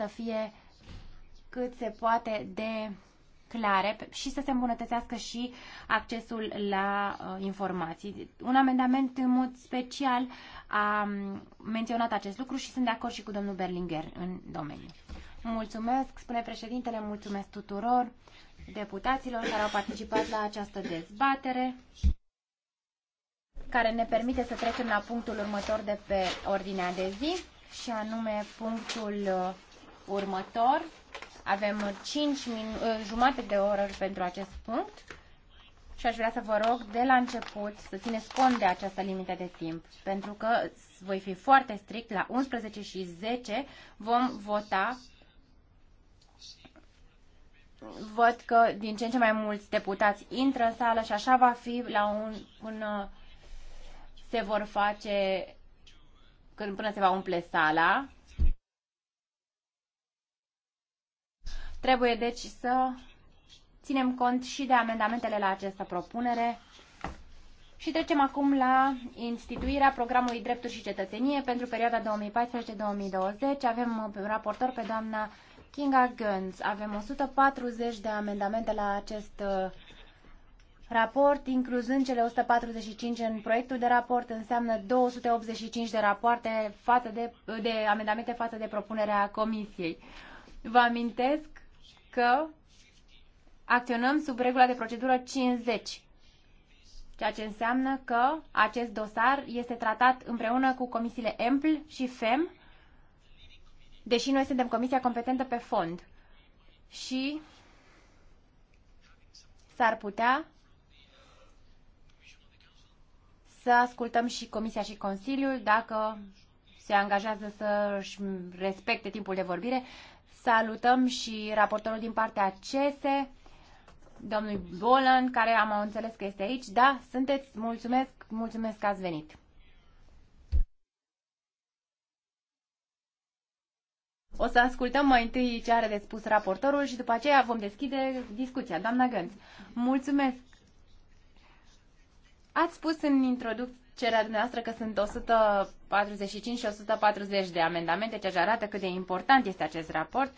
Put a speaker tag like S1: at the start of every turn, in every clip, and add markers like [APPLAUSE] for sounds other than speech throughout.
S1: să fie cât se poate de clare și să se îmbunătățească și accesul la uh, informații. Un amendament în mod special a um, menționat acest lucru și sunt de acord și cu domnul Berlinger în domeniu. Mulțumesc, spune președintele, mulțumesc tuturor deputaților care au participat la această dezbatere care ne permite să trecem la punctul următor de pe ordinea de zi și anume punctul uh, următor. Avem 5 min, eh, jumate de oră pentru acest punct și aș vrea să vă rog de la început să țineți cont de această limită de timp, pentru că voi fi foarte strict, la 11 și 10 vom vota. Văd că din ce în ce mai mulți deputați intră în sală și așa va fi la un, până se vor face, când până se va umple sala. Trebuie deci să ținem cont și de amendamentele la această propunere și trecem acum la instituirea programului Drepturi și Cetățenie pentru perioada 2014-2020. Avem un uh, raportor pe doamna Kinga Gönz. Avem 140 de amendamente la acest uh, raport, incluzând cele 145 în proiectul de raport, înseamnă 285 de rapoarte față de, de amendamente față de propunerea Comisiei. Vă amintesc că acționăm sub regula de procedură 50, ceea ce înseamnă că acest dosar este tratat împreună cu comisiile EMPL și FEM, deși noi suntem comisia competentă pe fond. Și s-ar putea să ascultăm și Comisia și Consiliul dacă se angajează să-și respecte timpul de vorbire. Salutăm și raportorul din partea CESE, domnul Bolan, care am înțeles că este aici. Da, sunteți, mulțumesc, mulțumesc că ați venit. O să ascultăm mai întâi ce are de spus raportorul și după aceea vom deschide discuția. Doamna Gânț, mulțumesc! Ați spus în introducție cererea dumneavoastră că sunt 145 și 140 de amendamente, ceea ce arată cât de important este acest raport.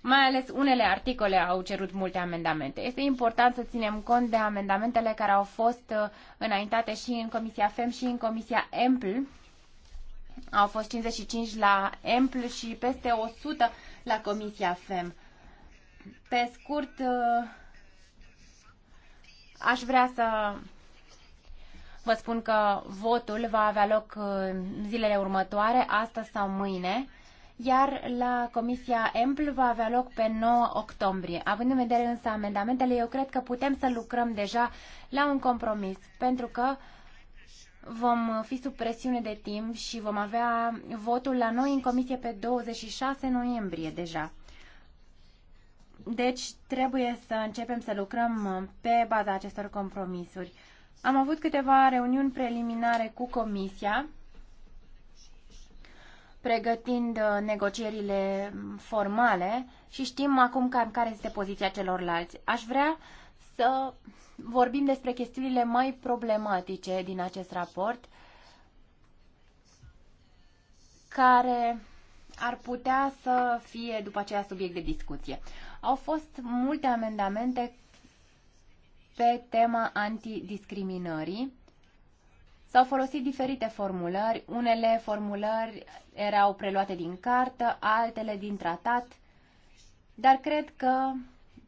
S1: Mai ales unele articole au cerut multe amendamente. Este important să ținem cont de amendamentele care au fost uh, înaintate și în Comisia FEM și în Comisia EMPL. Au fost 55 la EMPL și peste 100 la Comisia FEM. Pe scurt, uh, aș vrea să Vă spun că votul va avea loc uh, zilele următoare, astăzi sau mâine, iar la Comisia EMPL va avea loc pe 9 octombrie. Având în vedere însă amendamentele, eu cred că putem să lucrăm deja la un compromis, pentru că vom fi sub presiune de timp și vom avea votul la noi în comisie pe 26 noiembrie deja. Deci trebuie să începem să lucrăm pe baza acestor compromisuri. Am avut câteva reuniuni preliminare cu Comisia, pregătind uh, negocierile formale și știm acum cam care este poziția celorlalți. Aș vrea să vorbim despre chestiunile mai problematice din acest raport, care ar putea să fie după aceea subiect de discuție. Au fost multe amendamente pe tema antidiscriminării. S-au folosit diferite formulări, unele formulări erau preluate din cartă, altele din tratat, dar cred că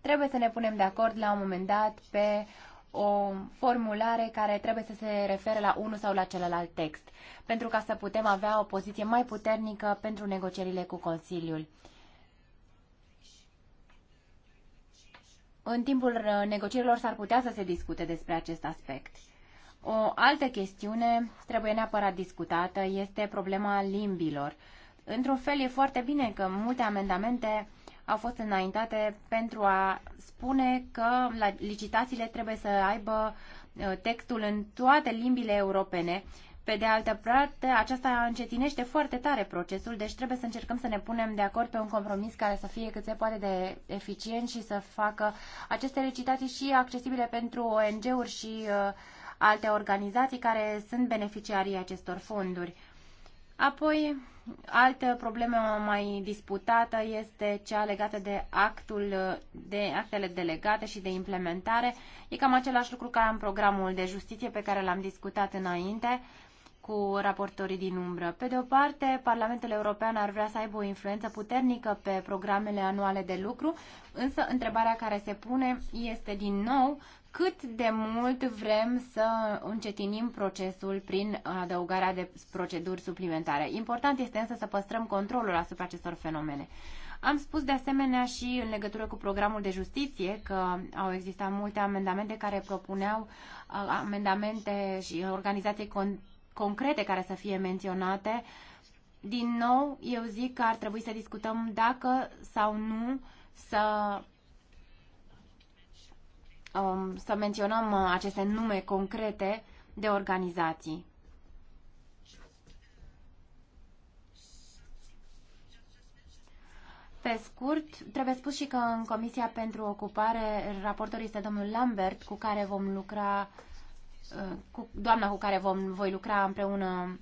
S1: trebuie să ne punem de acord la un moment dat pe o formulare care trebuie să se refere la unul sau la celălalt text, pentru ca să putem avea o poziție mai puternică pentru negocierile cu Consiliul. în timpul uh, negocierilor s-ar putea să se discute despre acest aspect. O altă chestiune trebuie neapărat discutată este problema limbilor. Într-un fel e foarte bine că multe amendamente au fost înaintate pentru a spune că licitațiile trebuie să aibă uh, textul în toate limbile europene pe de altă parte, aceasta încetinește foarte tare procesul, deci trebuie să încercăm să ne punem de acord pe un compromis care să fie cât se poate de eficient și să facă aceste recitații și accesibile pentru ONG-uri și uh, alte organizații care sunt beneficiarii acestor fonduri. Apoi, altă problemă mai disputată este cea legată de actul de actele delegate și de implementare. E cam același lucru ca în programul de justiție pe care l-am discutat înainte. Uh, cu raportorii din umbră. Pe de o parte, Parlamentul European ar vrea să aibă o influență puternică pe programele anuale de lucru, însă întrebarea care se pune este din nou cât de mult vrem să încetinim procesul prin adăugarea de proceduri suplimentare. Important este însă să păstrăm controlul asupra acestor fenomene. Am spus de asemenea și în legătură cu programul de justiție că au existat multe amendamente care propuneau uh, amendamente și organizații concrete care să fie menționate, din nou, eu zic că ar trebui să discutăm dacă sau nu să, um, să menționăm uh, aceste nume concrete de organizații. Pe scurt, trebuie spus și că în Comisia pentru Ocupare, raportorul este domnul Lambert, cu care vom lucra uh, cu doamna cu care vom, voi lucra împreună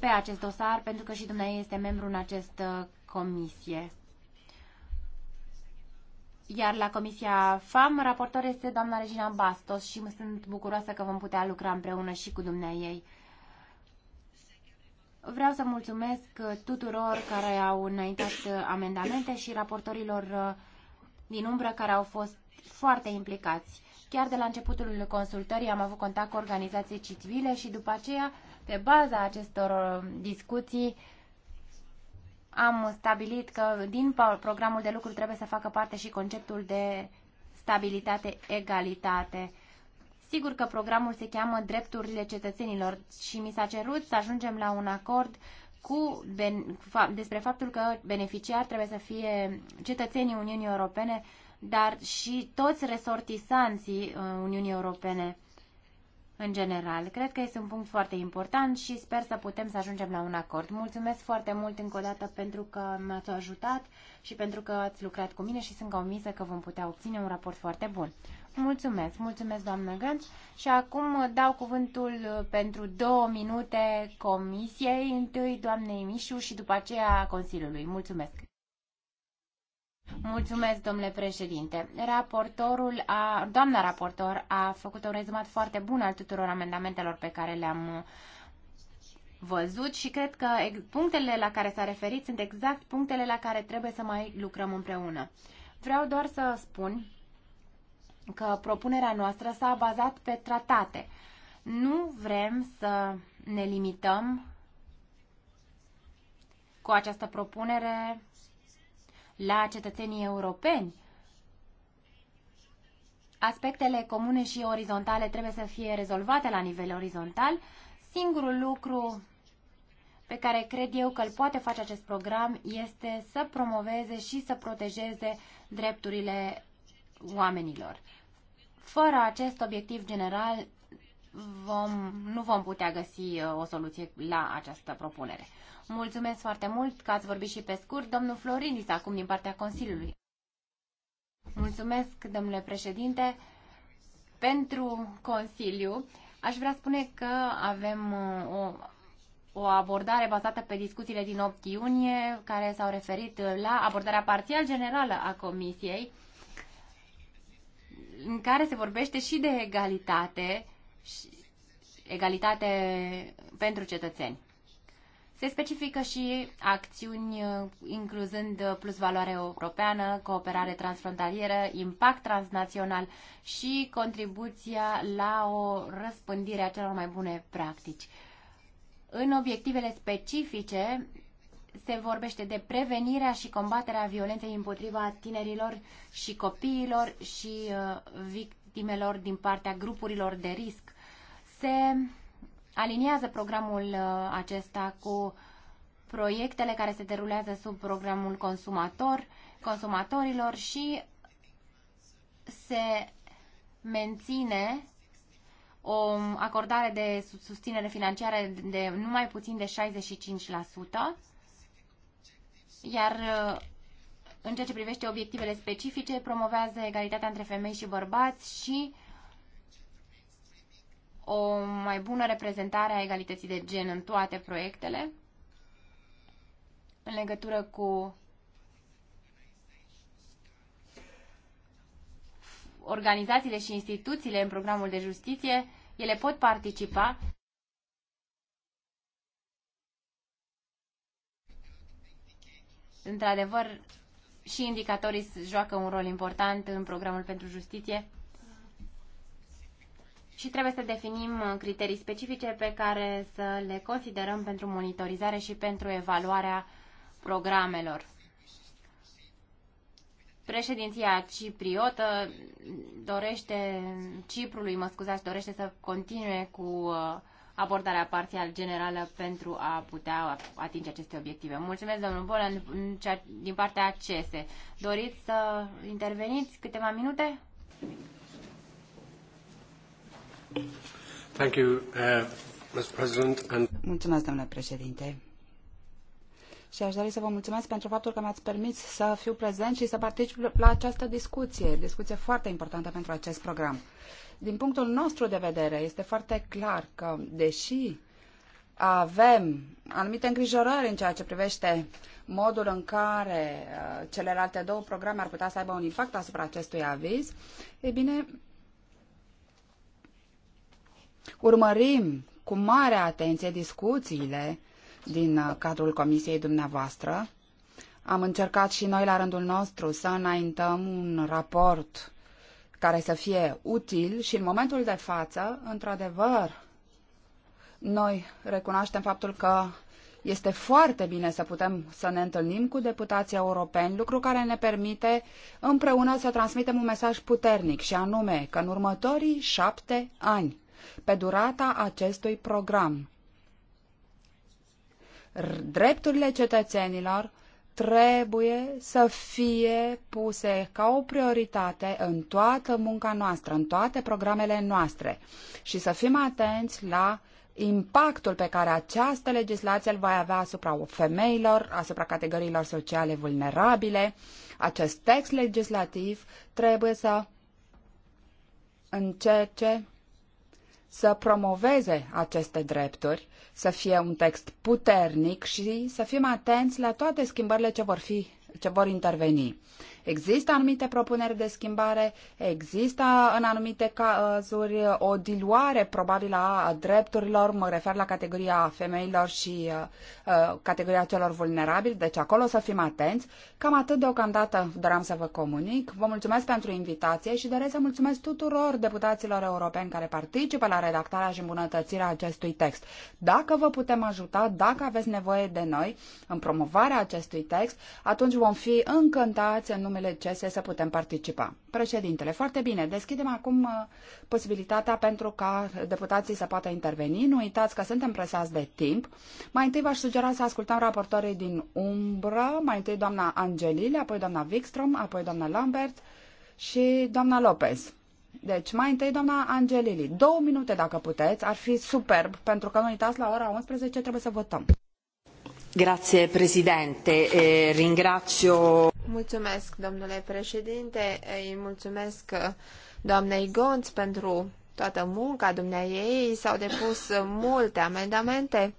S1: pe acest dosar, pentru că și dumneavoastră este membru în această comisie. Iar la Comisia FAM, raportor este doamna Regina Bastos și mă sunt bucuroasă că vom putea lucra împreună și cu ei. Vreau să mulțumesc tuturor care au înaintat amendamente și raportorilor din umbră care au fost foarte implicați. Chiar de la începutul consultării am avut contact cu organizații civile și după aceea, pe baza acestor uh, discuții, am stabilit că din programul de lucru trebuie să facă parte și conceptul de stabilitate-egalitate. Sigur că programul se cheamă Drepturile cetățenilor și mi s-a cerut să ajungem la un acord cu ben, despre faptul că beneficiar trebuie să fie cetățenii Uniunii Europene dar și toți resortisanții uh, Uniunii Europene în general. Cred că este un punct foarte important și sper să putem să ajungem la un acord. Mulțumesc foarte mult încă o dată pentru că m-ați ajutat și pentru că ați lucrat cu mine și sunt convinsă că vom putea obține un raport foarte bun. Mulțumesc, mulțumesc doamnă Gânț și acum dau cuvântul pentru două minute comisiei, întâi doamnei Mișu și după aceea Consiliului. Mulțumesc! Mulțumesc, domnule președinte. Raportorul a, doamna raportor a făcut un rezumat foarte bun al tuturor amendamentelor pe care le-am uh, văzut și cred că punctele la care s-a referit sunt exact punctele la care trebuie să mai lucrăm împreună. Vreau doar să spun că propunerea noastră s-a bazat pe tratate. Nu vrem să ne limităm cu această propunere la cetățenii europeni. Aspectele comune și orizontale trebuie să fie rezolvate la nivel orizontal. Singurul lucru pe care cred eu că îl poate face acest program este să promoveze și să protejeze drepturile oamenilor. Fără acest obiectiv general, vom, nu vom putea găsi uh, o soluție la această propunere. Mulțumesc foarte mult că ați vorbit și pe scurt. Domnul Florinis, acum din partea Consiliului. Mulțumesc, domnule președinte, pentru Consiliu. Aș vrea spune că avem uh, o, o abordare bazată pe discuțiile din 8 iunie, care s-au referit la abordarea parțial generală a Comisiei, în care se vorbește și de egalitate, și egalitate pentru cetățeni. Se specifică și acțiuni uh, incluzând uh, plus valoare europeană, cooperare transfrontalieră, impact transnațional și contribuția la o răspândire a celor mai bune practici. În obiectivele specifice se vorbește de prevenirea și combaterea violenței împotriva tinerilor și copiilor și uh, victimelor din partea grupurilor de risc. Se aliniază programul uh, acesta cu proiectele care se derulează sub programul consumator, consumatorilor și se menține o acordare de susținere financiară de numai puțin de 65%, iar uh, în ceea ce privește obiectivele specifice, promovează egalitatea între femei și bărbați și uh, o mai bună reprezentare a egalității de gen în toate proiectele, în legătură cu organizațiile și instituțiile în programul de justiție, ele pot participa Într-adevăr, și indicatorii joacă un rol important în programul pentru justiție și trebuie să definim uh, criterii specifice pe care să le considerăm pentru monitorizare și pentru evaluarea programelor. Președinția cipriotă dorește, Ciprului, mă scuzați, dorește să continue cu uh, abordarea parțial generală pentru a putea atinge aceste obiective. Mulțumesc, domnul Bolan, din partea CESE. Doriți să interveniți câteva minute?
S2: Uh, mulțumesc, domnule președinte. Și aș dori să vă mulțumesc pentru faptul că mi-ați permis să fiu prezent și să particip la această discuție, discuție foarte importantă pentru acest program. Din punctul nostru de vedere, este foarte clar că, deși avem anumite îngrijorări în ceea ce privește modul în care uh, celelalte două programe ar putea să aibă un impact asupra acestui aviz, e bine, Urmărim cu mare atenție discuțiile din uh, cadrul comisiei dumneavoastră. Am încercat și noi la rândul nostru să înaintăm un raport care să fie util și în momentul de față, într-adevăr, noi recunoaștem faptul că este foarte bine să putem să ne întâlnim cu deputații europeni, lucru care ne permite împreună să transmitem un mesaj puternic și anume că în următorii șapte ani pe durata acestui program. Drepturile cetățenilor trebuie să fie puse ca o prioritate în toată munca noastră, în toate programele noastre și să fim atenți la impactul pe care această legislație îl va avea asupra femeilor, asupra categoriilor sociale vulnerabile. Acest text legislativ trebuie să încerce să promoveze aceste drepturi, să fie un text puternic și să fim atenți la toate schimbările ce vor, fi, ce vor interveni. Există anumite propuneri de schimbare, există în anumite cazuri o diluare probabil a drepturilor, mă refer la categoria femeilor și uh, uh, categoria celor vulnerabili, deci acolo să fim atenți. Cam atât deocamdată doream să vă comunic. Vă mulțumesc pentru invitație și doresc să mulțumesc tuturor deputaților europeni care participă la redactarea și îmbunătățirea acestui text. Dacă vă putem ajuta, dacă aveți nevoie de noi în promovarea acestui text, atunci vom fi încântați în numele firmele CESE să putem participa. Președintele, foarte bine, deschidem acum uh, posibilitatea pentru ca deputații să poată interveni. Nu uitați că suntem presați de timp. Mai întâi v-aș sugera să ascultăm raportorii din umbră, mai întâi doamna Angelile, apoi doamna Wikstrom, apoi doamna Lambert și doamna Lopez. Deci, mai întâi, doamna Angelili, două minute dacă puteți, ar fi superb, pentru că nu uitați, la ora 11 trebuie să votăm. Grazie, Presidente. ringrazio...
S3: Mulțumesc, domnule președinte. Îi mulțumesc doamnei Gonț pentru toată munca dumneai ei. S-au depus multe amendamente,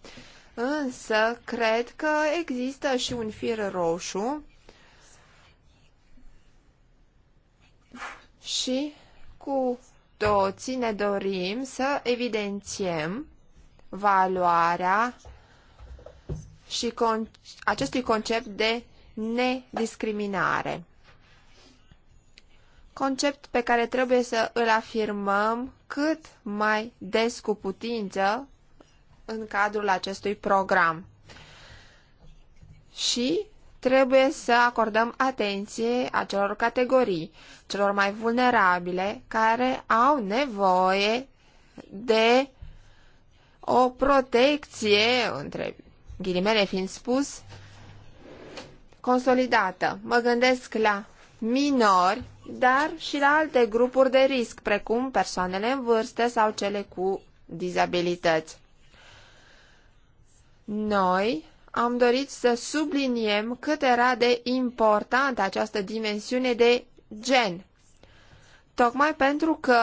S3: însă cred că există și un fir roșu și cu toții ne dorim să evidențiem valoarea și con acestui concept de nediscriminare. Concept pe care trebuie să îl afirmăm cât mai des cu putință în cadrul acestui program. Și trebuie să acordăm atenție acelor categorii, celor mai vulnerabile, care au nevoie de o protecție între ghilimele fiind spus, consolidată. Mă gândesc la minori, dar și la alte grupuri de risc, precum persoanele în vârstă sau cele cu dizabilități. Noi am dorit să subliniem cât era de importantă această dimensiune de gen, tocmai pentru că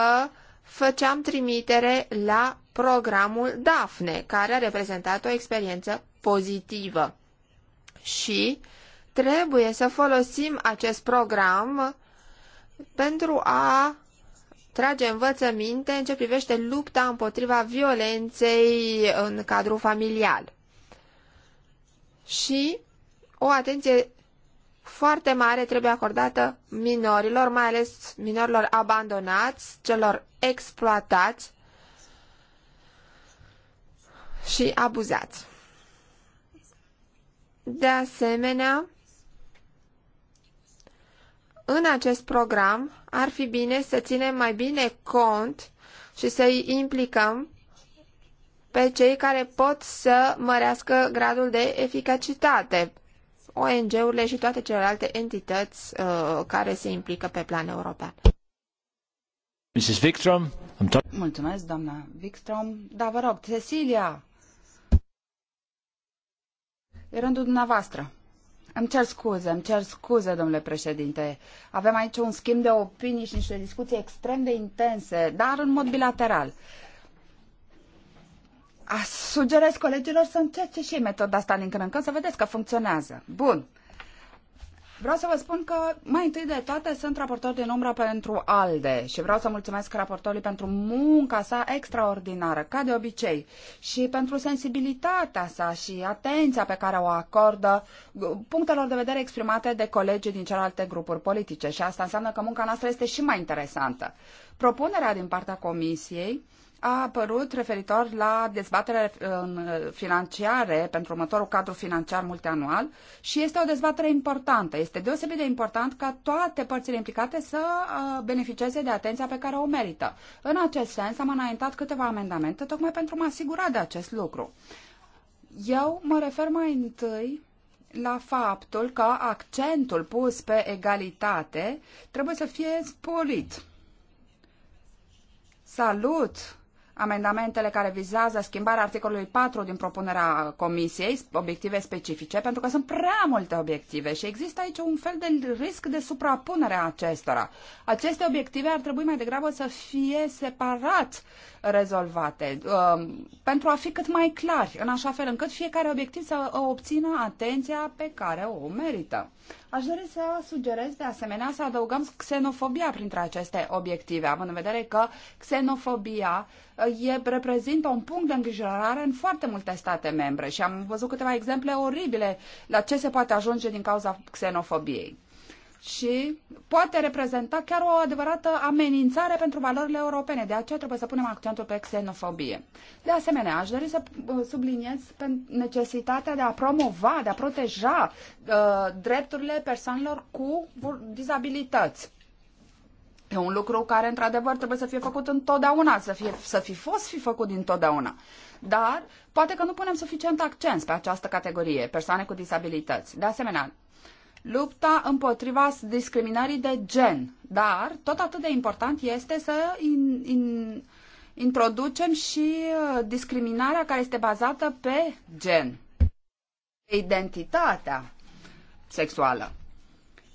S3: făceam trimitere la programul DAFNE, care a reprezentat o experiență pozitivă și trebuie să folosim acest program pentru a trage învățăminte în ce privește lupta împotriva violenței în cadrul familial. Și o atenție foarte mare trebuie acordată minorilor, mai ales minorilor abandonați, celor exploatați și abuzați. De asemenea, în acest program ar fi bine să ținem mai bine cont și să îi implicăm pe cei care pot să mărească gradul de eficacitate, ONG-urile și toate celelalte
S2: entități uh, care se implică pe plan european.
S3: Mrs. Wikström, I'm
S2: Mulțumesc, doamna Wikström. Da, vă rog, Cecilia, E rândul dumneavoastră. Îmi cer scuze, îmi cer scuze, domnule președinte. Avem aici un schimb de opinii și niște discuții extrem de intense, dar în mod bilateral. A, sugerez colegilor să încerce și metoda asta din când în când să vedeți că funcționează. Bun. Vreau să vă spun că mai întâi de toate sunt raportor din umbră pentru ALDE și vreau să mulțumesc raportorului pentru munca sa extraordinară, ca de obicei, și pentru sensibilitatea sa și atenția pe care o acordă punctelor de vedere exprimate de colegii din celelalte grupuri politice și asta înseamnă că munca noastră este și mai interesantă. Propunerea din partea Comisiei a apărut referitor la dezbatere financiare pentru următorul cadru financiar multianual și este o dezbatere importantă. Este deosebit de important ca toate părțile implicate să beneficieze de atenția pe care o merită. În acest sens am înaintat câteva amendamente tocmai pentru a mă asigura de acest lucru. Eu mă refer mai întâi la faptul că accentul pus pe egalitate trebuie să fie sporit. Salut amendamentele care vizează schimbarea articolului 4 din propunerea Comisiei, obiective specifice, pentru că sunt prea multe obiective și există aici un fel de risc de suprapunere a acestora. Aceste obiective ar trebui mai degrabă să fie separat rezolvate, um, pentru a fi cât mai clari, în așa fel încât fiecare obiectiv să obțină atenția pe care o merită. Aș dori să sugerez de asemenea să adăugăm xenofobia printre aceste obiective, având în vedere că xenofobia e, reprezintă un punct de îngrijorare în foarte multe state membre și am văzut câteva exemple oribile la ce se poate ajunge din cauza xenofobiei și poate reprezenta chiar o adevărată amenințare pentru valorile europene. De aceea trebuie să punem accentul pe xenofobie. De asemenea, aș dori să uh, subliniez necesitatea de a promova, de a proteja uh, drepturile persoanelor cu dizabilități. E un lucru care, într-adevăr, trebuie să fie făcut întotdeauna, să, fie, să fi fost fi făcut întotdeauna. Dar poate că nu punem suficient accent pe această categorie, persoane cu disabilități. De asemenea, lupta împotriva discriminării de gen. Dar tot atât de important este să in, in, introducem și uh, discriminarea care este bazată pe gen, identitatea sexuală.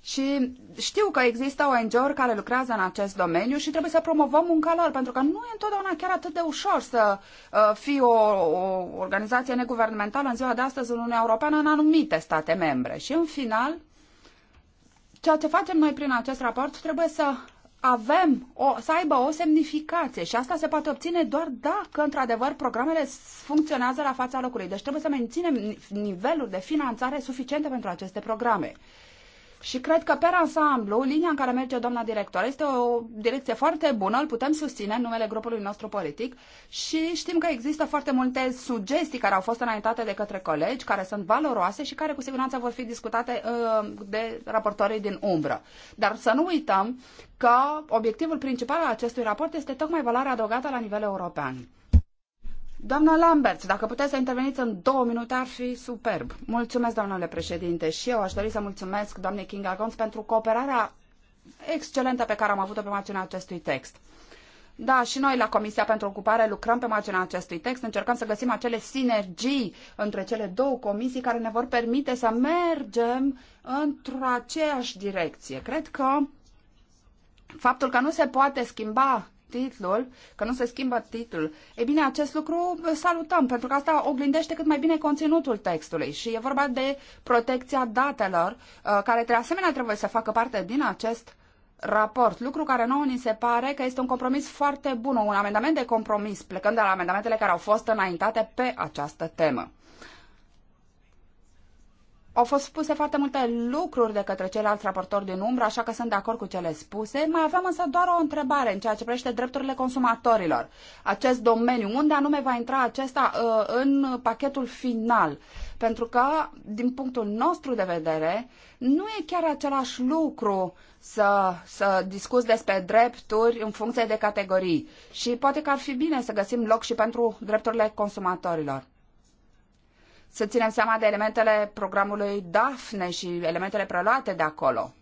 S2: Și știu că există ONG-uri care lucrează în acest domeniu și trebuie să promovăm munca lor, pentru că nu e întotdeauna chiar atât de ușor să uh, fii o, o organizație neguvernamentală în ziua de astăzi în Uniunea Europeană în anumite state membre. Și în final, ceea ce facem noi prin acest raport trebuie să avem o, să aibă o semnificație și asta se poate obține doar dacă, într-adevăr, programele funcționează la fața locului. Deci trebuie să menținem niveluri de finanțare suficiente pentru aceste programe. Și cred că, pe ansamblu, linia în care merge doamna directoare este o direcție foarte bună, îl putem susține în numele grupului nostru politic și știm că există foarte multe sugestii care au fost înaintate de către colegi, care sunt valoroase și care cu siguranță vor fi discutate uh, de raportorii din umbră. Dar să nu uităm că obiectivul principal al acestui raport este tocmai valoarea adăugată la nivel european. Doamna Lambert, dacă puteți să interveniți în două minute, ar fi superb. Mulțumesc, domnule președinte, și eu aș dori să mulțumesc doamnei Kinga Gons pentru cooperarea excelentă pe care am avut-o pe marginea acestui text. Da, și noi la Comisia pentru Ocupare lucrăm pe marginea acestui text, încercăm să găsim acele sinergii între cele două comisii care ne vor permite să mergem într-o aceeași direcție. Cred că faptul că nu se poate schimba titlul, că nu se schimbă titlul. E bine, acest lucru salutăm, pentru că asta oglindește cât mai bine conținutul textului și e vorba de protecția datelor, uh, care de asemenea trebuie să facă parte din acest raport, lucru care nouă ni se pare că este un compromis foarte bun, un amendament de compromis, plecând de la amendamentele care au fost înaintate pe această temă. Au fost spuse foarte multe lucruri de către ceilalți raportori din umbră, așa că sunt de acord cu cele spuse. Mai aveam însă doar o întrebare în ceea ce privește drepturile consumatorilor. Acest domeniu, unde anume va intra acesta uh, în pachetul final? Pentru că, din punctul nostru de vedere, nu e chiar același lucru să, să discuți despre drepturi în funcție de categorii. Și poate că ar fi bine să găsim loc și pentru drepturile consumatorilor să ținem seama de elementele programului DAFNE și elementele preluate de acolo.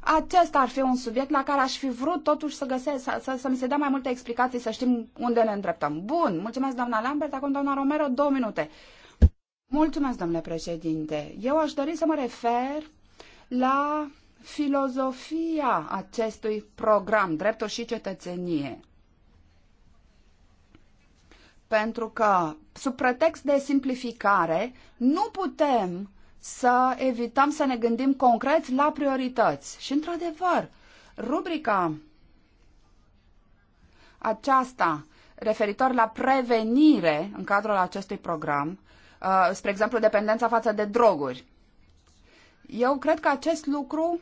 S2: Acesta ar fi un subiect la care aș fi vrut totuși să găsesc, să, să, să mi se dea mai multe explicații, să știm unde ne îndreptăm. Bun, mulțumesc doamna Lambert, acum doamna Romero, două minute. Mulțumesc, domnule președinte. Eu aș dori să mă refer la filozofia acestui program, dreptul și cetățenie pentru că, sub pretext de simplificare, nu putem să evităm să ne gândim concret la priorități. Și, într-adevăr, rubrica aceasta referitor la prevenire în cadrul acestui program, uh, spre exemplu, dependența față de droguri. Eu cred că acest lucru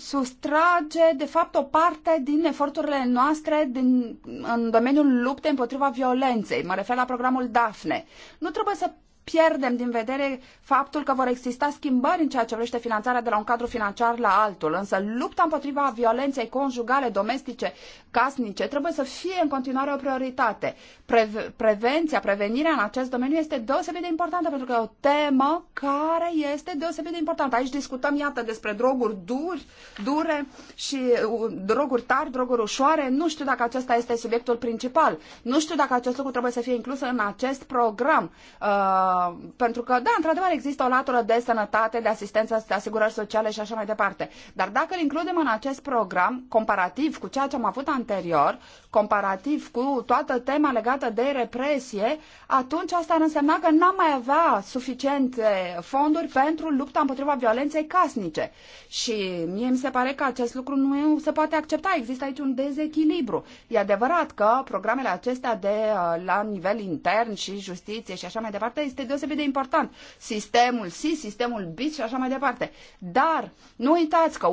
S2: sustrage, de fapt, o parte din eforturile noastre din, în domeniul luptei împotriva violenței. Mă refer la programul DAFNE. Nu trebuie să pierdem din vedere faptul că vor exista schimbări în ceea ce privește finanțarea de la un cadru financiar la altul. Însă lupta împotriva violenței conjugale, domestice, casnice trebuie să fie în continuare o prioritate. Pre- prevenția, prevenirea în acest domeniu este deosebit de importantă pentru că e o temă care este deosebit de importantă. Aici discutăm, iată, despre droguri duri, dure și uh, droguri tari, droguri ușoare. Nu știu dacă acesta este subiectul principal. Nu știu dacă acest lucru trebuie să fie inclus în acest program. Uh, pentru că, da, într-adevăr, există o latură de sănătate, de asistență, de asigurări sociale și așa mai departe. Dar dacă îl includem în acest program, comparativ cu ceea ce am avut anterior, comparativ cu toată tema legată de represie, atunci asta ar însemna că n-am mai avea suficiente fonduri pentru lupta împotriva violenței casnice. Și mie mi se pare că acest lucru nu se poate accepta. Există aici un dezechilibru. E adevărat că programele acestea de uh, la nivel intern și justiție și așa mai departe este deosebit de important. Sistemul SI, sistemul BIS și așa mai departe. Dar nu uitați că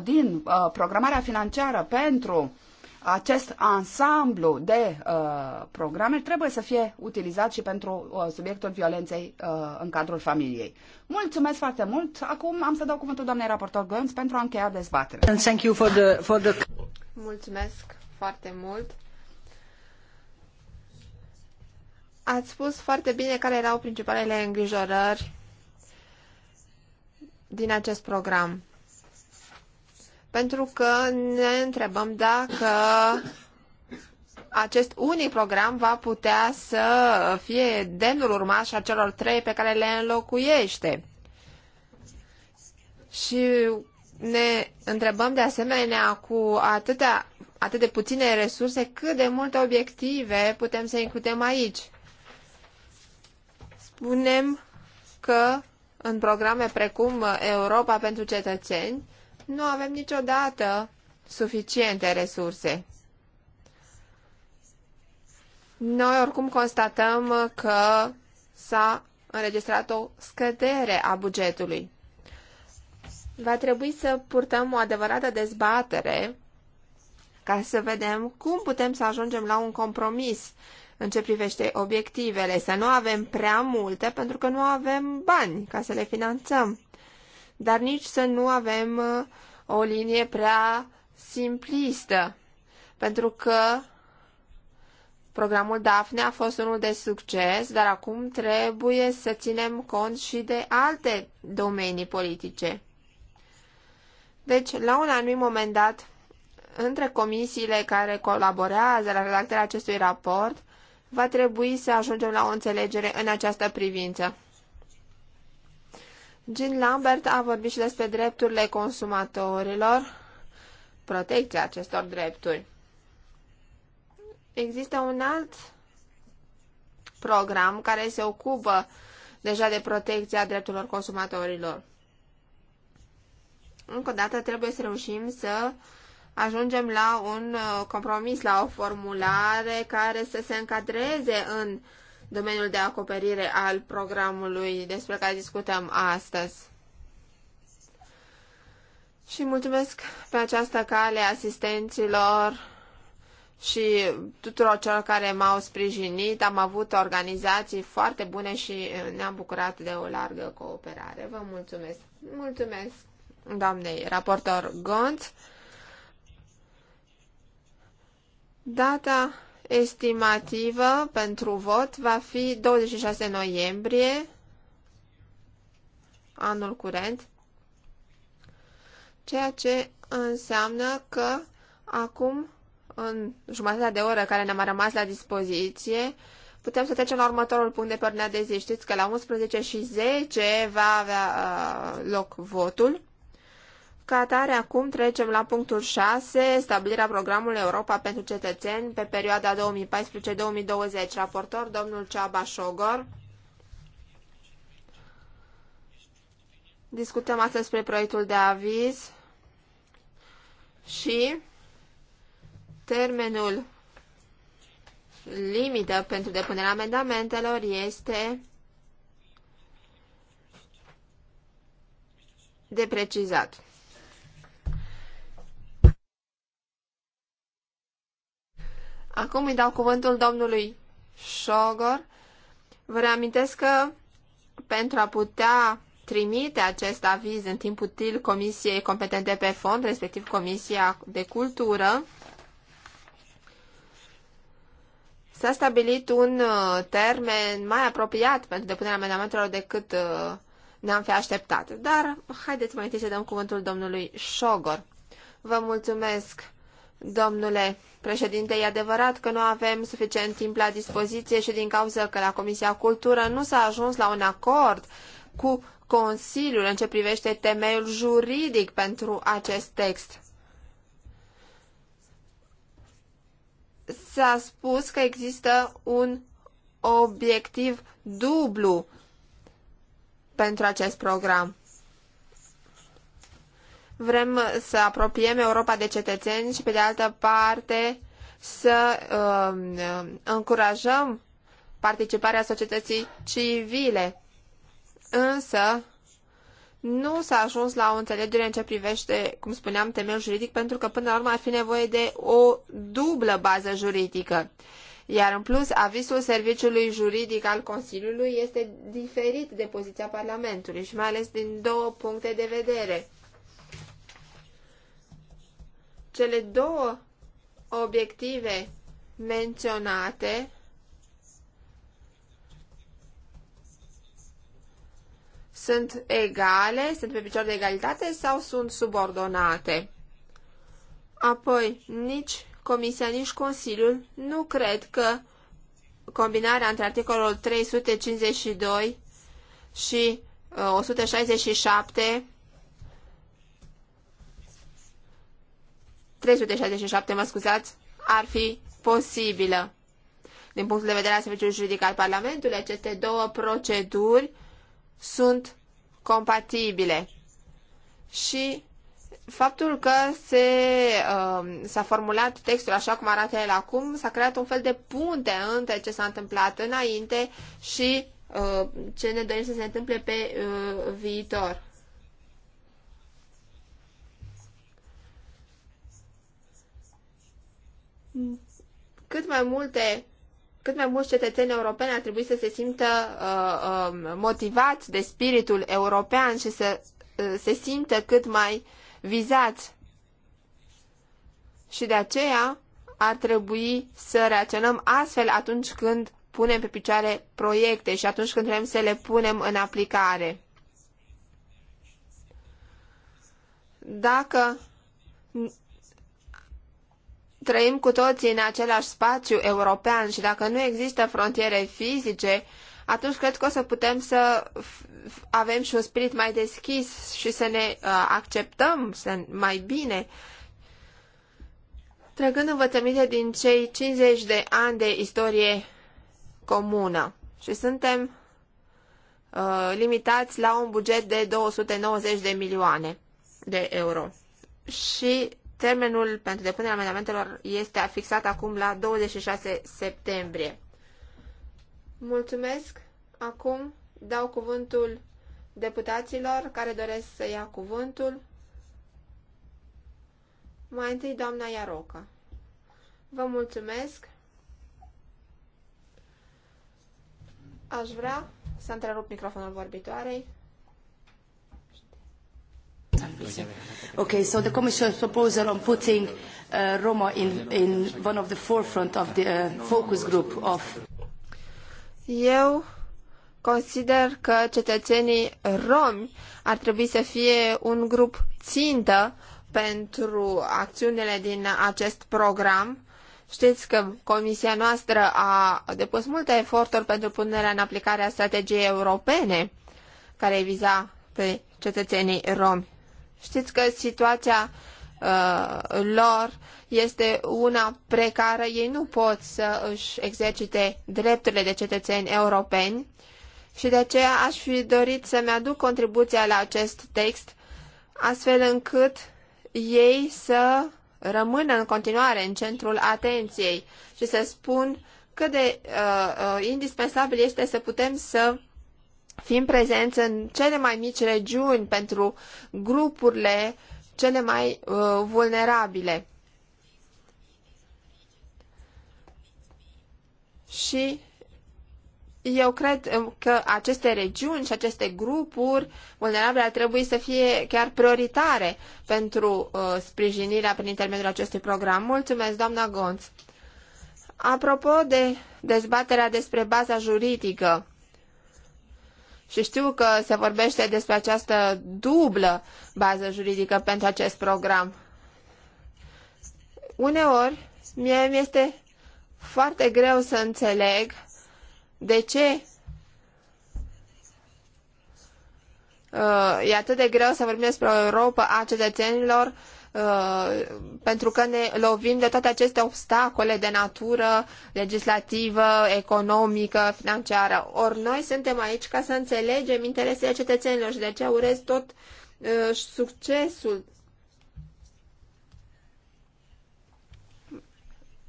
S2: 1% din uh, programarea financiară pentru acest ansamblu de uh, programe trebuie să fie utilizat și pentru uh, subiectul violenței uh, în cadrul familiei. Mulțumesc foarte mult. Acum am să dau cuvântul doamnei raportor Gönz pentru a încheia dezbaterea.
S3: Mulțumesc foarte mult Ați spus foarte bine care erau principalele îngrijorări din acest program. Pentru că ne întrebăm dacă acest unic program va putea să fie demnul urmaș a celor trei pe care le înlocuiește. Și ne întrebăm de asemenea cu atâtea, atât de puține resurse, cât de multe obiective putem să includem aici. Spunem că în programe precum uh, Europa pentru cetățeni nu avem niciodată suficiente resurse. Noi oricum constatăm uh, că s-a înregistrat o scădere a bugetului. Va trebui să purtăm o adevărată dezbatere ca să vedem cum putem să ajungem la un compromis în ce privește obiectivele, să nu avem prea multe pentru că nu avem bani ca să le finanțăm, dar nici să nu avem uh, o linie prea simplistă, pentru că programul DAFNE a fost unul de succes, dar acum trebuie să ținem cont și de alte domenii politice. Deci, la un anumit moment dat, între comisiile care colaborează la redactarea acestui raport, va trebui să ajungem la o înțelegere în această privință. Jean Lambert a vorbit și despre drepturile consumatorilor, protecția acestor drepturi. Există un alt program care se ocupă deja de protecția drepturilor consumatorilor. Încă o dată trebuie să reușim să uh, ajungem la un uh, compromis, la o formulare care să se încadreze în domeniul de acoperire al programului despre care discutăm astăzi. Și mulțumesc pe această cale asistenților și tuturor celor care m-au sprijinit. Am avut organizații foarte bune și ne-am bucurat de o largă cooperare. Vă mulțumesc! Mulțumesc doamnei raportor Gonț. Data estimativă pentru vot va fi 26 noiembrie anul curent, ceea ce înseamnă că acum, în jumătatea de oră care ne-am rămas la dispoziție, putem să trecem la următorul punct de pe ordinea de zi. Știți că la 11 și 10 va avea uh, loc votul. Ca atare, acum trecem la punctul 6, stabilirea programului Europa pentru cetățeni pe perioada 2014-2020. Raportor, domnul Ceaba Șogor. Discutăm astăzi despre proiectul de aviz și termenul limită pentru depunerea amendamentelor este de precizat. Acum îi dau cuvântul domnului Șogor. Vă reamintesc că pentru a putea trimite acest aviz în timp util Comisiei competente pe fond, respectiv Comisia de Cultură, s-a stabilit un uh, termen mai apropiat pentru depunerea amendamentelor decât uh, ne-am fi așteptat. Dar haideți mai întâi să dăm cuvântul domnului Șogor. Vă mulțumesc, Domnule președinte, e adevărat că nu avem suficient timp la dispoziție și din cauza că la Comisia Cultură nu s-a ajuns la un acord cu Consiliul în ce privește temeiul juridic pentru acest text. S-a spus că există un obiectiv dublu pentru acest program vrem să apropiem Europa de cetățeni și, pe de altă parte, să uh, încurajăm participarea societății civile. Însă, nu s-a ajuns la o înțelegere în ce privește, cum spuneam, temeiul juridic, pentru că până la urmă ar fi nevoie de o dublă bază juridică. Iar în plus, avizul serviciului juridic al Consiliului este diferit de poziția Parlamentului și mai ales din două puncte de vedere. Cele două obiective menționate sunt egale, sunt pe picior de egalitate sau sunt subordonate. Apoi, nici Comisia, nici Consiliul nu cred că combinarea între articolul 352 și 167 367, mă scuzați, ar fi posibilă. Din punctul de vedere al serviciului juridic al Parlamentului, aceste două proceduri sunt compatibile. Și faptul că se, uh, s-a formulat textul așa cum arată el acum, s-a creat un fel de punte între ce s-a întâmplat înainte și uh, ce ne dorim să se întâmple pe uh, viitor. cât mai multe cât mai mulți cetățeni europeni ar trebui să se simtă uh, uh, motivați de spiritul european și să uh, se simtă cât mai vizați. Și de aceea ar trebui să reacționăm astfel atunci când punem pe picioare proiecte și atunci când vrem să le punem în aplicare. Dacă trăim cu toții în același spațiu european și dacă nu există frontiere fizice, atunci cred că o să putem să avem și un spirit mai deschis și să ne uh, acceptăm să mai bine. Trăgând învățăminte din cei 50 de ani de istorie comună și suntem uh, limitați la un buget de 290 de milioane de euro. Și Termenul pentru depunerea amendamentelor este fixat acum la 26 septembrie. Mulțumesc. Acum dau cuvântul deputaților care doresc să ia cuvântul. Mai întâi, doamna Iaroca. Vă mulțumesc. Aș vrea să întrerup microfonul vorbitoarei.
S2: Anvisa. Okay, so the Commission's proposal on putting uh, Roma in, in one of the forefront of the uh, focus group of...
S3: Eu consider că cetățenii romi ar trebui să fie un grup țintă pentru acțiunile din acest program. Știți că comisia noastră a depus multe eforturi pentru punerea în aplicare a strategiei europene care viza pe cetățenii romi. Știți că situația uh, lor este una precară, ei nu pot să își exercite drepturile de cetățeni europeni și de aceea aș fi dorit să-mi aduc contribuția la acest text, astfel încât ei să rămână în continuare în centrul atenției și să spun cât de uh, uh, indispensabil este să putem să fiind prezenți în cele mai mici regiuni pentru grupurile cele mai uh, vulnerabile. Și eu cred um, că aceste regiuni și aceste grupuri vulnerabile ar trebui să fie chiar prioritare pentru uh, sprijinirea prin intermediul acestui program. Mulțumesc, doamna Gonț. Apropo de dezbaterea despre baza juridică, și știu că se vorbește despre această dublă bază juridică pentru acest program. Uneori, mie mi este foarte greu să înțeleg de ce uh, e atât de greu să vorbim despre o Europa a cetățenilor Uh, pentru că ne lovim de toate aceste obstacole de natură legislativă, economică, financiară. Ori noi suntem aici ca să înțelegem interesele cetățenilor și de aceea urez tot uh, succesul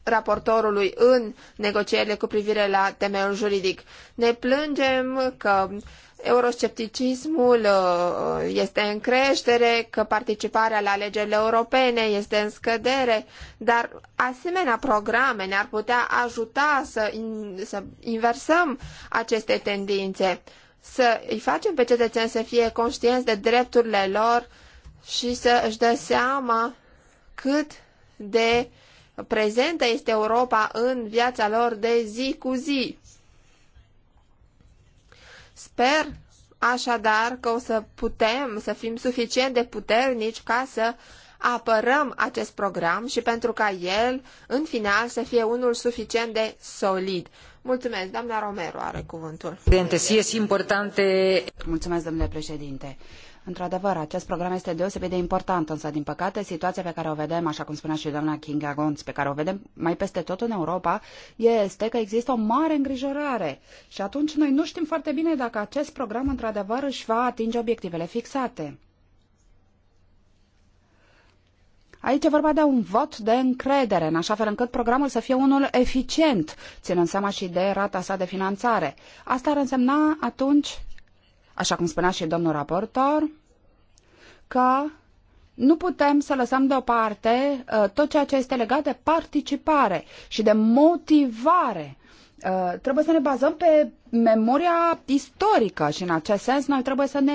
S3: raportorului în negocierile cu privire la temeiul juridic. Ne plângem că euroscepticismul uh, este în creștere, că participarea la alegerile europene este în scădere, dar asemenea programe ne-ar putea ajuta să, să inversăm aceste tendințe, să îi facem pe cetățeni să fie conștienți de drepturile lor și să își dea seama cât de prezentă este Europa în viața lor de zi cu zi. Sper așadar că o să putem să fim suficient de puternici ca să apărăm acest program și pentru ca el, în final, să fie unul suficient de solid. Mulțumesc, doamna Romero are cuvântul.
S2: Mulțumesc, domnule președinte. Într-adevăr, acest program este deosebit de important, însă, din păcate, situația pe care o vedem, așa cum spunea și doamna Kinga Gonț, pe care o vedem mai peste tot în Europa, este că există o mare îngrijorare. Și atunci noi nu știm foarte bine dacă acest program, într-adevăr, își va atinge obiectivele fixate. Aici e vorba de un vot de încredere, în așa fel încât programul să fie unul eficient, ținând seama și de rata sa de finanțare. Asta ar însemna atunci așa cum spunea și domnul raportor, că nu putem să lăsăm deoparte uh, tot ceea ce este legat de participare și de motivare. Uh, trebuie să ne bazăm pe memoria istorică și în acest sens noi trebuie să ne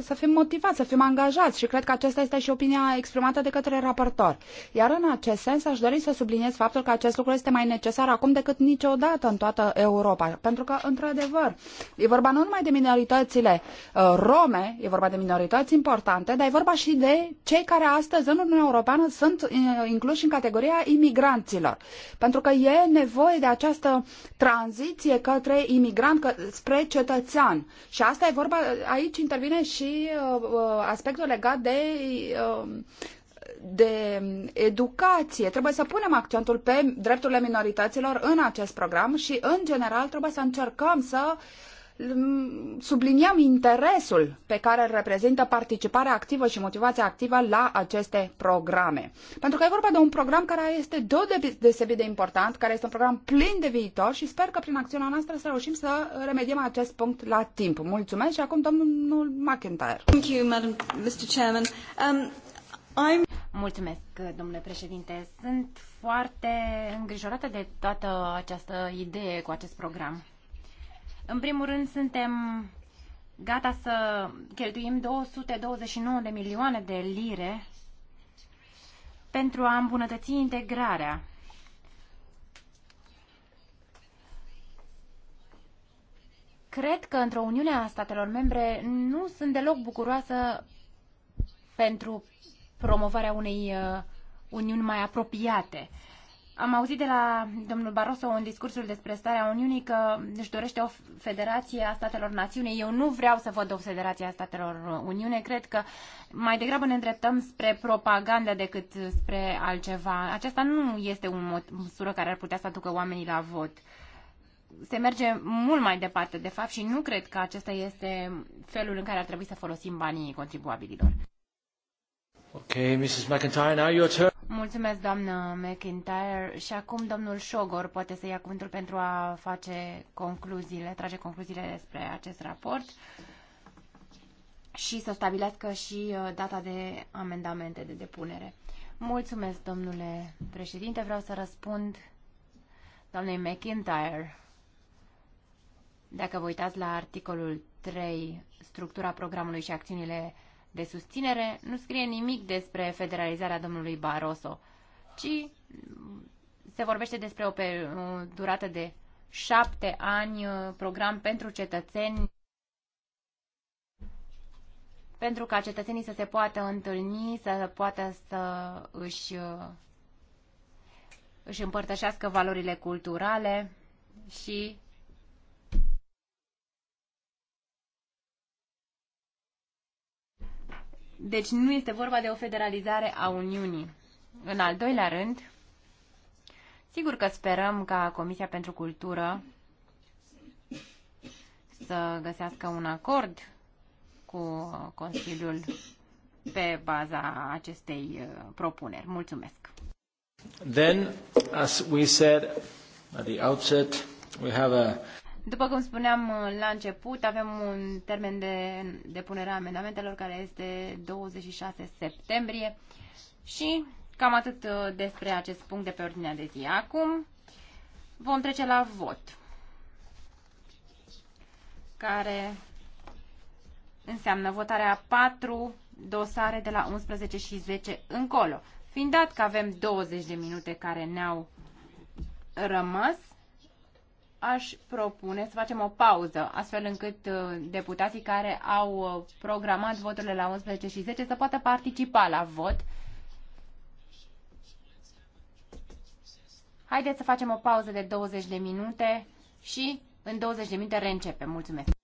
S2: să fim motivați, să fim angajați și cred că aceasta este și opinia exprimată de către raportor. Iar în acest sens aș dori să subliniez faptul că acest lucru este mai necesar acum decât niciodată în toată Europa, pentru că într-adevăr e vorba nu numai de minoritățile uh, rome, e vorba de minorități importante, dar e vorba și de cei care astăzi în Uniunea Europeană sunt uh, incluși în categoria imigranților, pentru că e nevoie de această tranziție către imigranți Mitterrand că, spre cetățean. Și asta e vorba, aici intervine și uh, uh, aspectul legat de uh, de educație. Trebuie să punem accentul pe drepturile minorităților în acest program și, în general, trebuie să încercăm să uh, subliniem interesul pe care îl reprezintă participarea activă și motivația activă la aceste programe. Pentru că e vorba de un program care este deosebit de important, care este un program plin de viitor și sper că prin acțiunea noastră să reușim să remediem acest punct la timp. Mulțumesc și acum domnul McIntyre. Thank you, Madam, Mr. Chairman. Um,
S1: I'm... Mulțumesc, domnule președinte. Sunt foarte îngrijorată de toată această idee cu acest program. În primul rând, suntem gata să cheltuim 229 de milioane de lire pentru a îmbunătăți integrarea. Cred că într-o Uniune a statelor membre nu sunt deloc bucuroasă pentru promovarea unei uh, uniuni mai apropiate. Am auzit de la domnul Barroso în discursul despre starea Uniunii că își dorește o federație a statelor națiune. Eu nu vreau să văd o federație a statelor Uniune. Cred că mai degrabă ne îndreptăm spre propagandă decât spre altceva. Aceasta nu este o măsură care ar putea să aducă oamenii la vot. Se merge mult mai departe, de fapt, și nu cred că acesta este felul în care ar trebui să folosim banii contribuabililor.
S3: Okay, Mrs. McIntyre, now your turn.
S1: Mulțumesc, doamnă McIntyre. Și acum domnul Șogor poate să ia cuvântul pentru a face concluziile, trage concluziile despre acest raport și să stabilească și uh, data de amendamente de depunere. Mulțumesc, domnule președinte. Vreau să răspund doamnei McIntyre. Dacă vă uitați la articolul 3, structura programului și acțiunile de susținere, nu scrie nimic despre federalizarea domnului Barroso, ci se vorbește despre o, durată de șapte ani, uh, program pentru cetățeni, pentru ca cetățenii să se poată întâlni, să poată să își, uh, își împărtășească valorile culturale și Deci nu este vorba de o federalizare a Uniunii. În al doilea rând, sigur că sperăm ca Comisia pentru Cultură să găsească un acord cu Consiliul pe baza acestei uh, propuneri. Mulțumesc.
S3: Then, as we said at the outset, we have a
S1: după cum spuneam uh, la început, avem un termen de depunere a amendamentelor care este 26 septembrie și cam atât uh, despre acest punct de pe ordinea de zi. Acum vom trece la vot, care înseamnă votarea 4 patru dosare de la 11 și 10 încolo. Fiind dat că avem 20 de minute care ne-au rămas, aș propune să facem o pauză, astfel încât uh, deputații care au uh, programat voturile la 11 și 10 să poată participa la vot. Haideți să facem o pauză de 20 de minute și în 20 de minute reîncepem. Mulțumesc!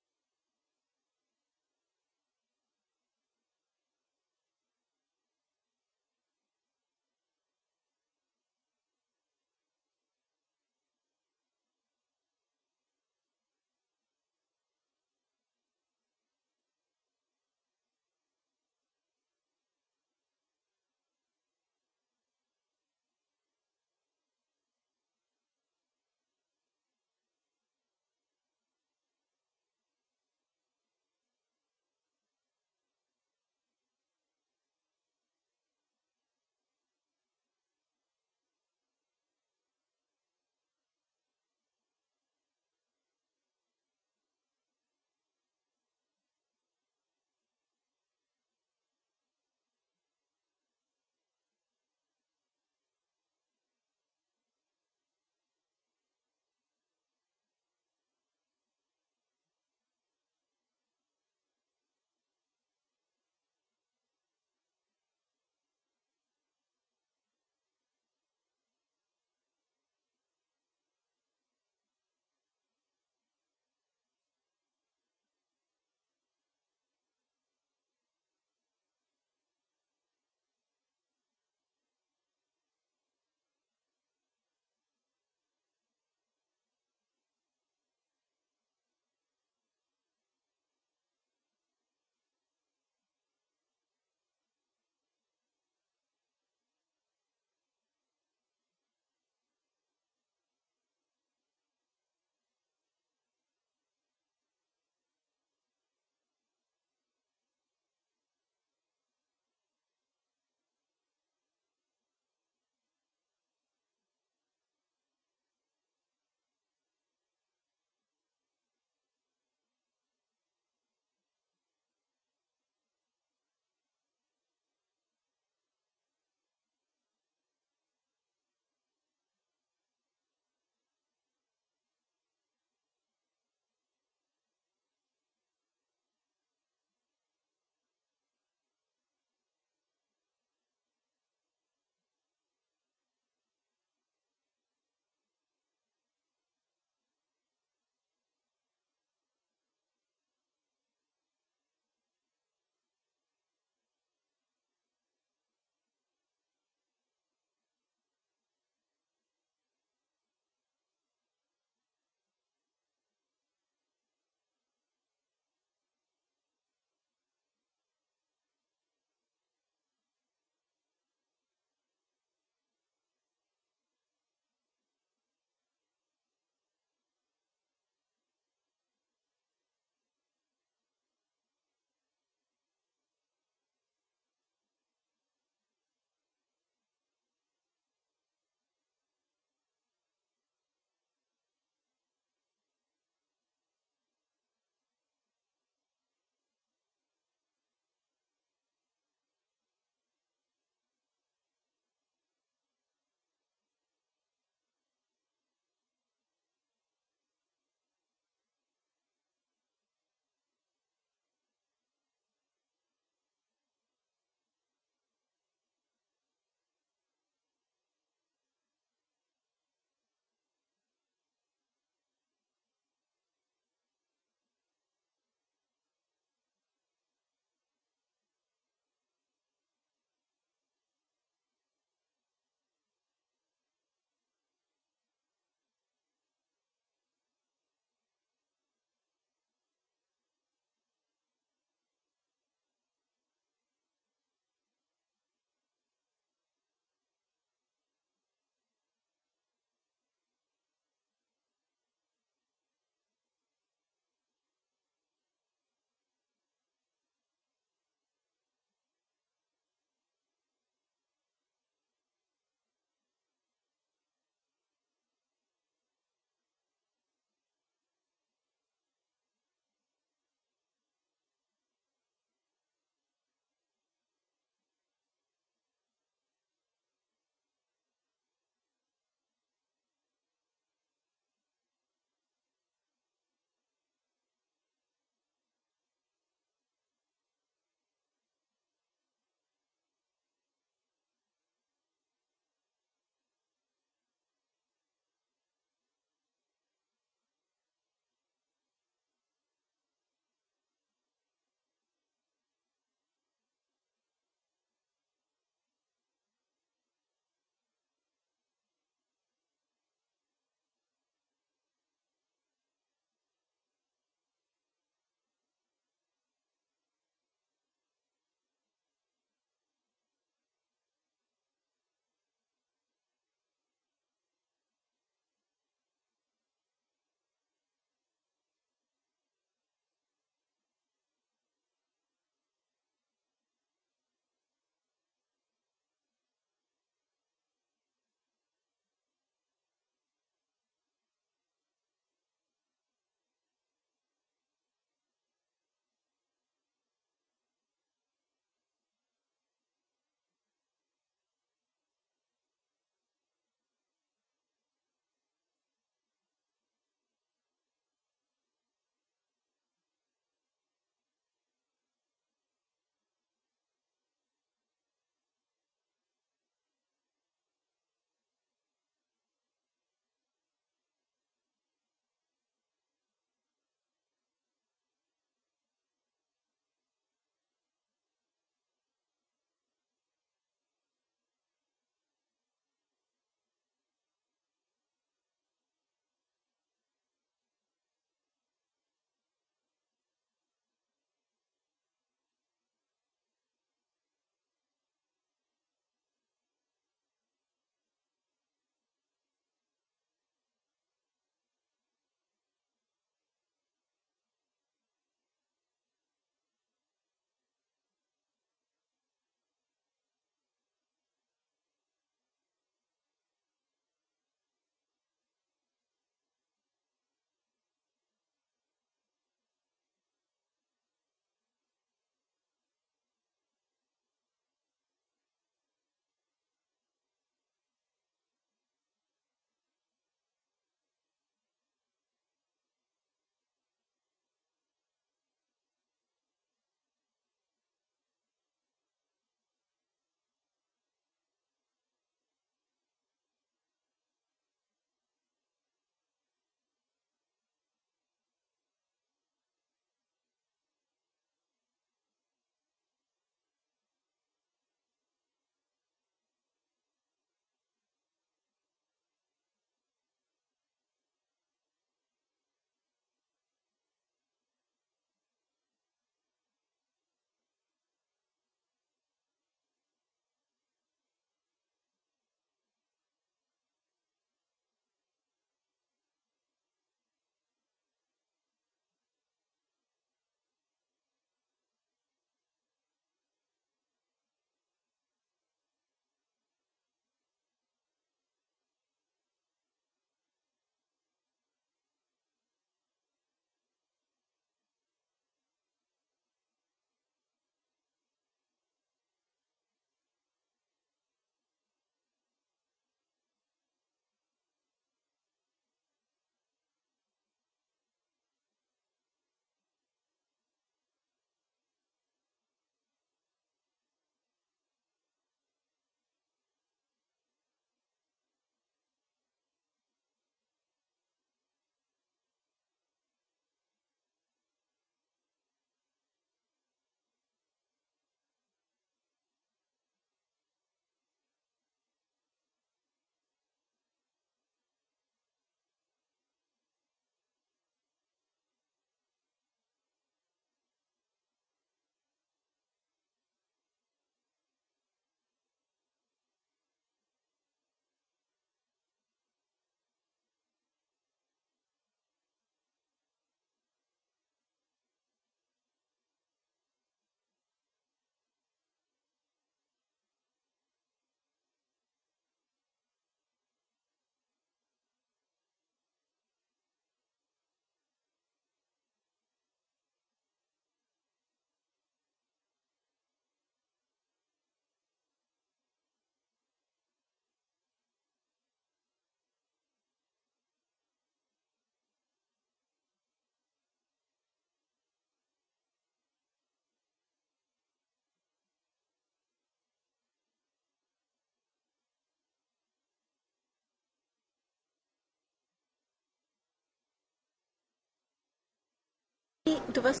S2: Du warst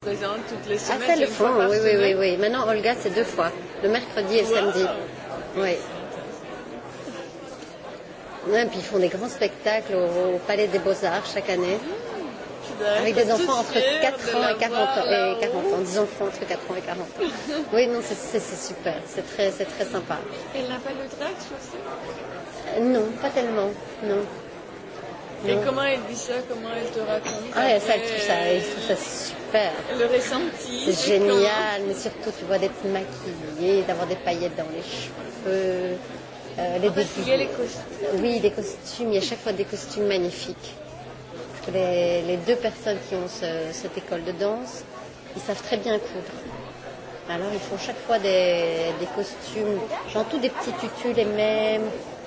S2: présente toutes les ah, semaines. Ah, ça le font, oui, oui, oui, oui.
S3: Maintenant, Olga, c'est deux fois, le mercredi et wow. samedi. Oui. et puis ils font des grands spectacles au, au Palais des Beaux-Arts chaque année. Mmh, avec des enfants entre 4 ans et 40 ans, et 40 ans, des enfants entre 4 ans et 40 ans. [LAUGHS] oui, non, c'est super, c'est très, très sympa. Et n'a pas le drag, je euh, Non, pas tellement, non.
S1: Mais le... comment elle dit ça Comment elle te raconte Ah, elle ça, trouve ça, je trouve ça super. Le ressenti. C'est génial,
S3: mais surtout, tu vois, d'être maquillée, d'avoir des paillettes dans les cheveux. Euh, les, ah, parce y a les costumes. Oui, des costumes. Il y a chaque fois des costumes magnifiques. Les, les deux personnes qui ont ce, cette école de danse, ils savent très bien coudre. Alors, ils font chaque fois des, des costumes, genre tous des
S1: petits tutus les mêmes,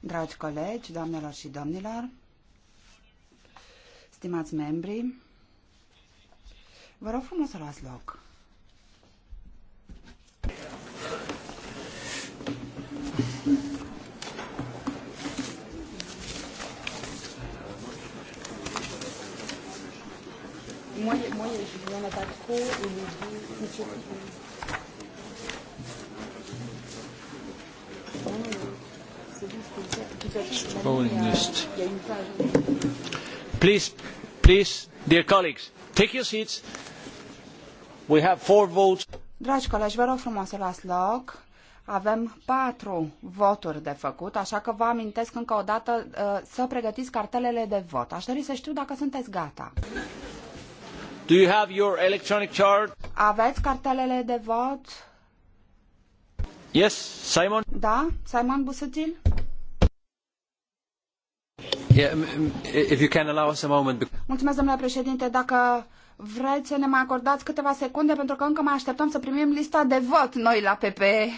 S2: Dragi colegi, doamnelor și domnilor, stimați membri, vă rog frumos să luați loc. Moi, moi, je viens à et je dis,
S3: Please, please, dear colleagues, take your seats. We have four
S2: votes. Dragi colegi, vă rog frumos să luați loc. Avem patru voturi de făcut, așa că vă amintesc încă o dată uh, să pregătiți cartelele de vot. Aș dori să știu dacă sunteți gata.
S3: Do you have your electronic chart?
S2: Aveți cartelele de vot?
S3: Yes, Simon.
S2: Da, Simon Busetil domnule președinte. Dacă vreți să ne mai acordați câteva secunde, pentru că încă mai așteptăm să primim lista de vot noi la PPE.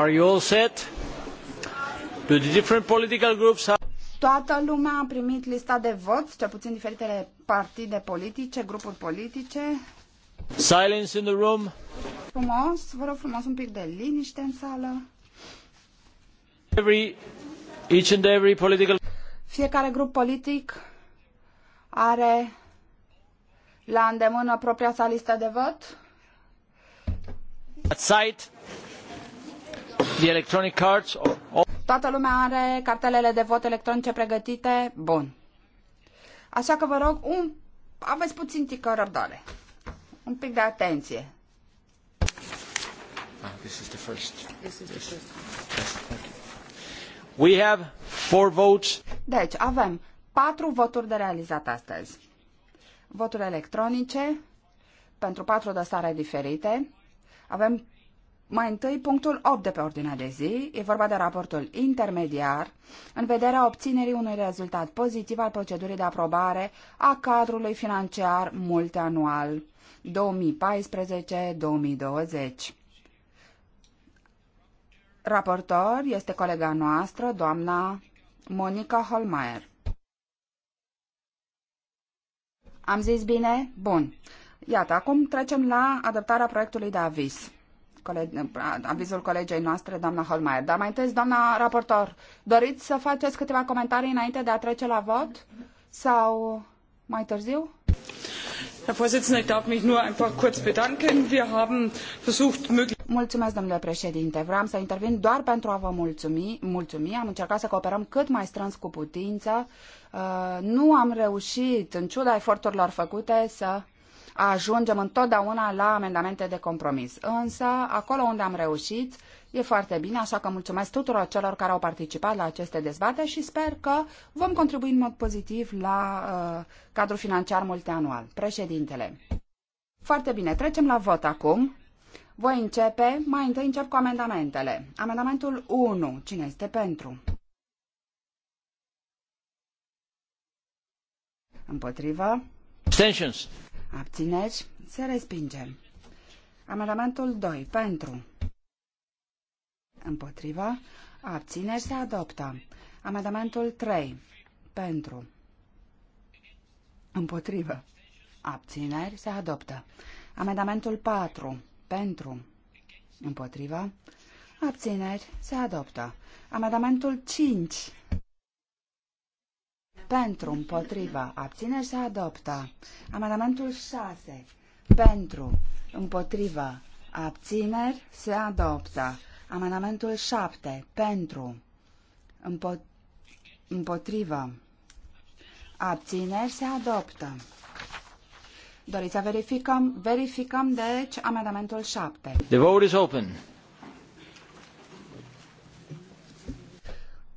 S3: Are you all set? Do the different political groups have...
S2: Toată lumea a primit lista de vot, cel puțin diferitele partide politice, grupuri politice.
S3: Silence in the room.
S2: Frumos, vă rog frumos un pic de liniște în sală.
S3: Every, each and every political...
S2: Fiecare grup politic are la îndemână propria sa listă de vot. At sight. Toată lumea are cartelele de vot electronice pregătite? Bun. Așa că vă rog, un... aveți puțin tică răbdare. Un pic de atenție.
S3: Ah, this is the first. This is the first.
S2: We have four votes. Deci, avem patru voturi de realizat astăzi. Voturi electronice pentru patru dosare diferite. Avem mai întâi, punctul 8 de pe ordinea de zi, e vorba de raportul intermediar, în vederea obținerii unui rezultat pozitiv al procedurii de aprobare a cadrului financiar multianual 2014-2020. Raportor este colega noastră, doamna Monica Holmeier. Am zis bine? Bun. Iată, acum trecem la adoptarea proiectului de aviz avizul colegei noastre, doamna Holmaier. Dar mai întâi, doamna raportor, doriți să faceți câteva comentarii înainte de a trece la vot? Sau mai târziu? Herr Vorsitzender, ich darf mich nur einfach kurz bedanken. Wir haben versucht, Mulțumesc, domnule președinte. Vreau să intervin doar pentru a vă mulțumi. mulțumi. Am încercat să cooperăm cât mai strâns cu putință. Uh, nu am reușit, în ciuda eforturilor făcute, să ajungem întotdeauna la amendamente de compromis. Însă, acolo unde am reușit, e foarte bine, așa că mulțumesc tuturor celor care au participat la aceste dezbate și sper că vom contribui în mod pozitiv la uh, cadrul financiar multianual. Președintele. Foarte bine, trecem la vot acum. Voi începe, mai întâi încep cu amendamentele. Amendamentul 1. Cine este pentru? Împotrivă. Extensions. Abțineri? Se respinge. Amendamentul 2. Pentru. Împotriva. Abțineri? Se adoptă. Amendamentul 3. Pentru. Împotrivă. Abțineri? Se adoptă. Amendamentul 4. Pentru. Împotriva. Abțineri? Se adoptă. Amendamentul 5 pentru, împotriva, abține se adoptă. Amendamentul 6 pentru, împotriva, abțineri se adoptă. Amendamentul 7 pentru, împo împotriva, abțineri se adoptă. Doriți să verificăm? Verificăm, deci, amendamentul 7.
S3: The vote is open.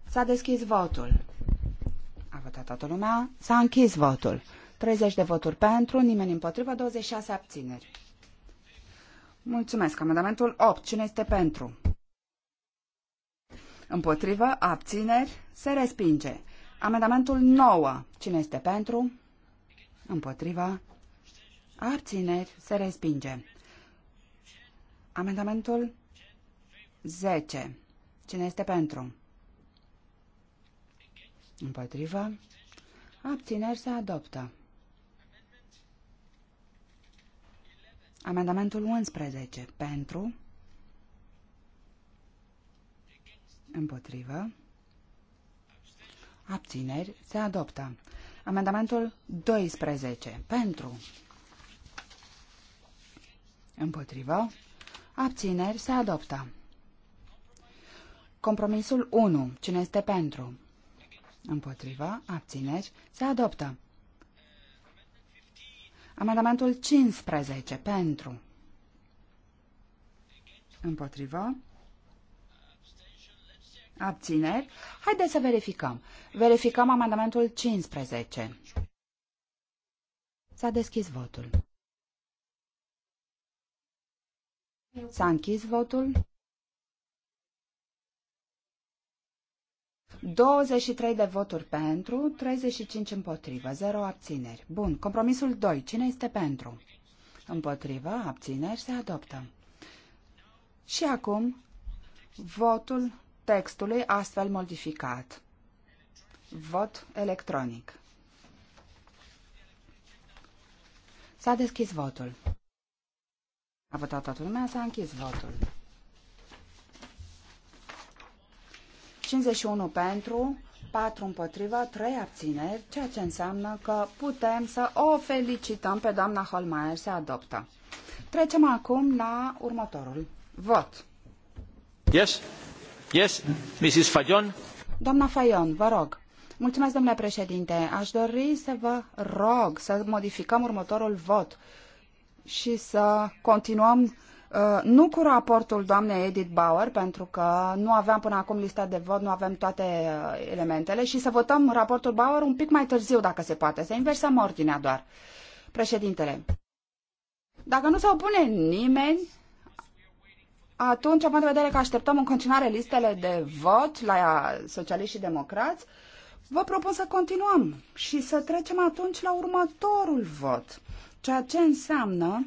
S2: S-a deschis votul votat toată lumea. S-a închis votul. 30 de voturi pentru, nimeni împotrivă, 26 abțineri. Mulțumesc. Amendamentul 8. Cine este pentru? Împotrivă, abțineri, se respinge. Amendamentul 9. Cine este pentru? Împotriva. Abțineri, se respinge. Amendamentul 10. Cine este pentru? Împotriva. Abțineri se adoptă. Amendamentul 11. Pentru. Împotrivă. Abțineri se adoptă. Amendamentul 12. Pentru. Împotrivă. Abțineri se adoptă. Compromisul 1. Cine este pentru? Împotriva. Abțineri. Se adoptă. Amendamentul 15. Pentru. Împotriva. Abțineri. Haideți să verificăm. Verificăm amendamentul 15. S-a deschis votul. S-a închis votul. 23 de voturi pentru, 35 împotrivă, 0 abțineri. Bun, compromisul 2. Cine este pentru? Împotrivă, abțineri, se adoptă. Și acum, votul textului astfel modificat. Vot electronic. S-a deschis votul. A votat toată lumea, s-a închis votul. 51 pentru, 4 împotriva, 3 abțineri, ceea ce înseamnă că putem să o felicităm pe doamna Holmeier, să adoptă. Trecem acum la următorul vot.
S3: Yes, yes, Mrs. Fajon.
S2: Doamna Fajon, vă rog. Mulțumesc, domnule președinte. Aș dori să vă rog să modificăm următorul vot și să continuăm Uh, nu cu raportul doamnei Edith Bauer, pentru că nu aveam până acum lista de vot, nu avem toate uh, elementele și să votăm raportul Bauer un pic mai târziu, dacă se poate, să inversăm ordinea doar. Președintele, dacă nu se opune nimeni, atunci, având în vedere că așteptăm în continuare listele de vot la socialiști și democrați, vă propun să continuăm și să trecem atunci la următorul vot, ceea ce înseamnă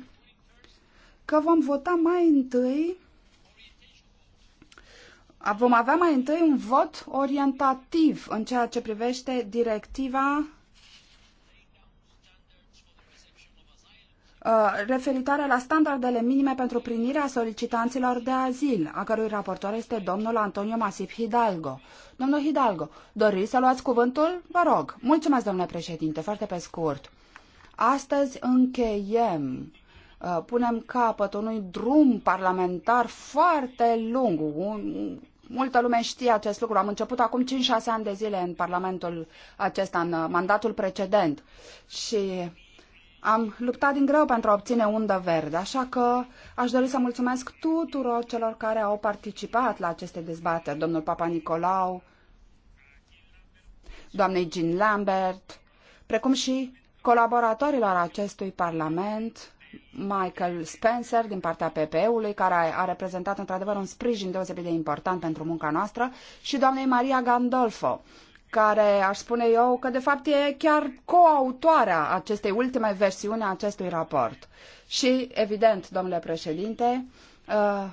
S2: că vom vota mai întâi vom avea mai întâi un vot orientativ în ceea ce privește directiva uh, referitoare la standardele minime pentru primirea solicitanților de azil, a cărui raportor este domnul Antonio Masip Hidalgo. Domnul Hidalgo, doriți să luați cuvântul? Vă rog. Mulțumesc, domnule președinte, foarte pe scurt. Astăzi încheiem Uh, punem capăt unui drum parlamentar foarte lung. Un, multă lume știe acest lucru. Am început acum 5-6 ani de zile în Parlamentul acesta, în uh, mandatul precedent. Și am luptat din greu pentru a obține undă verde, așa că aș dori să mulțumesc tuturor celor care au participat la aceste dezbateri, domnul Papa Nicolau, doamnei Jean Lambert, precum și colaboratorilor acestui Parlament, Michael Spencer din partea PPE-ului, care a, reprezentat într-adevăr un sprijin deosebit de important pentru munca noastră, și doamnei Maria Gandolfo, care aș spune eu că de fapt e chiar coautoarea acestei ultime versiuni a acestui raport. Și, evident, domnule președinte, uh,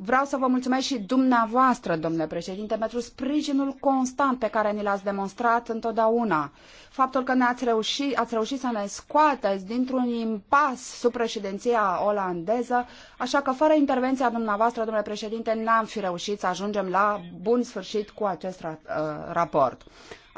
S2: Vreau să vă mulțumesc și dumneavoastră, domnule președinte, pentru sprijinul constant pe care ni l-ați demonstrat întotdeauna. Faptul că ne-ați reușit, ați reușit să ne scoateți dintr-un impas sub președinția olandeză, așa că fără intervenția dumneavoastră, domnule președinte, n-am fi reușit să ajungem la bun sfârșit cu acest uh, raport.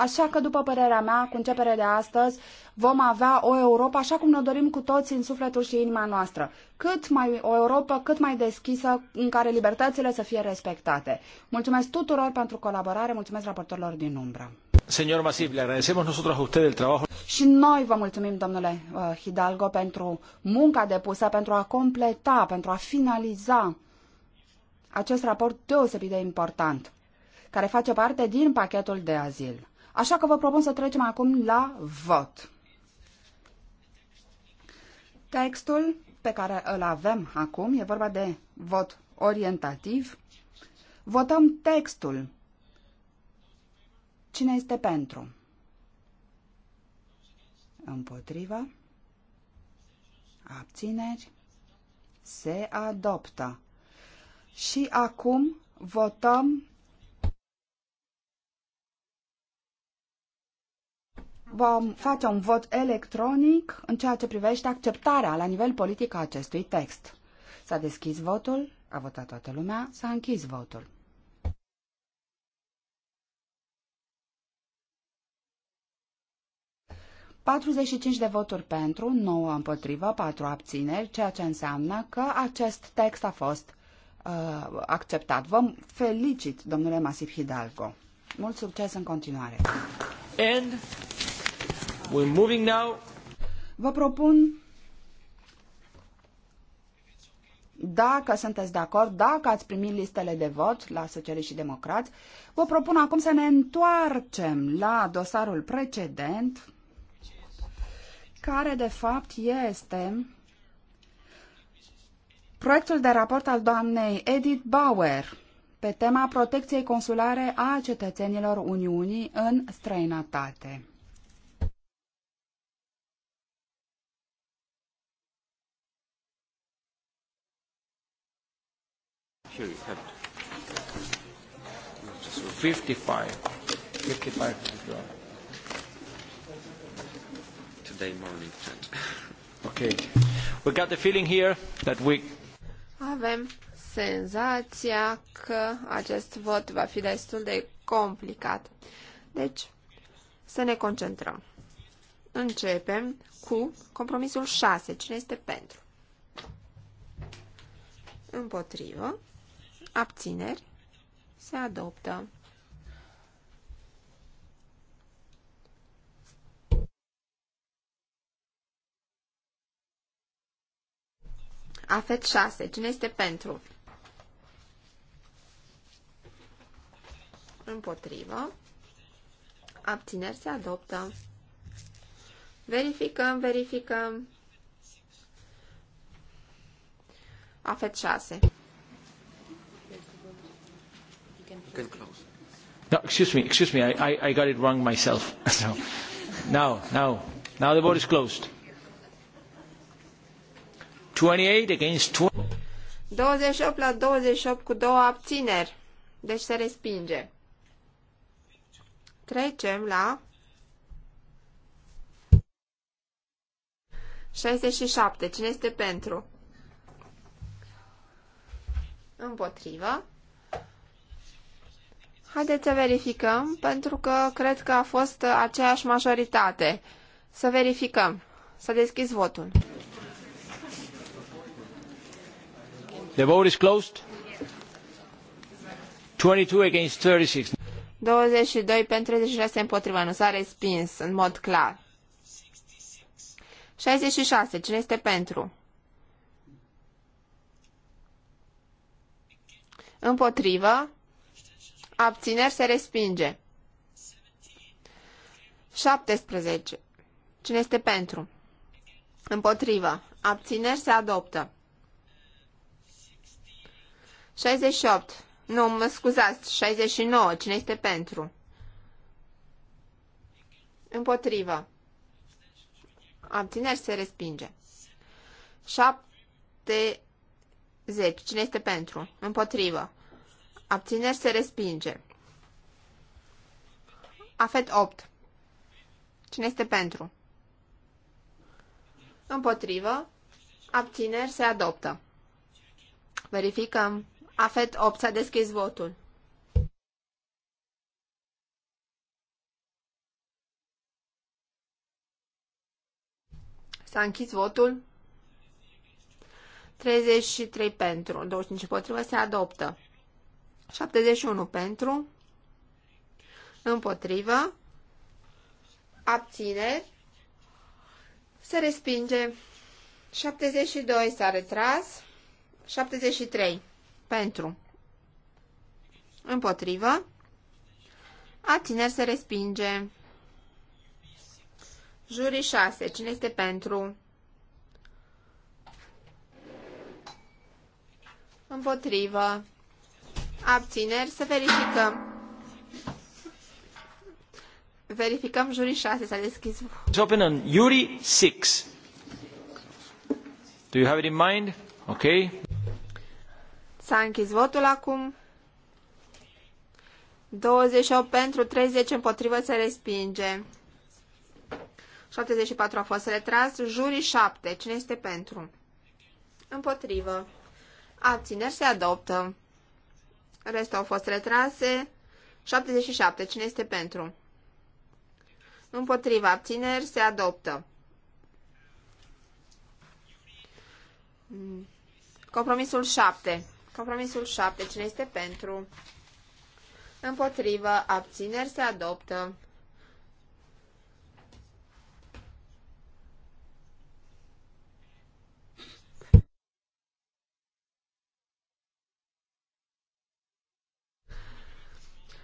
S2: Așa că, după părerea mea, cu începere de astăzi, vom avea o Europa așa cum ne dorim cu toți în sufletul și inima noastră. Cât mai, o Europa cât mai deschisă, în care libertățile să fie respectate. Mulțumesc tuturor pentru colaborare, mulțumesc raportorilor din umbră.
S3: Señor Masiv, le agradecemos nosotros a usted el trabajo.
S2: Și noi vă mulțumim, domnule uh, Hidalgo, pentru munca depusă, pentru a completa, pentru a finaliza acest raport deosebit de important, care face parte din pachetul de azil. Așa că vă propun să trecem acum la vot. Textul pe care îl avem acum e vorba de vot orientativ. Votăm textul. Cine este pentru? Împotriva? Abțineri? Se adoptă. Și acum votăm vom face un vot electronic în ceea ce privește acceptarea la nivel politic a acestui text. S-a deschis votul, a votat toată lumea, s-a închis votul. ...45 de voturi pentru, 9 împotrivă, 4 abțineri, ceea ce înseamnă că acest text a fost uh, acceptat. Vă felicit, domnule Masip Hidalgo. Mult succes în continuare. And Vă propun dacă sunteți de acord, dacă ați primit listele de vot la Socialiști și Democrați, vă propun acum să ne întoarcem la dosarul precedent, care de fapt este proiectul de raport al doamnei Edith Bauer pe tema protecției consulare a cetățenilor Uniunii în străinătate.
S1: Here have so
S3: 55. 55 to withdraw. Today morning chat. Okay. We got the feeling here that we... Avem senzația că acest vot va fi destul de complicat. Deci, să ne concentrăm. Începem cu compromisul 6. Cine este pentru? Împotrivă. Abțineri. Se adoptă. Afet 6. Cine este pentru? Împotrivă. Abțineri se adoptă. Verificăm, verificăm. Afet 6. can close. No, excuse me, excuse me, I, I, I got it wrong myself. [LAUGHS] so, now, now, now the vote is closed. 28 against 20. 28 la 28 cu două abțineri. Deci se respinge. Trecem la 67. Cine este pentru? Împotrivă. Haideți să verificăm, pentru că cred că a fost aceeași majoritate. Să verificăm. Să deschis votul. The vote is closed. 22 against 36. 22 pentru 36 împotriva. Nu s-a respins în mod clar. 66. Cine este pentru? Împotrivă abțineri se respinge. 17. Cine este pentru? Împotrivă. Abțineri se adoptă. 68. Nu, mă scuzați, 69. Cine este pentru? Împotrivă. Abțineri se respinge. 70. Cine este pentru? Împotrivă. Abțineri se respinge. Afet 8. Cine este pentru? Împotrivă. Abțineri se adoptă. Verificăm. Afet 8 s-a deschis votul. S-a închis votul. 33 pentru, 25 împotrivă, se adoptă. 71 pentru, împotrivă, abțineri, se respinge. 72 s-a retras, 73 pentru, împotrivă, abțineri se respinge. Jurii 6, cine este pentru? Împotrivă abțineri, să verificăm. Verificăm jurii 6, s-a deschis. It's open on Yuri 6. Do you have it in mind? Okay. S-a închis votul acum. 28 pentru, 30 împotrivă se respinge. 74 a fost retras. Jurii 7. Cine este pentru? Împotrivă. Abțineri se adoptă. Restul au fost retrase. 77. Cine este pentru? Împotriva abțineri se adoptă. Compromisul 7. Compromisul 7. Cine este pentru? Împotrivă. Abțineri se adoptă.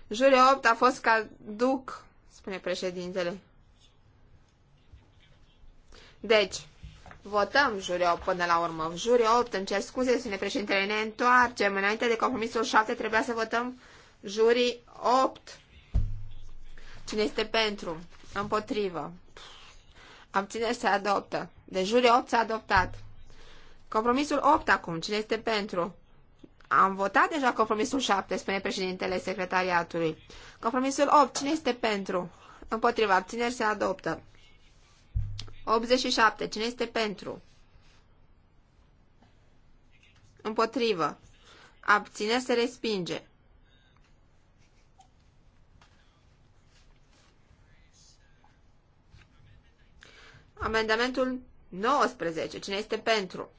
S3: Jure 8 a fost ca duc, spune președintele. Deci, votăm jure 8 până la urmă. Jure 8, îmi cer scuze, spune președintele, ne întoarcem. Înainte de compromisul 7 trebuia să votăm jurii 8. Cine este pentru? Împotrivă. Abține se adoptă. De deci, jure 8 s-a adoptat. Compromisul 8 acum. Cine este pentru? Am votat deja compromisul 7, spune președintele secretariatului. Compromisul 8, cine este pentru? Împotriva, abțineri se adoptă. 87, cine este pentru? Împotrivă, abțineri se respinge. Amendamentul 19. Cine este pentru?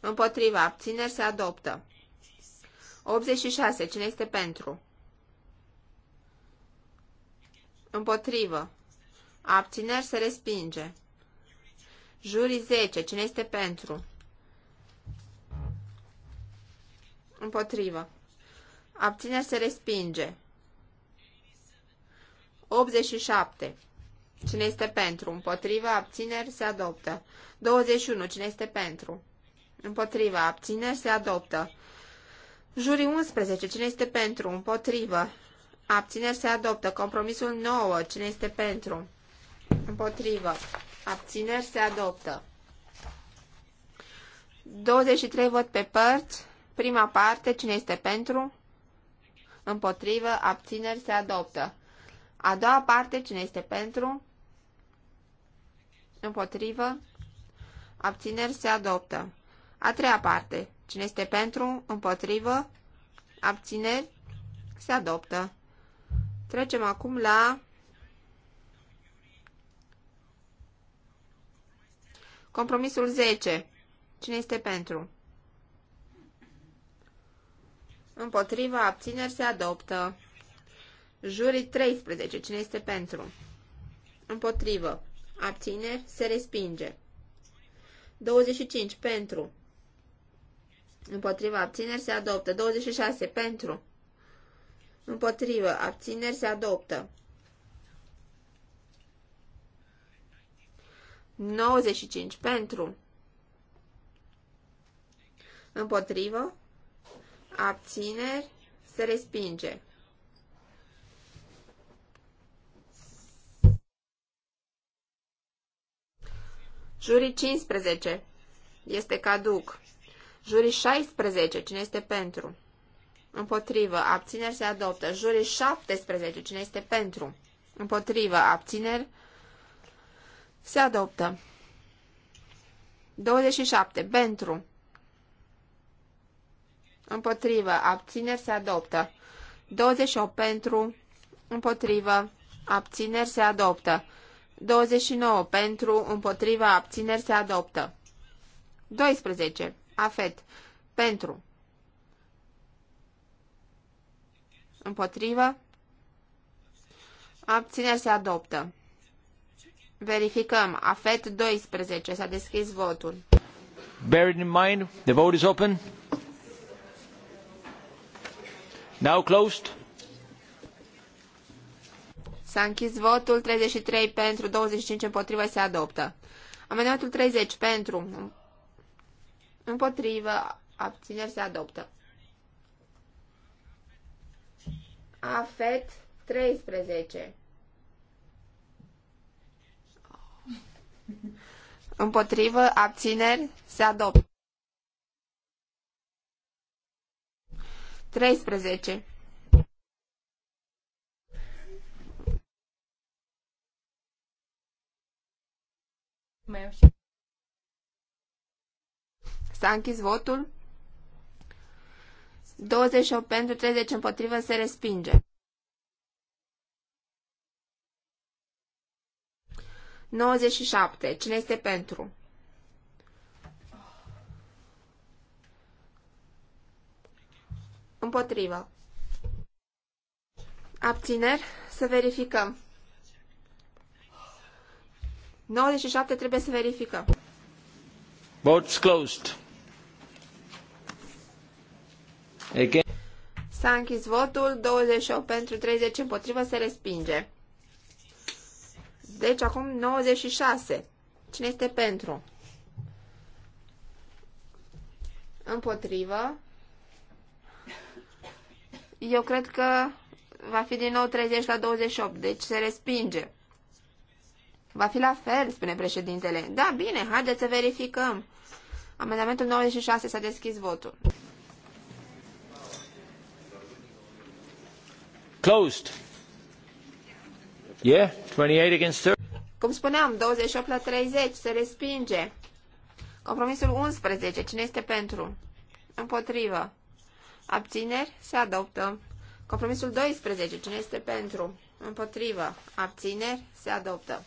S3: Împotriva. Abțineri se adoptă. 86. Cine este pentru? Împotrivă. Abțineri se respinge. Jurii 10. Cine este pentru? Împotrivă. Abțineri se respinge. 87. Cine este pentru? Împotrivă. Abțineri se adoptă. 21. Cine este pentru? Împotrivă. Abțineri se adoptă. Jurii 11. Cine este pentru? Împotrivă. Abțineri se adoptă. Compromisul 9. Cine este pentru? Împotrivă. Abțineri se adoptă. 23 vot pe părți. Prima parte. Cine este pentru? Împotrivă. Abțineri se adoptă. A doua parte. Cine este pentru? Împotrivă. Abțineri se adoptă. A treia parte. Cine este pentru, împotrivă, abțineri, se adoptă. Trecem acum la compromisul 10. Cine este pentru? Împotriva abțineri se adoptă. Jurii 13. Cine este pentru? Împotrivă. Abțineri se respinge. 25. Pentru. Împotriva abțineri se adoptă. 26 pentru. Împotrivă abțineri se adoptă. 95 pentru. Împotrivă abțineri se respinge. Jurii 15. Este caduc. Juri 16, cine este pentru? Împotrivă, abțineri se adoptă. Juri 17, cine este pentru? Împotrivă, abțineri se adoptă. 27, pentru. Împotrivă, abțineri se adoptă. 28 pentru, împotrivă, abțineri se adoptă. 29 pentru, împotrivă, abțineri se adoptă. 12 AFET. Pentru. Împotrivă. Abțineri se adoptă. Verificăm. AFET 12. S-a deschis votul. Bear it in mind. The vote is open. Now closed. S-a închis votul. 33 pentru, 25 împotrivă se adoptă. Amendamentul 30 pentru, Împotrivă. Abțineri se adoptă. Afet 13. Împotrivă, abțineri, se adoptă. 13. Mai am S-a închis votul. 28 pentru, 30 împotrivă, se respinge. 97. Cine este pentru? Împotrivă. Abțineri? Să verificăm. 97 trebuie să verificăm. Votes closed. S-a închis votul, 28 pentru 30 împotrivă, se respinge. Deci acum 96. Cine este pentru? Împotrivă. Eu cred că va fi din nou 30 la 28, deci se respinge. Va fi la fel, spune președintele. Da, bine, haideți să verificăm. Amendamentul 96 s-a deschis votul. Closed. Yeah, 28 against 30. Cum spuneam, 28 la 30 se respinge. Compromisul 11. Cine este pentru? Împotrivă. Abțineri? Se adoptă. Compromisul 12. Cine este pentru? Împotrivă. Abțineri? Se adoptă.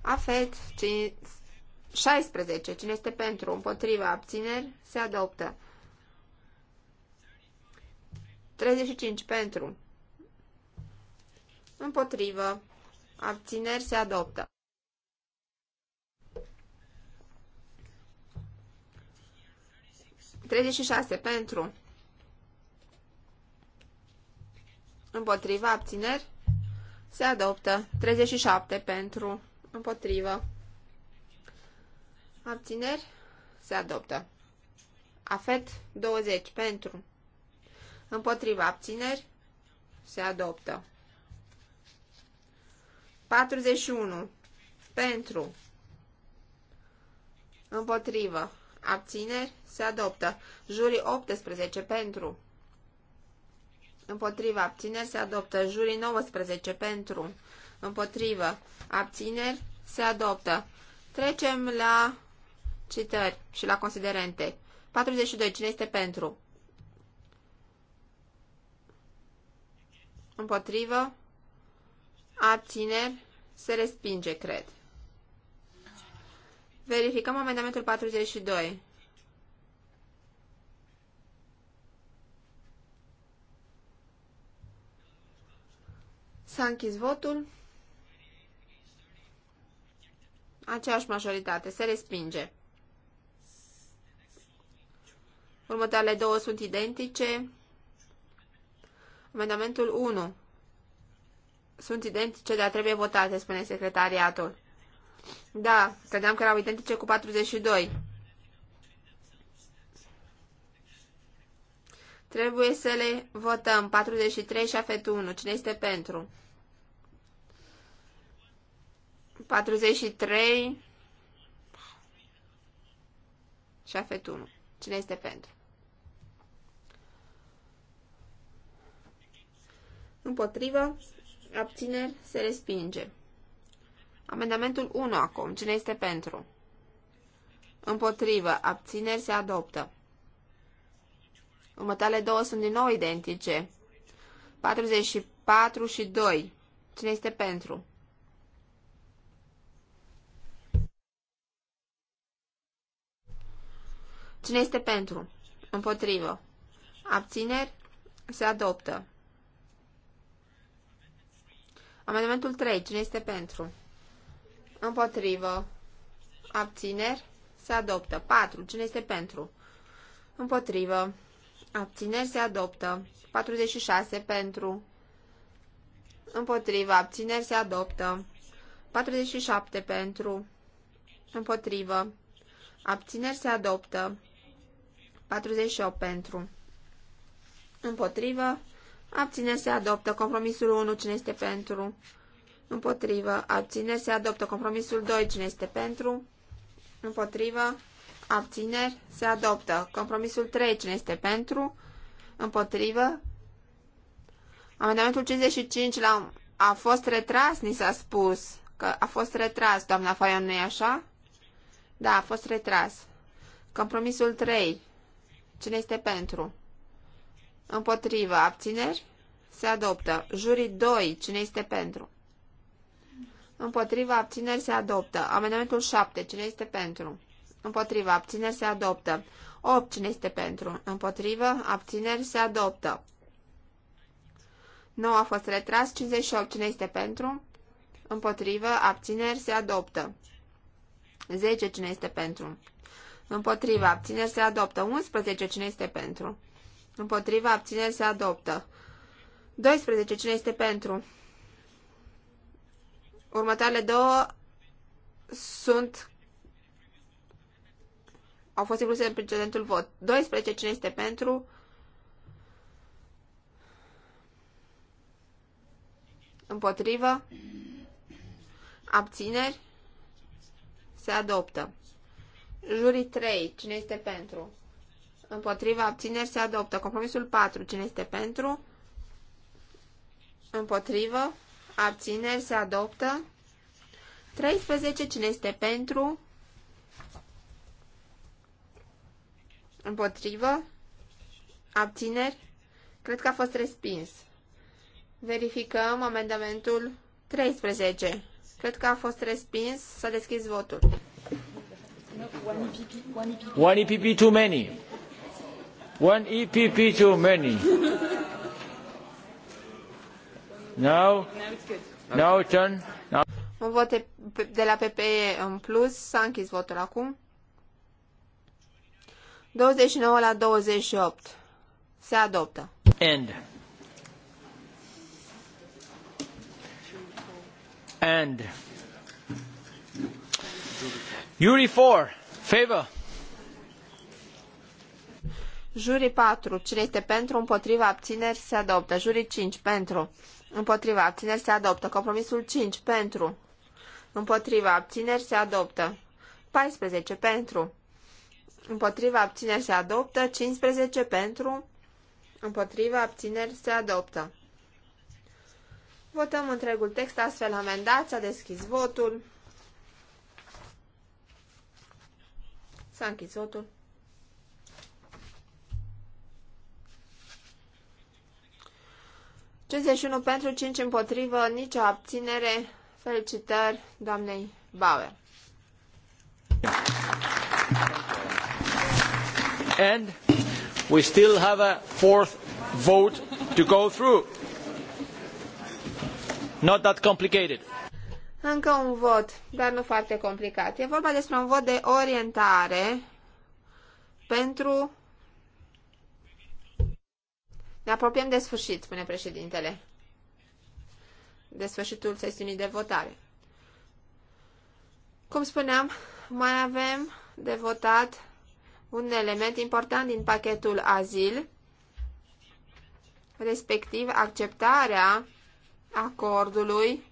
S3: Afet 5, 16. Cine este pentru? Împotrivă. Abțineri? Se adoptă. 35. Pentru. Împotrivă. Abțineri se adoptă. Treizeci și șase pentru. Împotrivă. Abțineri se adoptă. Treizeci și șapte pentru. Împotrivă. Abțineri se adoptă. Afet 20 pentru. Împotriva abțineri se adoptă. 41. Pentru. Împotrivă. Abțineri. Se adoptă. Jurii 18. Pentru. Împotrivă. Abțineri. Se adoptă. Jurii 19. Pentru. Împotrivă. Abțineri. Se adoptă. Trecem la citări și la considerente. 42. Cine este pentru? Împotrivă abțineri, se respinge, cred. Verificăm amendamentul 42. S-a închis votul. Aceeași majoritate. Se respinge. Următoarele două sunt identice. Amendamentul 1 sunt identice, dar trebuie votate, spune secretariatul. Da, credeam că erau identice cu 42. Trebuie să le votăm. 43 și afetul 1. Cine este pentru? 43 și afetul 1. Cine este pentru? Împotrivă, Abțineri se respinge. Amendamentul 1 acum. Cine este pentru? Împotrivă. Abțineri se adoptă. Următoarele două sunt din nou identice. 44 și 2. Cine este pentru? Cine este pentru? Împotrivă. Abțineri se adoptă. Amendamentul 3. Cine este pentru? Împotrivă. Abțineri. Se adoptă. 4. Cine este pentru? Împotrivă. Abțineri. Se adoptă. 46. Pentru. Împotrivă. Abțineri. Se adoptă. 47. Pentru. Împotrivă. Abțineri. Se adoptă. 48. Pentru. Împotrivă. Abține se adoptă. Compromisul 1. Cine este pentru? Împotrivă. Abține se adoptă. Compromisul 2. Cine este pentru? Împotrivă. Abțineri se adoptă. Compromisul 3. Cine este pentru? Împotrivă. Amendamentul 55 la, a fost retras, ni s-a spus. Că a fost retras, doamna Faion, nu-i așa? Da, a fost retras. Compromisul 3. Cine este pentru? Împotrivă. Abțineri. Se adoptă. Jurii 2. Cine este pentru? Împotrivă. Abțineri. Se adoptă. Amendamentul 7. Cine este pentru? Împotrivă. Abțineri. Se adoptă. 8. Cine este pentru? Împotrivă. Abțineri. Se adoptă. 9 a fost retras. 58. Cine este pentru? Împotrivă. Abțineri. Se adoptă. 10. Cine este pentru? Împotrivă. Abțineri. Se adoptă. 11. Cine este pentru? Împotriva abțineri se adoptă. 12. Cine este pentru? Următoarele două sunt au fost incluse în precedentul vot. 12. Cine este pentru? Împotrivă? Abțineri? Se adoptă. Jurii 3. Cine este pentru? împotriva, abțineri, se adoptă. Compromisul 4, cine este pentru, împotrivă, abțineri, se adoptă. 13, cine este pentru, împotrivă, abțineri, cred că a fost respins. Verificăm amendamentul 13. Cred că a fost respins. S-a deschis votul. One EPP too many. One EPP too many. Now, now turn. Now. Un vot de la PPE în plus. S-a închis votul acum. 29 la 28. Se adoptă. End. And. Yuri 4. Favor. Jurii 4. Cine pentru, împotriva, abțineri, se adoptă. Jurii 5. Pentru, împotriva, abțineri, se adoptă. Compromisul 5. Pentru, împotriva, abțineri, se adoptă. 14. Pentru, împotriva, abțineri, se adoptă. 15. Pentru, împotriva, abțineri, se adoptă. Votăm întregul text astfel amendat. S-a deschis votul. S-a închis votul. 51 pentru, 5 împotrivă, nicio abținere. Felicitări doamnei Bauer. And we still have a fourth vote to go through. Not that complicated. Încă un vot, dar nu foarte complicat. E vorba despre un vot de orientare pentru ne apropiem de sfârșit, spune președintele. De sfârșitul sesiunii de votare. Cum spuneam, mai avem de votat un element important din pachetul azil, respectiv acceptarea acordului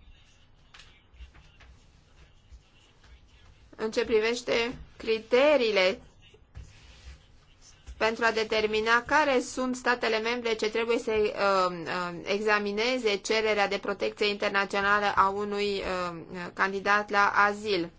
S3: în ce privește criteriile pentru a determina care sunt statele membre ce trebuie să uh, uh, examineze cererea de protecție internațională a unui uh, candidat la azil.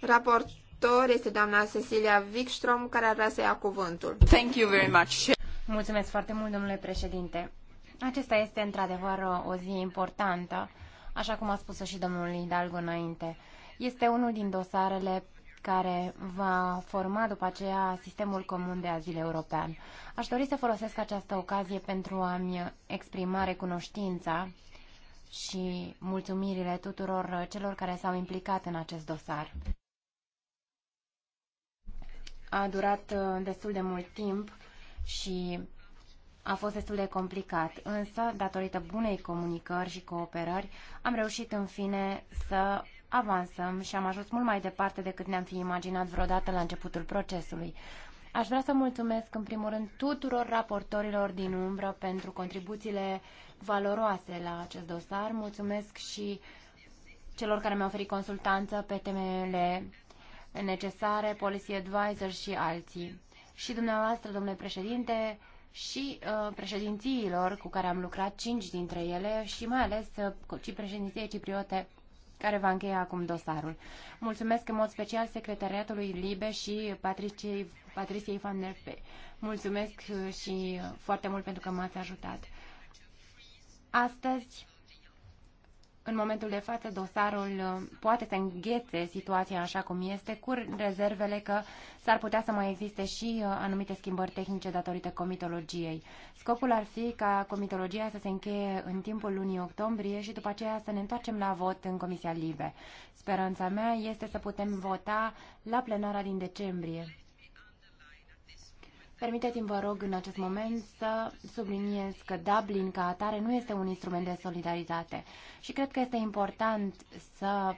S3: Raportor este doamna Cecilia Wikström, care ar vrea să ia cuvântul. Thank you very
S1: much. Mulțumesc foarte mult, domnule președinte. Acesta este într-adevăr o zi importantă, așa cum a spus și domnul Hidalgo înainte. Este unul din dosarele care va forma după aceea sistemul comun de azil european. Aș dori să folosesc această ocazie pentru a-mi exprima recunoștința și mulțumirile tuturor celor care s-au implicat în acest dosar. A durat uh, destul de mult timp și a fost destul de complicat, însă, datorită bunei comunicări și cooperări, am reușit în fine să avansăm și am ajuns mult mai departe decât ne-am fi imaginat vreodată la începutul procesului. Aș vrea să mulțumesc în primul rând tuturor raportorilor din umbră pentru contribuțiile valoroase la acest dosar. Mulțumesc și celor care mi-au oferit consultanță pe temele necesare, Policy Advisor și alții. Și dumneavoastră, domnule președinte, și uh, președințiilor cu care am lucrat, cinci dintre ele, și mai ales uh, și președinției cipriote care va încheia acum dosarul. Mulțumesc în mod special secretariatului Libe și Patriciei, Patriciei Van der Pe. Mulțumesc și foarte mult pentru că m-ați ajutat. Astăzi în momentul de față dosarul uh, poate să înghețe situația așa cum este, cu rezervele că s-ar putea să mai existe și uh, anumite schimbări tehnice datorită comitologiei. Scopul ar fi ca comitologia să se încheie în timpul lunii octombrie și după aceea să ne întoarcem la vot în Comisia Libe. Speranța mea este să putem vota la plenara din decembrie. Permiteți-mi, vă rog, în acest moment să subliniez că Dublin ca atare nu este un instrument de solidaritate și cred că este important să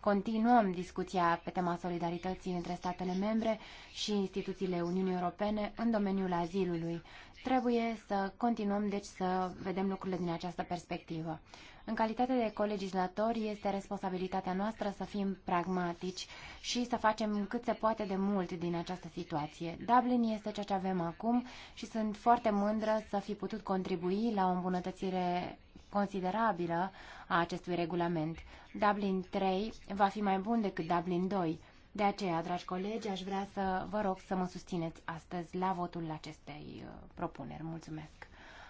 S1: continuăm discuția pe tema solidarității între statele membre și instituțiile Uniunii Europene în domeniul azilului. Trebuie să continuăm, deci, să vedem lucrurile din această perspectivă. În calitate de colegislatori, este responsabilitatea noastră să fim pragmatici și să facem cât se poate de mult din această situație. Dublin este ceea ce avem acum și sunt foarte mândră să fi putut contribui la o îmbunătățire considerabilă a acestui regulament. Dublin 3 va fi mai bun decât Dublin 2. De aceea, dragi colegi, aș vrea să vă rog să mă susțineți astăzi la votul acestei uh, propuneri. Mulțumesc!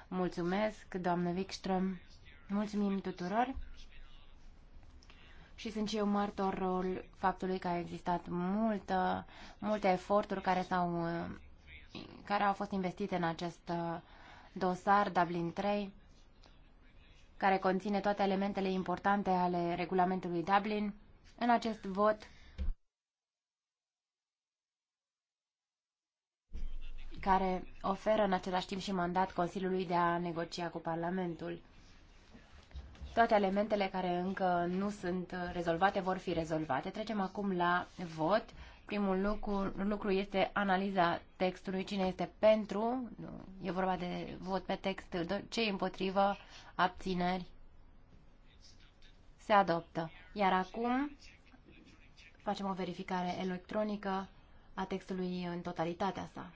S1: Mulțumesc, doamnă Wikström! Mulțumim tuturor și sunt și eu martorul faptului că a existat multă, multe eforturi care, s-au, care au fost investite în acest dosar Dublin 3, care conține toate elementele importante ale regulamentului Dublin. În acest vot care oferă în același timp și mandat Consiliului de a negocia cu Parlamentul. Toate elementele care încă nu sunt rezolvate vor fi rezolvate. Trecem acum la vot. Primul lucru, lucru este analiza textului, cine este pentru, nu, e vorba de vot pe text, ce e împotrivă, abțineri, se adoptă. Iar acum facem o verificare electronică a textului în totalitatea sa.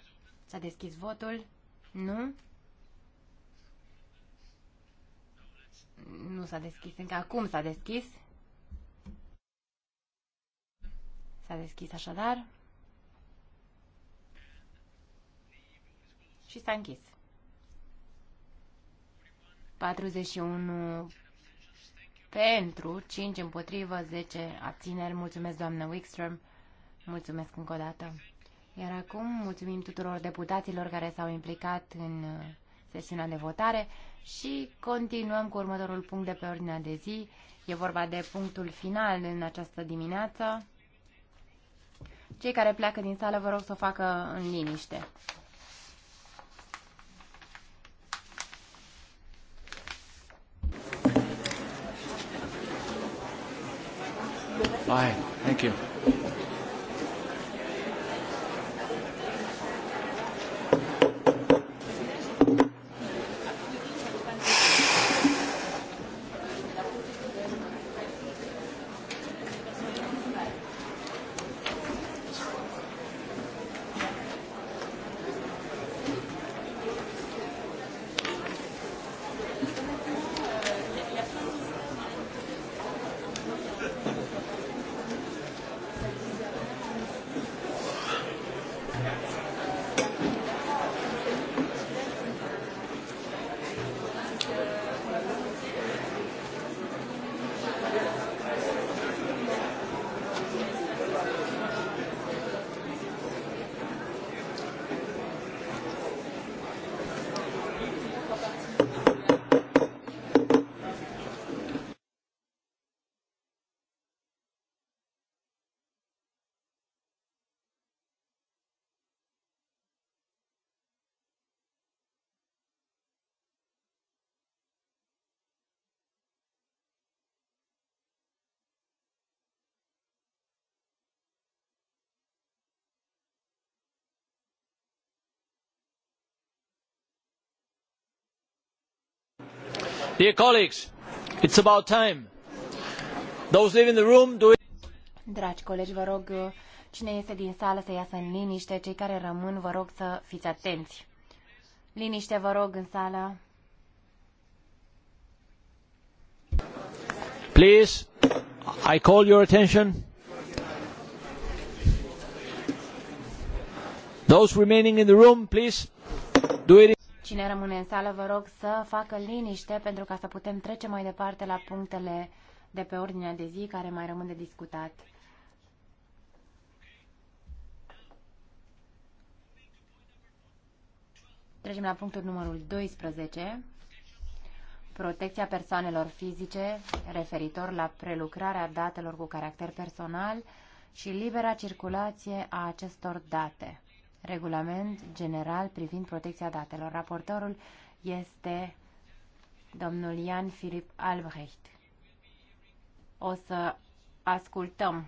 S1: S-a deschis votul? Nu? Nu s-a deschis încă. Acum s-a deschis. S-a deschis așadar. Și s-a închis. 41 pentru, 5 împotrivă, 10 abțineri. Mulțumesc, doamnă Wickstrom. Mulțumesc încă o dată. Iar acum mulțumim tuturor deputaților care s-au implicat în uh, sesiunea de votare și continuăm cu următorul punct de pe ordinea de zi. E vorba de punctul final în această dimineață. Cei care pleacă din sală, vă rog să o facă în liniște.
S2: Bye. Thank you.
S3: Dear colleagues, it's about time. Those leaving the room do it.
S1: Dragi colegi, vă rog, cine este din sală să iasă în liniște, cei care rămân, vă rog să fiți atenți. Liniște, vă rog, în sală.
S3: Please, I call your attention. Those remaining in the room, please do it.
S1: Cine rămâne în sală, vă rog să facă liniște pentru ca să putem trece mai departe la punctele de pe ordinea de zi care mai rămân de discutat. Trecem la punctul numărul 12, protecția persoanelor fizice referitor la prelucrarea datelor cu caracter personal și libera circulație a acestor date regulament general privind protecția datelor. Raportorul este domnul Ian Filip Albrecht. O să ascultăm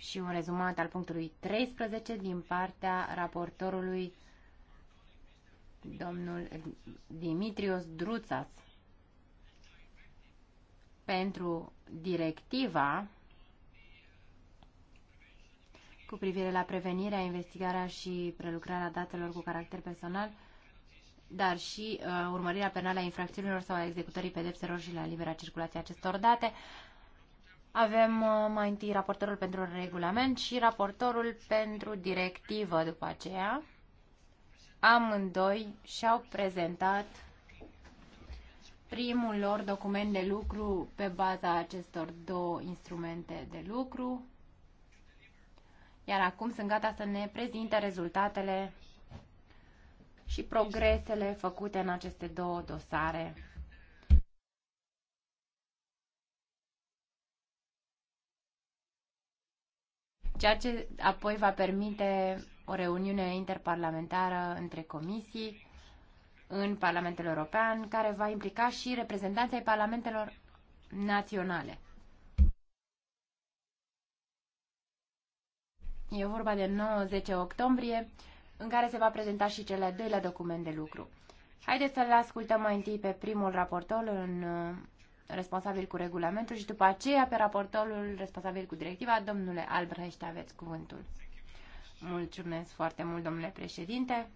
S1: și un rezumat al punctului 13 din partea raportorului domnul Dimitrios Druțas pentru directiva cu privire la prevenirea, investigarea și prelucrarea datelor cu caracter personal, dar și uh, urmărirea penală a infracțiunilor sau a executării pedepselor și la libera circulație acestor date. Avem uh, mai întâi raportorul pentru regulament și raportorul pentru directivă după aceea. Amândoi și-au prezentat primul lor document de lucru pe baza acestor două instrumente de lucru iar acum sunt gata să ne prezinte rezultatele și progresele făcute în aceste două dosare. Ceea ce apoi va permite o reuniune interparlamentară între comisii în Parlamentul European, care va implica și reprezentanții parlamentelor naționale. E vorba de 9-10 octombrie, în care se va prezenta și cele doilea document de lucru. Haideți să-l ascultăm mai întâi pe primul raportor în, uh, responsabil cu regulamentul și după aceea pe raportorul responsabil cu directiva. Domnule Albrecht, aveți cuvântul. Mulțumesc foarte mult, domnule președinte.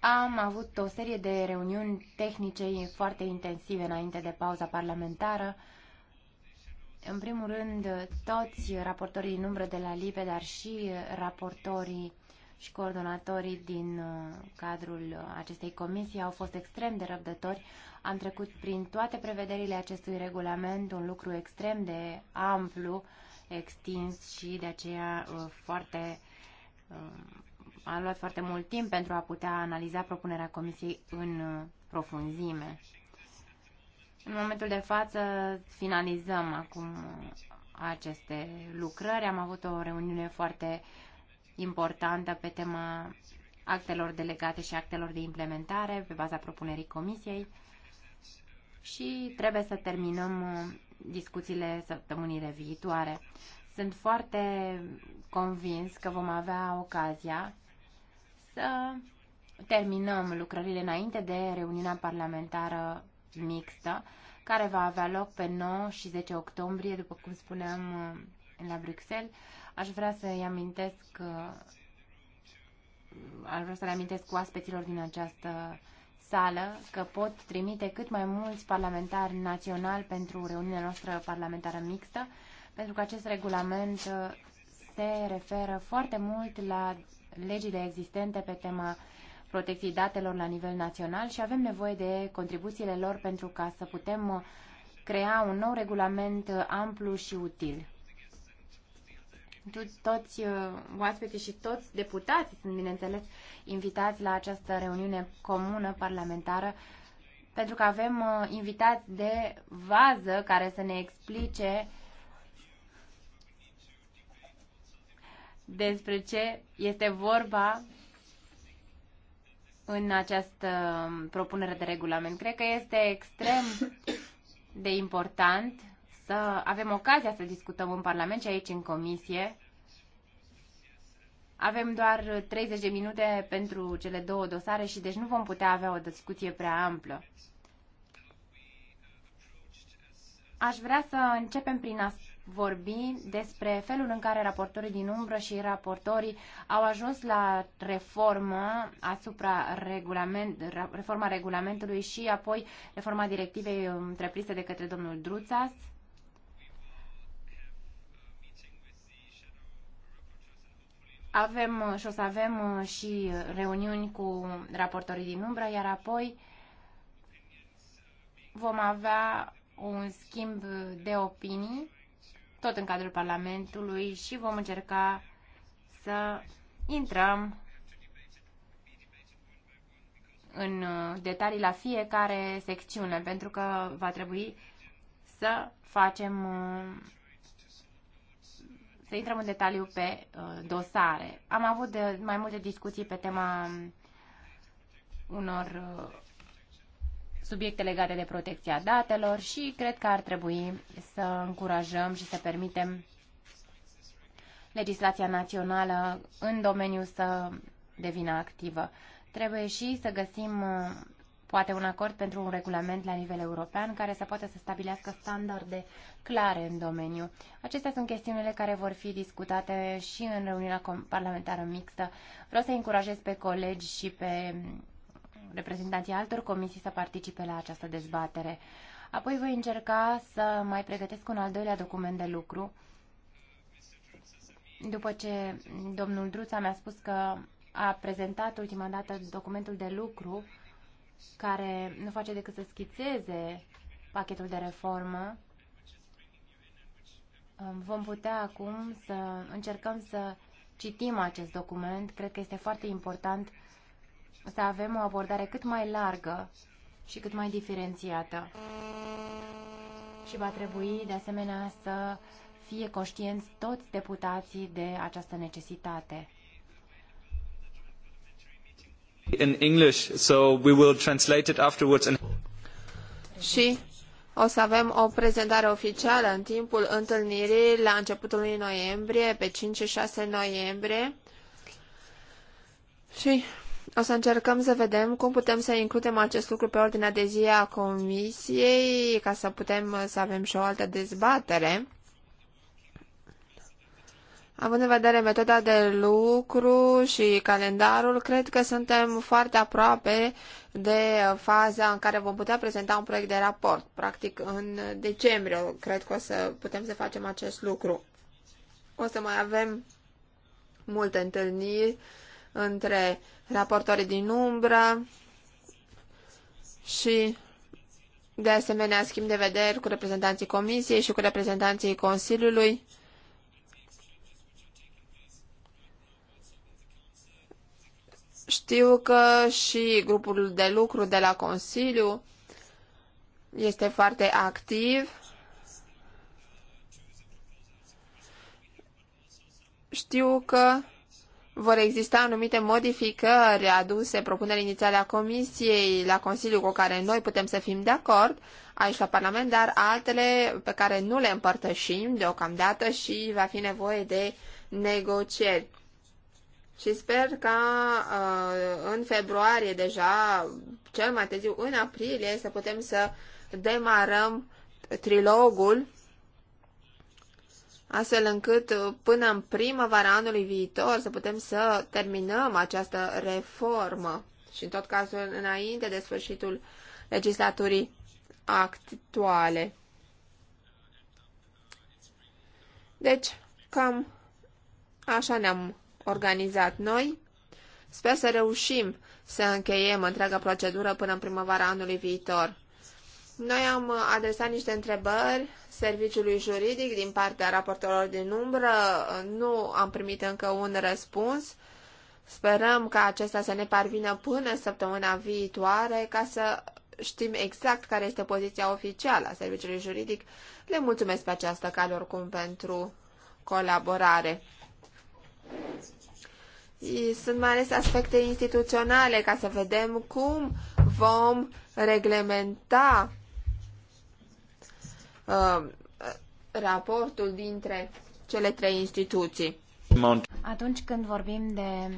S1: Am avut o serie de reuniuni tehnice foarte intensive înainte de pauza parlamentară în primul rând, toți raportorii din umbră de la LIPE, dar și raportorii și coordonatorii din uh, cadrul acestei comisii au fost extrem de răbdători. Am trecut prin toate prevederile acestui regulament, un lucru extrem de amplu, extins și de aceea uh, foarte uh, a luat foarte mult timp pentru a putea analiza propunerea comisiei în profunzime. În momentul de față finalizăm acum aceste lucrări. Am avut o reuniune foarte importantă pe tema actelor delegate și actelor de implementare pe baza propunerii comisiei și trebuie să terminăm uh, discuțiile săptămânile viitoare. Sunt foarte convins că vom avea ocazia să terminăm lucrările înainte de reuniunea parlamentară mixtă care va avea loc pe 9 și 10 octombrie, după cum spuneam uh, la Bruxelles. Aș vrea să-i amintesc uh, aș vrea să le amintesc oaspeților din această sală că pot trimite cât mai mulți parlamentari naționali pentru reuniunea noastră parlamentară mixtă, pentru că acest regulament uh, se referă foarte mult la legile existente pe tema protecției datelor la nivel național și avem nevoie de contribuțiile lor pentru ca să putem uh, crea un nou regulament uh, amplu și util. Toți uh, oaspeții și toți deputații sunt, bineînțeles, invitați la această reuniune comună parlamentară pentru că avem invitați de vază care să ne explice despre ce este vorba în această propunere de regulament. Cred că este extrem de important să avem ocazia să discutăm în Parlament și aici în Comisie. Avem doar 30 de minute pentru cele două dosare și deci nu vom putea avea o discuție prea amplă. Aș vrea să începem prin a vorbi despre felul în care raportorii din umbră și raportorii au ajuns la reformă asupra regulament, reforma regulamentului și apoi reforma directivei întreprise de către domnul Druțas. Avem și o să avem și reuniuni cu raportorii din umbră, iar apoi vom avea un schimb de opinii tot în cadrul Parlamentului și vom încerca să intrăm în uh, detalii la fiecare secțiune, pentru că va trebui să facem uh, să intrăm în detaliu pe uh, dosare. Am avut de, mai multe discuții pe tema unor subiecte legate de protecția datelor și cred că ar trebui să încurajăm și să permitem legislația națională în domeniu să devină activă. Trebuie și să găsim uh, poate un acord pentru un regulament la nivel european care să poată să stabilească standarde clare în domeniu. Acestea sunt chestiunile care vor fi discutate și în reuniunea parlamentară mixtă. Vreau să încurajez pe colegi și pe reprezentanții altor comisii să participe la această dezbatere. Apoi voi încerca să mai pregătesc un al doilea document de lucru. După ce domnul Druța mi-a spus că a prezentat ultima dată documentul de lucru care nu face decât să schițeze pachetul de reformă, um, vom putea acum să încercăm să citim acest document. Cred că este foarte important să avem o abordare cât mai largă și cât mai diferențiată. Și va trebui, de asemenea, să fie conștienți toți deputații de această necesitate. In English, so we will translate it afterwards. And...
S3: Și o să avem o prezentare oficială în timpul întâlnirii la începutul lui noiembrie, pe 5 și 6 noiembrie. Și o să încercăm să vedem cum putem să includem acest lucru pe ordinea de zi a comisiei, ca să putem uh, să avem și o altă dezbatere. Având în vedere metoda de lucru și calendarul, cred că suntem foarte aproape de uh, faza în care vom putea prezenta un proiect de raport. Practic, în decembrie, cred că o să putem să facem acest lucru. O să mai avem multe întâlniri între raportorii din umbră și de asemenea schimb de vederi cu reprezentanții Comisiei și cu reprezentanții Consiliului. Știu că și grupul de lucru de la Consiliu este foarte activ. Știu că vor exista anumite modificări aduse propunerii inițiale a Comisiei la Consiliu cu care noi putem să fim de acord aici la Parlament, dar altele pe care nu le împărtășim deocamdată și va fi nevoie de negocieri. Și sper ca uh, în februarie deja, cel mai târziu în aprilie, să putem să demarăm trilogul astfel încât uh, până în primăvara anului viitor să putem să terminăm această reformă și în tot cazul înainte de sfârșitul legislaturii actuale. Deci, cam așa ne-am organizat noi. Sper să reușim să încheiem întreaga procedură până în primăvara anului viitor. Noi am adresat niște întrebări serviciului juridic din partea raportorilor din umbră. Nu am primit încă un răspuns. Sperăm ca acesta să ne parvină până săptămâna viitoare ca să știm exact care este poziția oficială a serviciului juridic. Le mulțumesc pe această cale oricum pentru colaborare. Sunt mai ales aspecte instituționale ca să vedem cum vom reglementa Uh, raportul dintre cele trei instituții.
S1: Atunci când vorbim de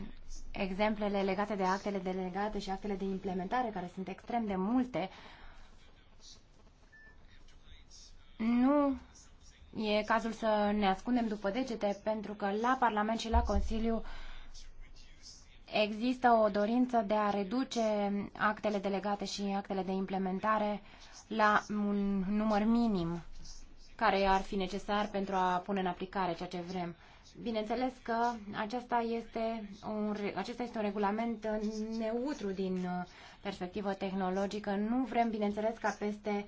S1: exemplele legate de actele delegate și actele de implementare, care sunt extrem de multe, nu e cazul să ne ascundem după degete, pentru că la Parlament și la Consiliu există o dorință de a reduce actele delegate și actele de implementare la un număr minim care ar fi necesar pentru a pune în aplicare ceea ce vrem. Bineînțeles că acesta este un, acesta este un regulament neutru din uh, perspectivă tehnologică. Nu vrem, bineînțeles, ca peste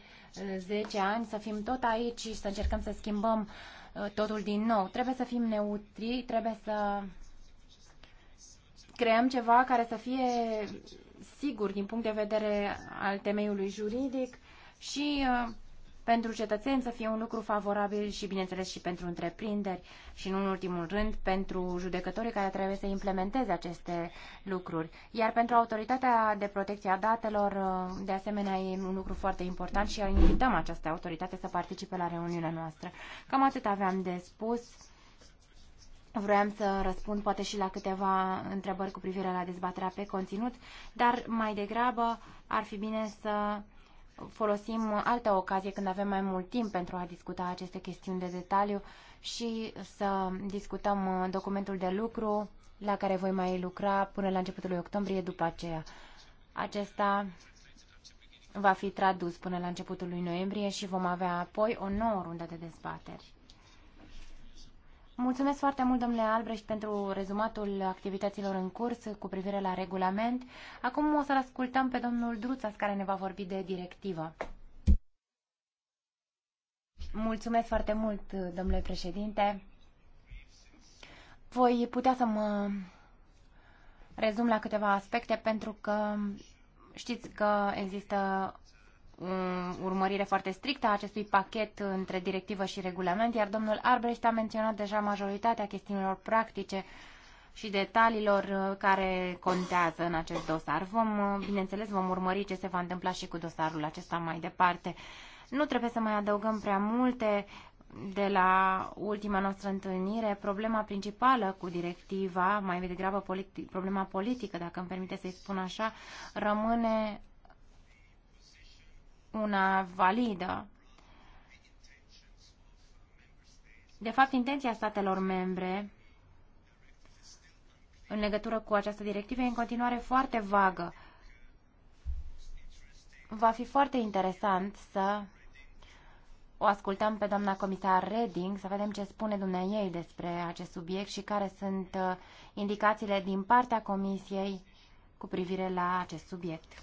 S1: 10 uh, ani să fim tot aici și să încercăm să schimbăm uh, totul din nou. Trebuie să fim neutri, trebuie să creăm ceva care să fie sigur din punct de vedere al temeiului juridic, și uh, pentru cetățeni să fie un lucru favorabil și, bineînțeles, și pentru întreprinderi și, nu în ultimul rând, pentru judecătorii care trebuie să implementeze aceste lucruri. Iar pentru autoritatea de protecție a datelor, uh, de asemenea, e un lucru foarte important și invităm această autoritate să participe la reuniunea noastră. Cam atât aveam de spus. Vroiam să răspund poate și la câteva întrebări cu privire la dezbaterea pe conținut, dar mai degrabă ar fi bine să folosim altă ocazie când avem mai mult timp pentru a discuta aceste chestiuni de detaliu și să discutăm uh, documentul de lucru la care voi mai lucra până la începutul lui octombrie după aceea. Acesta va fi tradus până la începutul lui noiembrie și vom avea apoi o nouă rundă de dezbateri. Mulțumesc foarte mult, domnule Albrecht, pentru rezumatul activităților în curs cu privire la regulament. Acum o să-l ascultăm pe domnul Druțas, care ne va vorbi de directivă. Mulțumesc foarte mult, domnule președinte. Voi putea să mă rezum la câteva aspecte, pentru că știți că există Um, urmărire foarte strictă a acestui pachet între directivă și regulament, iar domnul Arbrecht a menționat deja majoritatea chestiunilor practice și detaliilor uh, care contează în acest dosar. Vom, uh, bineînțeles, vom urmări ce se va întâmpla și cu dosarul acesta mai departe. Nu trebuie să mai adăugăm prea multe de la ultima noastră întâlnire. Problema principală cu directiva, mai degrabă politi- problema politică, dacă îmi permite să-i spun așa, rămâne una validă. De fapt, intenția statelor membre în legătură cu această directivă e în continuare foarte vagă. Va fi foarte interesant să o ascultăm pe doamna comisar Reding, să vedem ce spune dumnea ei despre acest subiect și care sunt uh, indicațiile din partea comisiei cu privire la acest subiect.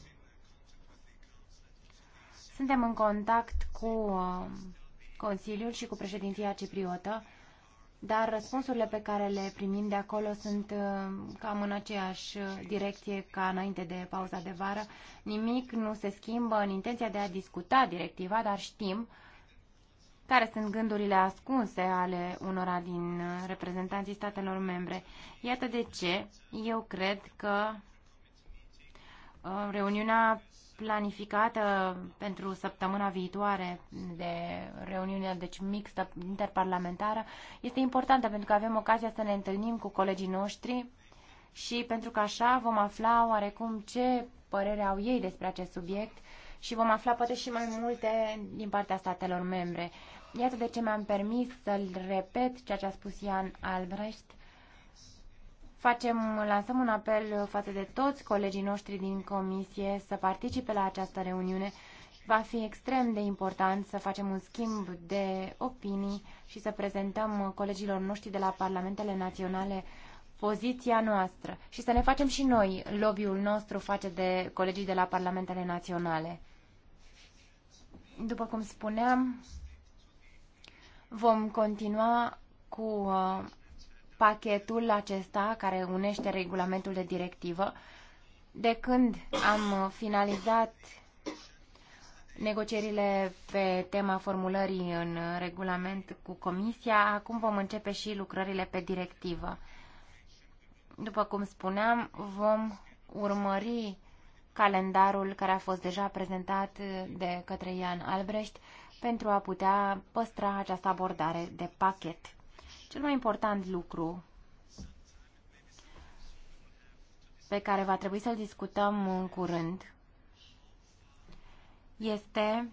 S1: Suntem în contact cu uh, Consiliul și cu președinția cipriotă, dar răspunsurile pe care le primim de acolo sunt uh, cam în aceeași uh, direcție ca înainte de pauza de vară. Nimic nu se schimbă în intenția de a discuta directiva, dar știm care sunt gândurile ascunse ale unora din reprezentanții statelor membre. Iată de ce eu cred că reuniunea planificată pentru săptămâna viitoare de reuniunea deci mixtă interparlamentară este importantă pentru că avem ocazia să ne întâlnim cu colegii noștri și pentru că așa vom afla oarecum ce părere au ei despre acest subiect și vom afla poate și mai multe din partea statelor membre. Iată de ce mi-am permis să-l repet ceea ce a spus Ian Albrecht Facem, lansăm un apel față de toți colegii noștri din comisie să participe la această reuniune. Va fi extrem de important să facem un schimb de opinii și să prezentăm colegilor noștri de la parlamentele naționale poziția noastră și să ne facem și noi lobby-ul nostru face de colegii de la parlamentele naționale. După cum spuneam, vom continua cu uh, pachetul acesta care unește regulamentul de directivă. De când am finalizat negocierile pe tema formulării în regulament cu Comisia, acum vom începe și lucrările pe directivă. După cum spuneam, vom urmări calendarul care a fost deja prezentat de către Ian Albrecht pentru a putea păstra această abordare de pachet. Cel mai important lucru pe care va trebui să-l discutăm în curând este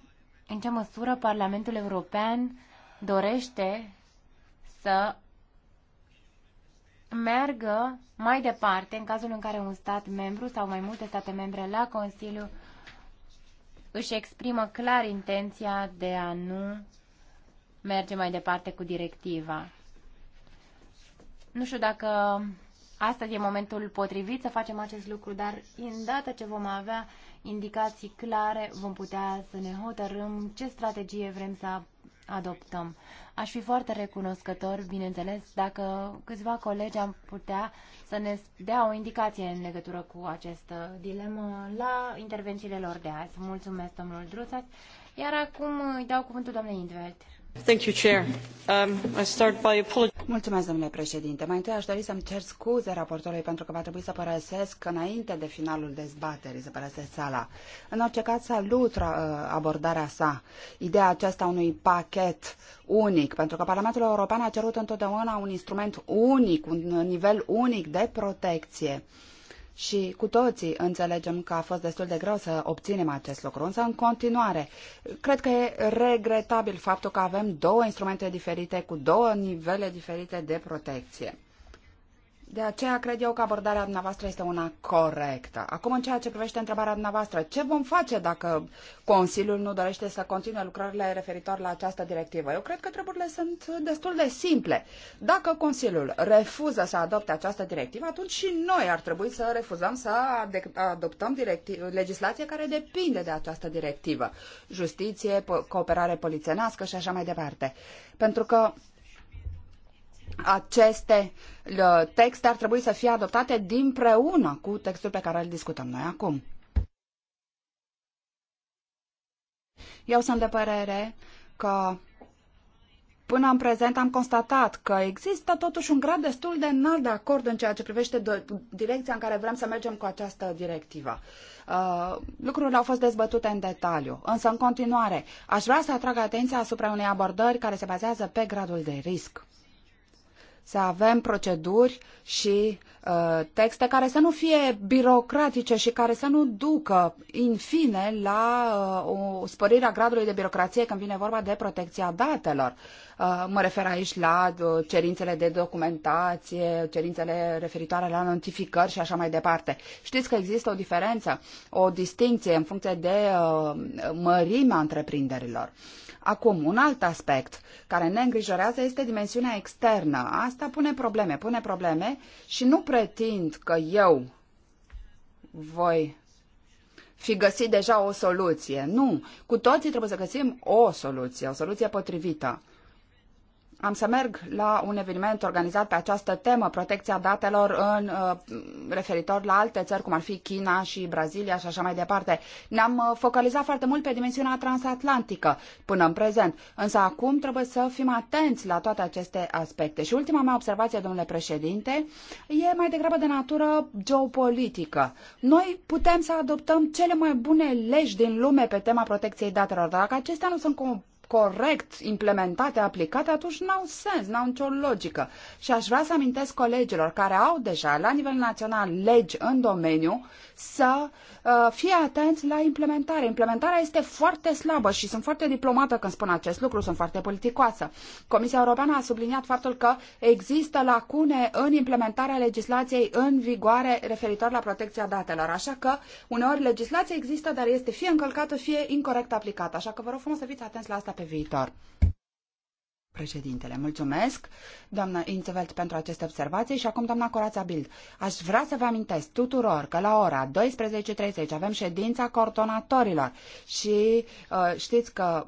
S1: în ce măsură Parlamentul European dorește să meargă mai departe în cazul în care un stat membru sau mai multe state membre la Consiliu își exprimă clar intenția de a nu merge mai departe cu directiva. Nu știu dacă astăzi e momentul potrivit să facem acest lucru, dar îndată ce vom avea indicații clare, vom putea să ne hotărâm ce strategie vrem să adoptăm. Aș fi foarte recunoscător, bineînțeles, dacă câțiva colegi am putea să ne dea o indicație în legătură cu această dilemă la intervențiile lor de azi. Mulțumesc, domnul Druțaț. Iar acum îi dau cuvântul doamnei Indveld.
S3: Um,
S2: Mulțumesc, președinte. Mai întâi aș dori să-mi cer scuze raportorului pentru că va trebui să părăsesc înainte de finalul dezbaterii, să părăsesc sala. În orice caz, salut uh, abordarea sa, ideea aceasta unui pachet unic, pentru că Parlamentul European a cerut întotdeauna un instrument unic, un nivel unic de protecție. Uh, și cu toții înțelegem că a fost destul de greu să obținem acest lucru, însă în continuare, cred că e regretabil faptul că avem două instrumente diferite cu două nivele diferite de protecție. De aceea cred eu că abordarea dumneavoastră este una corectă. Acum, în ceea ce privește întrebarea dumneavoastră, ce vom face dacă Consiliul nu dorește să continue lucrările referitor la această directivă? Eu cred că treburile sunt destul de simple. Dacă Consiliul refuză să adopte această directivă, atunci și noi ar trebui să refuzăm să adoptăm legislație care depinde de această directivă. Justiție, cooperare polițenească și așa mai departe. Pentru că aceste texte ar trebui să fie adoptate dinpreună cu textul pe care îl discutăm noi acum. Eu sunt de părere că Până în prezent am constatat că există totuși un grad destul de înalt de acord în ceea ce privește direcția în care vrem să mergem cu această directivă. Uh, lucrurile au fost dezbătute în detaliu, însă în continuare aș vrea să atrag atenția asupra unei abordări care se bazează pe gradul de risc să avem proceduri și uh, texte care să nu fie birocratice și care să nu ducă, în fine, la uh, o spărire a gradului de birocrație când vine vorba de protecția datelor. Uh, mă refer aici la uh, cerințele de documentație, cerințele referitoare la notificări și așa mai departe. Știți că există o diferență, o distinție în funcție de uh, mărimea întreprinderilor. Uh, Acum, un alt aspect care ne îngrijorează este dimensiunea externă. Asta pune probleme, pune probleme și nu pretind că eu voi fi găsit deja o soluție. Nu, cu toții trebuie să găsim o soluție, o soluție potrivită am să merg la un eveniment organizat pe această temă, protecția datelor în uh, referitor la alte țări, cum ar fi China și Brazilia și așa mai departe. Ne-am uh, focalizat foarte mult pe dimensiunea transatlantică până în prezent, însă acum trebuie să fim atenți la toate aceste aspecte. Și ultima mea observație, domnule președinte, e mai degrabă de natură geopolitică. Noi putem să adoptăm cele mai bune legi din lume pe tema protecției datelor, dar dacă acestea nu sunt corect implementate, aplicate, atunci n-au sens, n-au nicio logică. Și aș vrea să amintesc colegilor care au deja la nivel național legi în domeniu să uh, fie atenți la implementare. Implementarea este foarte slabă și sunt foarte diplomată când spun acest lucru, sunt foarte politicoasă. Comisia Europeană a subliniat faptul că există lacune în implementarea legislației în vigoare referitor la protecția datelor, așa că uneori legislația există, dar este fie încălcată, fie incorrect aplicată, așa că vă rog frumos să fiți atenți la asta pe viitor. Președintele, mulțumesc, doamna Ințevelt, pentru aceste observații și acum, doamna Corața Bild, aș vrea să vă amintesc tuturor că la ora 12.30 avem ședința coordonatorilor și uh, știți că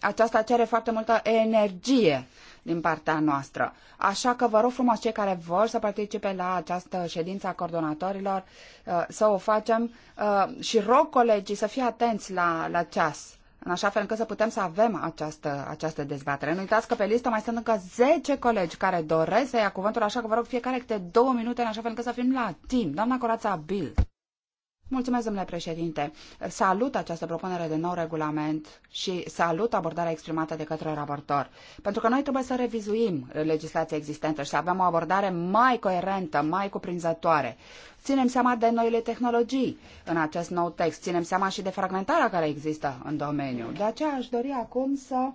S2: aceasta cere foarte multă energie din partea noastră. Așa că vă rog frumos cei care vor să participe la această ședință a coordonatorilor uh, să o facem uh, și rog colegii să fie atenți la, la ceas în așa fel încât să putem să avem această, această dezbatere. Nu uitați că pe listă mai sunt încă 10 colegi care doresc să ia cuvântul, așa că vă rog fiecare câte două minute, în așa fel încât să fim la timp. Doamna Corața Bill. Mulțumesc, domnule președinte. Salut această propunere de nou regulament și salut abordarea exprimată de către raportor. Pentru că noi trebuie să revizuim legislația existentă și să avem o abordare mai coerentă, mai cuprinzătoare. Ținem seama de noile tehnologii în acest nou text, ținem seama și de fragmentarea care există în domeniu. De aceea aș dori acum să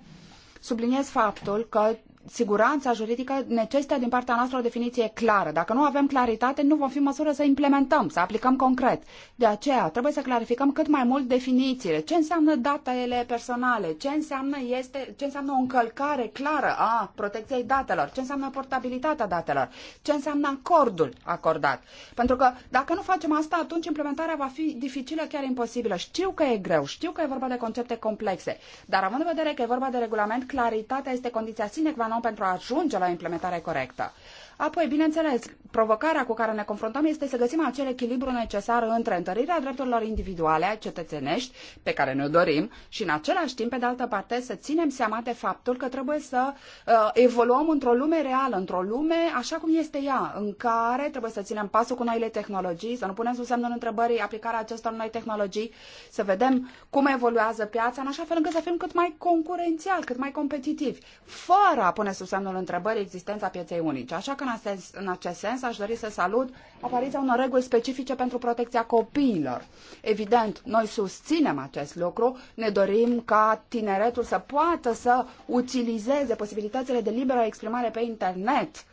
S2: subliniez faptul că siguranța juridică necesită din partea noastră o definiție clară. Dacă nu avem claritate, nu vom fi în măsură să implementăm, să aplicăm concret. De aceea, trebuie să clarificăm cât mai mult definițiile. Ce înseamnă datele personale? Ce înseamnă, este, ce înseamnă o încălcare clară a protecției datelor? Ce înseamnă portabilitatea datelor? Ce înseamnă acordul acordat? Pentru că dacă nu facem asta, atunci implementarea va fi dificilă, chiar imposibilă. Știu că e greu, știu că e vorba de concepte complexe, dar având în vedere că e vorba de regulament, claritatea este condiția sine qua continuăm pentru a ajunge la implementare corectă. Apoi, bineînțeles, provocarea cu care ne confruntăm este să găsim acel echilibru necesar între întărirea drepturilor individuale, cetățenești, pe care ne-o dorim, și în același timp, pe de altă parte, să ținem seama de faptul că trebuie să uh, evoluăm într-o lume reală, într-o lume așa cum este ea, în care trebuie să ținem pasul cu noile tehnologii, să nu punem sub semnul întrebării aplicarea acestor noi tehnologii, să vedem cum evoluează piața, în așa fel încât să fim cât mai concurențial, cât mai competitivi, fără a pune sub semnul întrebării existența pieței unice. Așa că în, sens, în acest sens aș dori să salut apariția unor reguli specifice pentru protecția copiilor. Evident, noi susținem acest lucru, ne dorim ca tineretul să poată să utilizeze posibilitățile de liberă exprimare pe internet.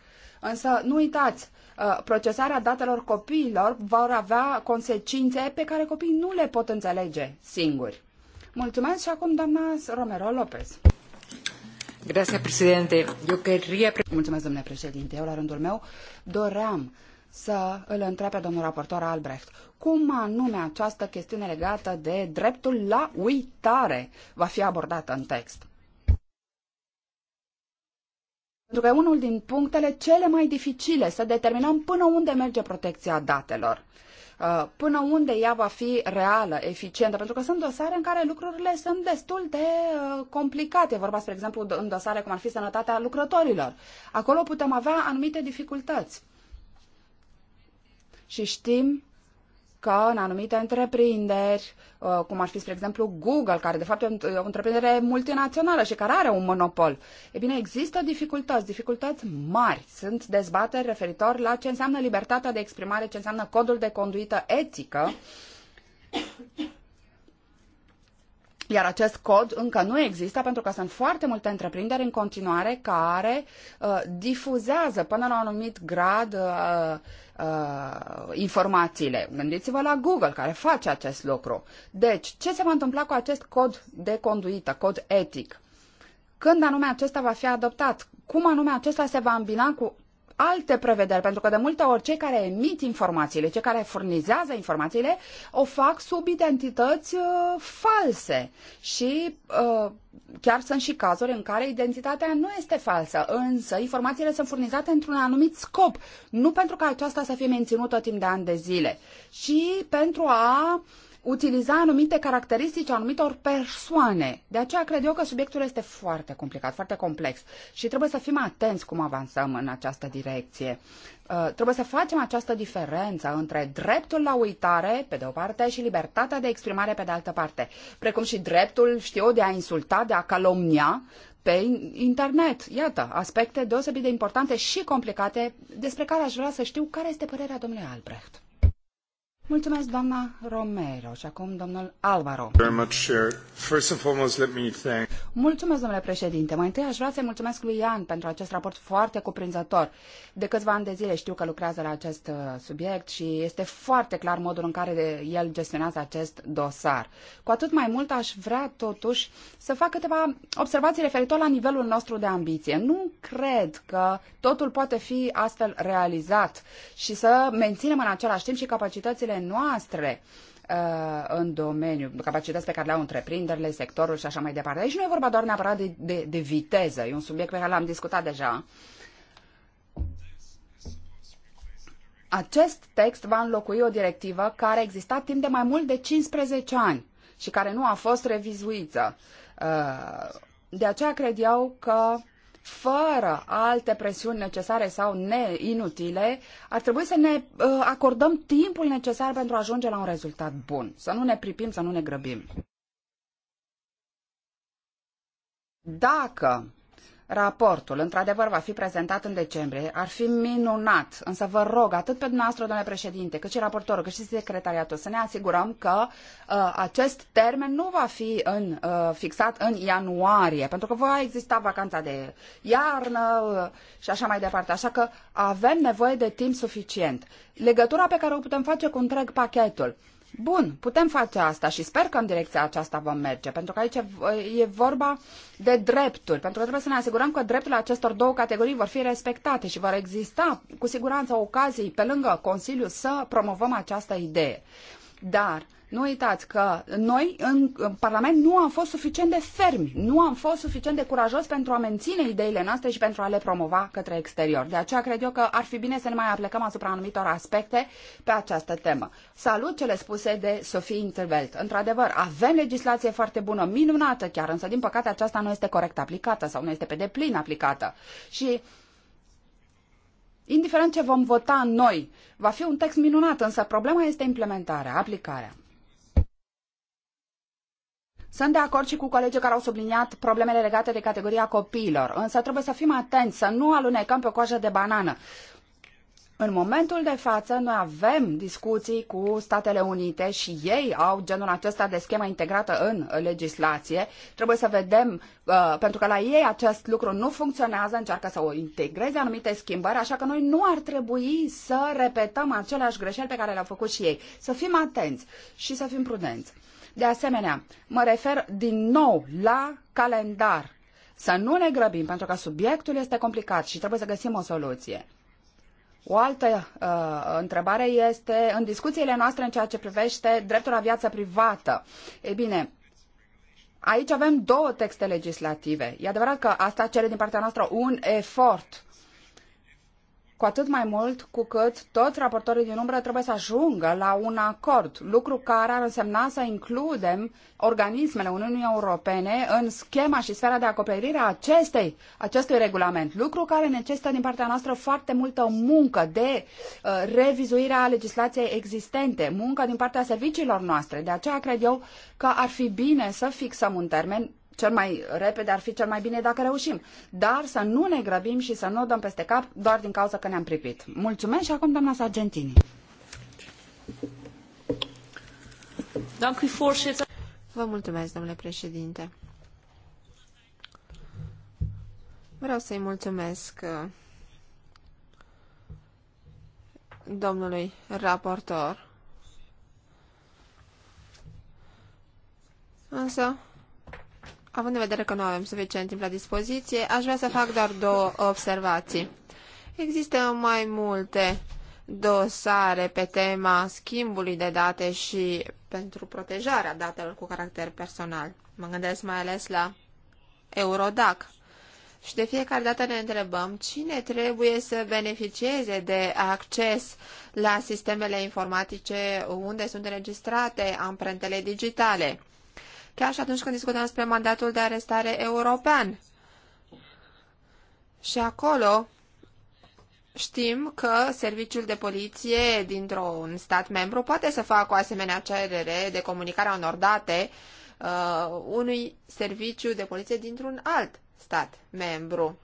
S2: Însă nu uitați, uh, procesarea datelor copiilor vor avea consecințe pe care copiii nu le pot înțelege singuri. Mulțumesc și acum doamna Romero Lopez. Mulțumesc, domnule președinte. Eu, la rândul meu, doream să îl întreb pe domnul raportor Albrecht. Cum anume această chestiune legată de dreptul la uitare va fi abordată în text? Pentru că e unul din punctele cele mai dificile, să determinăm până unde merge protecția datelor. Uh, până unde ea va fi reală, eficientă, pentru că sunt dosare în care lucrurile sunt destul de uh, complicate. Vorba, spre exemplu, în dosare cum ar fi sănătatea lucrătorilor. Acolo putem avea anumite dificultăți. Și știm că în anumite întreprinderi, uh, cum ar fi, spre exemplu, Google, care de fapt e o întreprindere multinațională și care are un monopol, e bine, există dificultăți, dificultăți mari. Sunt dezbateri referitor la ce înseamnă libertatea de exprimare, ce înseamnă codul de conduită etică. Iar acest cod încă nu există pentru că sunt foarte multe întreprinderi în continuare care uh, difuzează până la un anumit grad uh, uh, informațiile. Gândiți-vă la Google care face acest lucru. Deci, ce se va întâmpla cu acest cod de conduită, cod etic? Când anume acesta va fi adoptat? Cum anume acesta se va îmbina cu alte prevederi, pentru că de multe ori cei care emit informațiile, cei care furnizează informațiile, o fac sub identități uh, false. Și uh, chiar sunt și cazuri în care identitatea nu este falsă, însă informațiile sunt furnizate într-un anumit scop, nu pentru ca aceasta să fie menținută timp de ani de zile, și pentru a uh, utiliza anumite caracteristici anumitor persoane. De aceea cred eu că subiectul este foarte complicat, foarte complex și trebuie să fim atenți cum avansăm în această direcție. Uh, trebuie să facem această diferență între dreptul la uitare, pe de o parte, și libertatea de exprimare, pe de altă parte, precum și dreptul, știu eu, de a insulta, de a calomnia, pe internet. Iată, aspecte deosebit de importante și complicate despre care aș vrea să știu care este părerea domnului Albrecht. Mulțumesc, doamna Romero. Și acum, domnul Alvaro. Mulțumesc, domnule președinte. Mai întâi aș vrea să-i mulțumesc lui Ian pentru acest raport foarte cuprinzător. De câțiva ani de zile știu că lucrează la acest uh, subiect și este foarte clar modul în care el gestionează acest dosar. Cu atât mai mult aș vrea, totuși, să fac câteva observații referitor la nivelul nostru de ambiție. Nu cred că totul poate fi astfel realizat și să menținem în același timp și capacitățile noastre uh, în domeniu, capacități pe care le au întreprinderile, sectorul și așa mai departe. Aici nu e vorba doar neapărat de, de, de viteză, e un subiect pe care l-am discutat deja. Acest text va înlocui o directivă care exista timp de mai mult de 15 ani și care nu a fost revizuită. Uh, de aceea cred eu că fără alte presiuni necesare sau inutile, ar trebui să ne uh, acordăm timpul necesar pentru a ajunge la un rezultat bun. Să nu ne pripim, să nu ne grăbim. Dacă Raportul, într-adevăr, va fi prezentat în decembrie. Ar fi minunat, însă vă rog, atât pe dumneavoastră, domnule președinte, cât și raportorul, cât și secretariatul, să ne asigurăm că uh, acest termen nu va fi în, uh, fixat în ianuarie, pentru că va exista vacanța de iarnă uh, și așa mai departe. Așa că avem nevoie de timp suficient. Legătura pe care o putem face cu întreg pachetul Bun, putem face asta și sper că în direcția aceasta vom merge, pentru că aici e vorba de drepturi, pentru că trebuie să ne asigurăm că drepturile acestor două categorii vor fi respectate și vor exista cu siguranță ocazii pe lângă Consiliu să promovăm această idee. Dar nu uitați că noi în, în Parlament nu am fost suficient de fermi, nu am fost suficient de curajos pentru a menține ideile noastre și pentru a le promova către exterior. De aceea cred eu că ar fi bine să ne mai aplecăm asupra anumitor aspecte pe această temă. Salut cele spuse de Sofie Intervelt. Într-adevăr, avem legislație foarte bună, minunată chiar, însă din păcate aceasta nu este corect aplicată sau nu este pe deplin aplicată. Și indiferent ce vom vota noi, va fi un text minunat, însă problema este implementarea, aplicarea. Sunt de acord și cu colegii care au subliniat problemele legate de categoria copiilor, însă trebuie să fim atenți, să nu alunecăm pe o coajă de banană. În momentul de față, noi avem discuții cu Statele Unite și ei au genul acesta de schemă integrată în legislație. Trebuie să vedem, uh, pentru că la ei acest lucru nu funcționează, încearcă să o integreze anumite schimbări, așa că noi nu ar trebui să repetăm aceleași greșeli pe care le-au făcut și ei. Să fim atenți și să fim prudenți. De asemenea, mă refer din nou la calendar. Să nu ne grăbim, pentru că subiectul este complicat și trebuie să găsim o soluție. O altă uh, întrebare este în discuțiile noastre în ceea ce privește dreptul la viață privată. Ei bine, aici avem două texte legislative. E adevărat că asta cere din partea noastră un efort cu atât mai mult cu cât toți raportorii din umbră trebuie să ajungă la un acord, lucru care ar însemna să includem organismele Uniunii Europene în schema și sfera de acoperire a acestei, acestui regulament, lucru care necesită din partea noastră foarte multă muncă de uh, revizuire a legislației existente, muncă din partea serviciilor noastre. De aceea cred eu că ar fi bine să fixăm un termen cel mai repede ar fi cel mai bine dacă reușim. Dar să nu ne grăbim și să nu o dăm peste cap doar din cauza că ne-am pripit. Mulțumesc și acum doamna Sargentini.
S3: Vă mulțumesc, domnule președinte. Vreau să-i mulțumesc uh, domnului raportor. Însă, Având în vedere că nu avem suficient timp la dispoziție, aș vrea să fac doar două observații. Există mai multe dosare pe tema schimbului de date și pentru protejarea datelor cu caracter personal. Mă gândesc mai ales la Eurodac. Și de fiecare dată ne întrebăm cine trebuie să beneficieze de acces la sistemele informatice unde sunt înregistrate amprentele digitale chiar și atunci când discutăm despre mandatul de arestare european. Și acolo știm că serviciul de poliție dintr-un stat membru poate să facă o asemenea cerere de comunicare a unor date uh, unui serviciu de poliție dintr-un alt stat membru.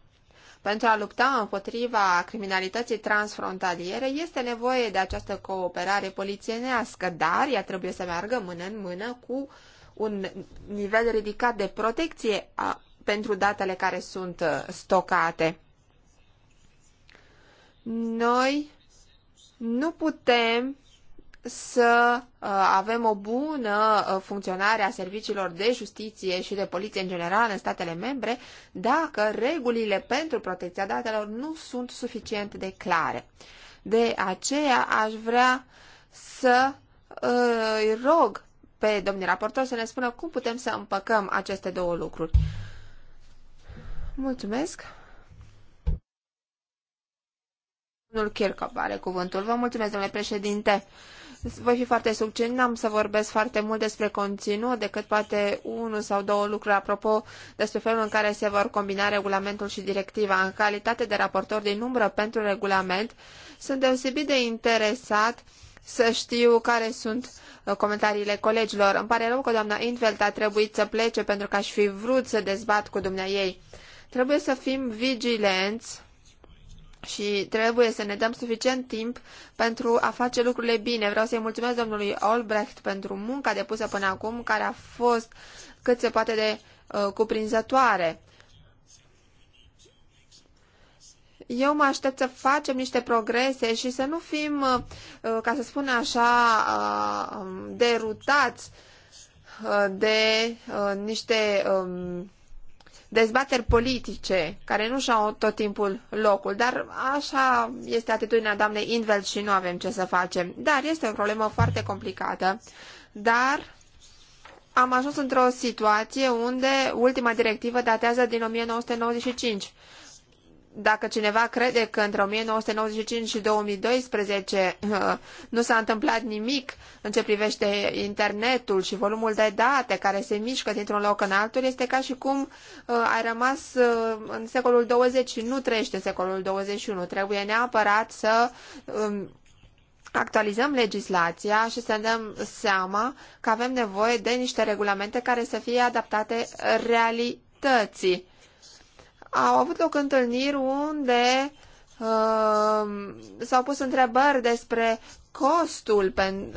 S3: Pentru a lupta împotriva criminalității transfrontaliere este nevoie de această cooperare polițienească, dar ea trebuie să meargă mână în mână cu uh, un nivel ridicat de protecție a, pentru datele care sunt uh, stocate. Noi nu putem să uh, avem o bună uh, funcționare a serviciilor de justiție și de poliție în general în statele membre dacă regulile pentru protecția datelor nu sunt suficient de clare. De aceea aș vrea să îi rog pe domnii raportor să ne spună cum putem să împăcăm aceste două lucruri. Mulțumesc! Domnul Kirchhoff are cuvântul. Vă mulțumesc, domnule președinte! Voi fi foarte succint, n-am să vorbesc foarte mult despre conținut, decât poate unul sau două lucruri apropo despre felul în care se vor combina regulamentul și directiva. În calitate de raportor din umbră pentru regulament, sunt deosebit de interesat uh, să știu care sunt uh, comentariile colegilor. Îmi pare rău că doamna Intveld a trebuit să plece pentru că aș fi vrut să dezbat cu dumnea ei. Trebuie să fim vigilenți și trebuie să ne dăm suficient timp pentru a face lucrurile bine. Vreau să-i mulțumesc domnului Olbrecht pentru munca depusă până acum, care a fost cât se poate de uh, cuprinzătoare. Eu mă aștept să facem niște progrese și să nu fim, uh, ca să spun așa, uh, derutați uh, de niște um, dezbateri politice care nu și-au tot timpul locul, dar așa este atitudinea doamnei Invel și nu avem ce să facem. Dar este o problemă foarte complicată, dar am ajuns într-o situație unde ultima directivă datează din 1995 dacă cineva crede că între 1995 și 2012 uh, nu s-a întâmplat nimic în ce privește internetul și volumul de date care se mișcă dintr-un loc în altul, este ca și cum uh, ai rămas uh, în secolul 20 și nu trăiești în secolul 21. Trebuie neapărat să um, actualizăm legislația și să ne dăm seama că avem nevoie de niște regulamente care să fie adaptate realității au avut loc întâlniri unde uh, s-au pus întrebări despre costul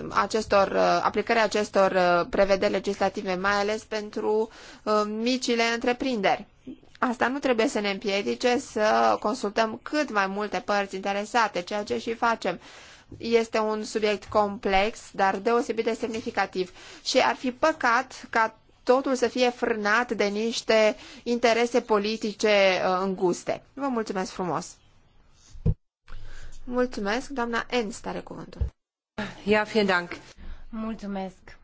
S3: acestor, uh, aplicării acestor uh, prevederi legislative, mai ales pentru uh, micile întreprinderi. Asta nu trebuie să ne împiedice să consultăm cât mai multe părți interesate, ceea ce și facem. Este un subiect complex, dar deosebit de semnificativ și ar fi păcat ca totul să fie frânat de niște interese politice uh, înguste. Vă mulțumesc frumos! Mulțumesc, doamna Enst are cuvântul. Ia, fie Dank. Mulțumesc.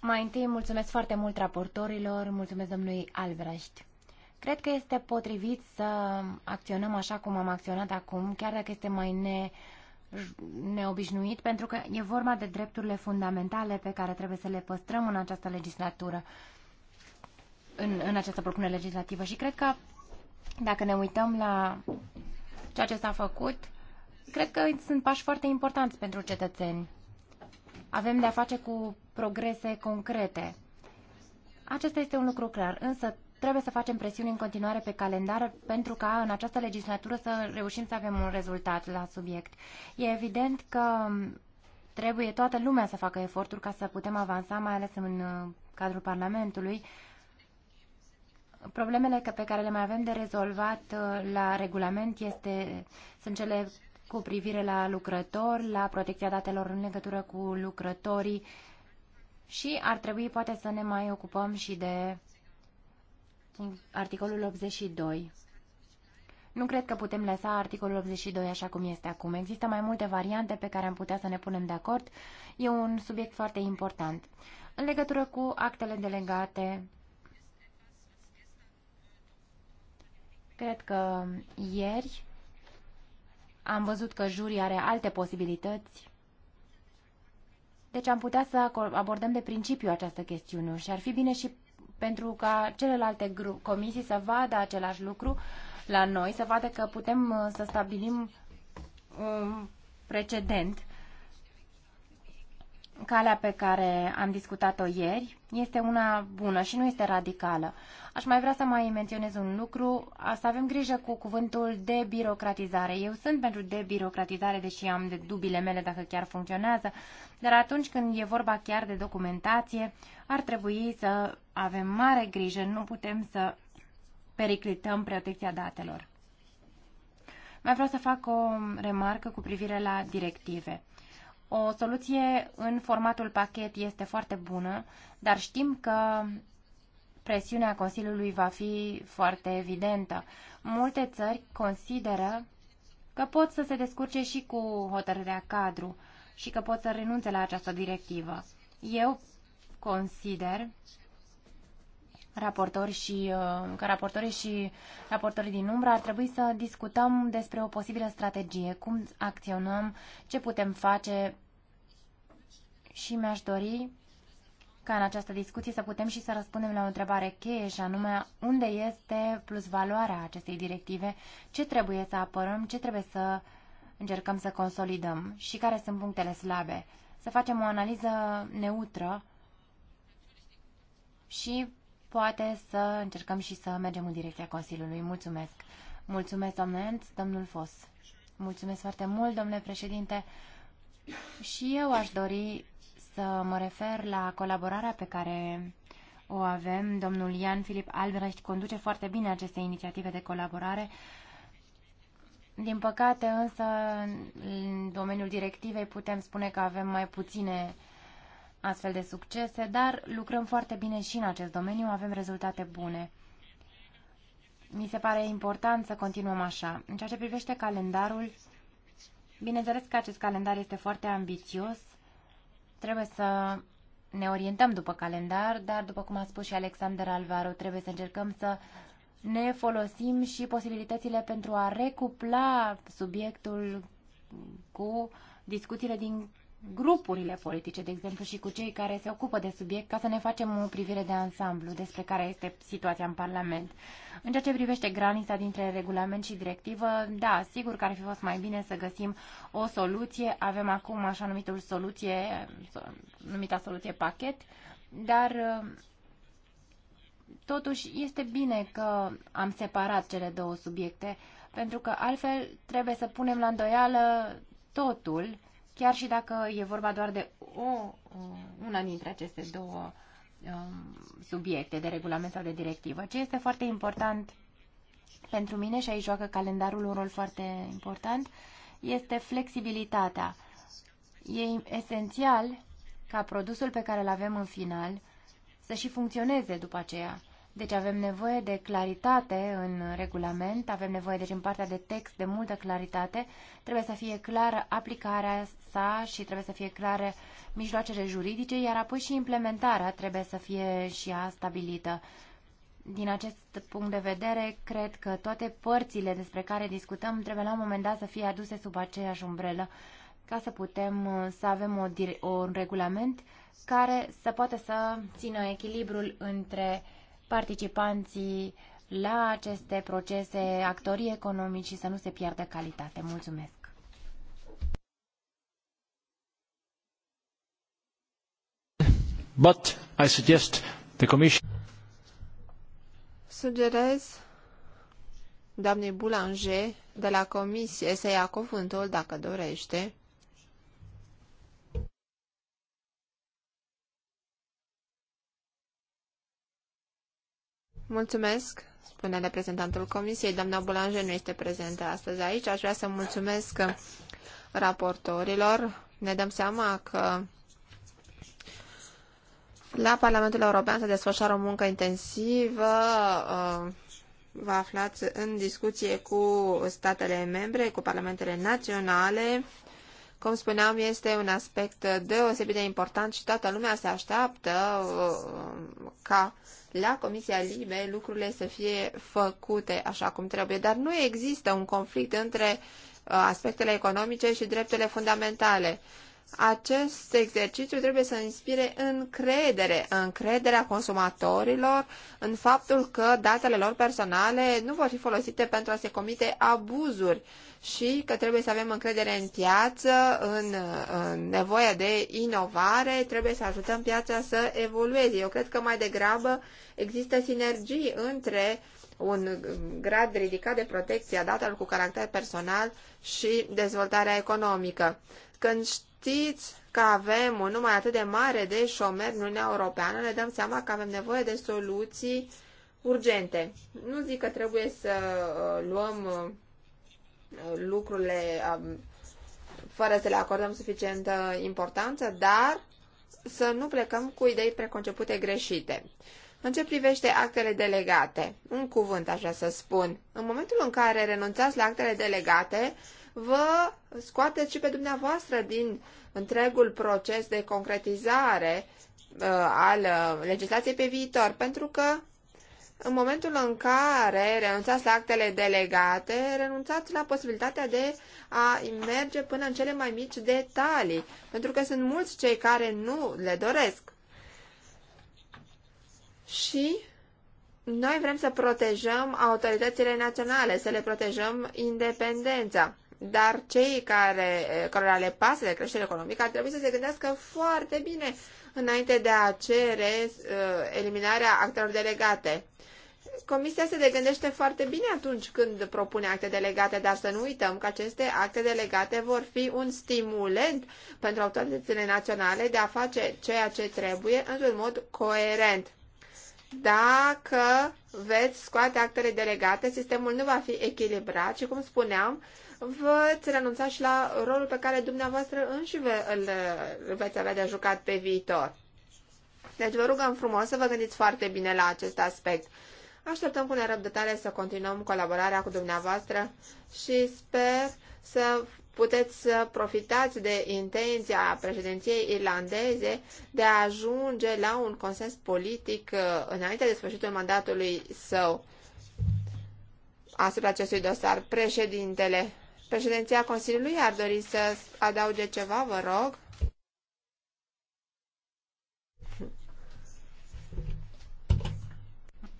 S3: Mai întâi
S1: mulțumesc foarte mult raportorilor, mulțumesc domnului Albrecht. Cred că este potrivit să acționăm așa cum am acționat acum, chiar dacă este mai ne neobișnuit, pentru că e vorba de drepturile fundamentale pe care trebuie să le păstrăm în această legislatură, în, în această propunere legislativă. Și cred că dacă ne uităm la ceea ce s-a făcut, cred că sunt pași foarte importanți pentru cetățeni. Avem de-a face cu progrese concrete. Acesta este un lucru clar, însă Trebuie să facem presiuni în continuare pe calendar pentru ca în această legislatură să reușim să avem un rezultat la subiect. E evident că trebuie toată lumea să facă eforturi ca să putem avansa, mai ales în uh, cadrul Parlamentului. Problemele pe care le mai avem de rezolvat uh, la regulament este, sunt cele cu privire la lucrători, la protecția datelor în legătură cu lucrătorii și ar trebui poate să ne mai ocupăm și de articolul 82. Nu cred că putem lăsa articolul 82 așa cum este acum. Există mai multe variante pe care am putea să ne punem de acord. E un subiect foarte important. În legătură cu actele delegate, cred că ieri am văzut că jurii are alte posibilități. Deci am putea să abordăm de principiu această chestiune și ar fi bine și pentru ca celelalte comisii să vadă același lucru la noi, să vadă că putem uh, să stabilim un um, precedent. Calea pe care am discutat-o ieri este una bună și nu este radicală. Aș mai vrea să mai menționez un lucru, să avem grijă cu cuvântul debirocratizare. Eu sunt pentru debirocratizare, deși am de dubile mele dacă chiar funcționează, dar atunci când e vorba chiar de documentație, ar trebui să avem mare grijă, nu putem să periclităm protecția datelor. Mai vreau să fac o remarcă cu privire la directive. O soluție în formatul pachet este foarte bună, dar știm că presiunea Consiliului va fi foarte evidentă. Multe țări consideră că pot să se descurce și cu hotărârea cadru și că pot să renunțe la această directivă. Eu consider raportori și, uh, ca raportorii și raportorii din umbră, ar trebui să discutăm despre o posibilă strategie, cum acționăm, ce putem face și mi-aș dori ca în această discuție să putem și să răspundem la o întrebare cheie și anume unde este plus valoarea acestei directive, ce trebuie să apărăm, ce trebuie să încercăm să consolidăm și care sunt punctele slabe. Să facem o analiză neutră și poate să încercăm și să mergem în direcția Consiliului. Mulțumesc! Mulțumesc, domnule Ent, domnul Fos. Mulțumesc foarte mult, domnule președinte. Și eu aș dori să mă refer la colaborarea pe care o avem. Domnul Ian Filip Albrecht conduce foarte bine aceste inițiative de colaborare. Din păcate, însă, în domeniul directivei putem spune că avem mai puține astfel de succese, dar lucrăm foarte bine și în acest domeniu, avem rezultate bune. Mi se pare important să continuăm așa. În ceea ce privește calendarul, bineînțeles că acest calendar este foarte ambițios, trebuie să ne orientăm după calendar, dar după cum a spus și Alexander Alvaro, trebuie să încercăm să ne folosim și posibilitățile pentru a recupla subiectul cu discuțiile din grupurile politice, de exemplu, și cu cei care se ocupă de subiect, ca să ne facem o privire de ansamblu despre care este situația în Parlament. În ceea ce privește granița dintre regulament și directivă, da, sigur că ar fi fost mai bine să găsim o soluție. Avem acum așa numitul soluție, numita soluție pachet, dar totuși este bine că am separat cele două subiecte, pentru că altfel trebuie să punem la îndoială totul chiar și dacă e vorba doar de o, una dintre aceste două um, subiecte, de regulament sau de directivă. Ce este foarte important pentru mine, și aici joacă calendarul un rol foarte important, este flexibilitatea. E esențial ca produsul pe care îl avem în final să și funcționeze după aceea. Deci avem nevoie de claritate în regulament, avem nevoie deci în partea de text de multă claritate, trebuie să fie clară aplicarea sa și trebuie să fie clare mijloacele juridice, iar apoi și implementarea trebuie să fie și ea stabilită. Din acest punct de vedere, cred că toate părțile despre care discutăm trebuie la un moment dat să fie aduse sub aceeași umbrelă ca să putem uh, să avem o, un regulament care să poată să țină echilibrul între participanții la aceste procese, actorii economici și să nu se pierdă calitate. Mulțumesc!
S3: But I suggest the commission... Sugerez doamnei Boulanger de la comisie să ia cuvântul dacă dorește. Mulțumesc, spune reprezentantul Comisiei. Doamna Boulanger nu este prezentă astăzi aici. Aș vrea să mulțumesc raportorilor. Ne dăm seama că la Parlamentul European se desfășoară o muncă intensivă. Uh, vă aflați în discuție cu statele membre, cu parlamentele naționale cum spuneam, este un aspect deosebit de important și toată lumea se așteaptă uh, ca la Comisia Libe lucrurile să fie făcute așa cum trebuie. Dar nu există un conflict între uh, aspectele economice și drepturile fundamentale acest exercițiu trebuie să inspire încredere, încrederea consumatorilor în faptul că datele lor personale nu vor fi folosite pentru a se comite abuzuri și că trebuie să avem încredere în piață, în, în nevoia de inovare, trebuie să ajutăm piața să evolueze. Eu cred că mai degrabă există sinergii între un grad ridicat de protecție a datelor cu caracter personal și dezvoltarea economică. Când știți că avem un număr atât de mare de șomeri în Uniunea Europeană, ne dăm seama că avem nevoie de soluții urgente. Nu zic că trebuie să uh, luăm uh, lucrurile um, fără să le acordăm suficientă importanță, dar să nu plecăm cu idei preconcepute greșite. În ce privește actele delegate, un cuvânt aș vrea să spun. În momentul în care renunțați la actele delegate, vă scoateți și pe dumneavoastră din întregul proces de concretizare uh, al uh, legislației pe viitor, pentru că în momentul în care renunțați la actele delegate, renunțați la posibilitatea de a merge până în cele mai mici detalii, pentru că sunt mulți cei care nu le doresc. Și noi vrem să protejăm autoritățile naționale, să le protejăm independența. Dar cei care, care le pasă de creștere economică ar trebui să se gândească foarte bine înainte de a cere uh, eliminarea actelor delegate. Comisia se degândește foarte bine atunci când propune acte delegate, dar să nu uităm că aceste acte delegate vor fi un stimulent pentru autoritățile naționale de a face ceea ce trebuie într-un mod coerent. Dacă veți scoate actele delegate, sistemul nu va fi echilibrat și, cum spuneam, veți renunța și la rolul pe care dumneavoastră înși ve- îl veți avea de jucat pe viitor. Deci vă rugăm frumos să vă gândiți foarte bine la acest aspect. Așteptăm cu nerăbdătare să continuăm colaborarea cu dumneavoastră și sper să puteți să profitați de intenția președinției irlandeze de a ajunge la un consens politic uh, înainte de sfârșitul mandatului său asupra acestui dosar. Președintele, Președinția Consiliului ar dori să adauge ceva, vă rog.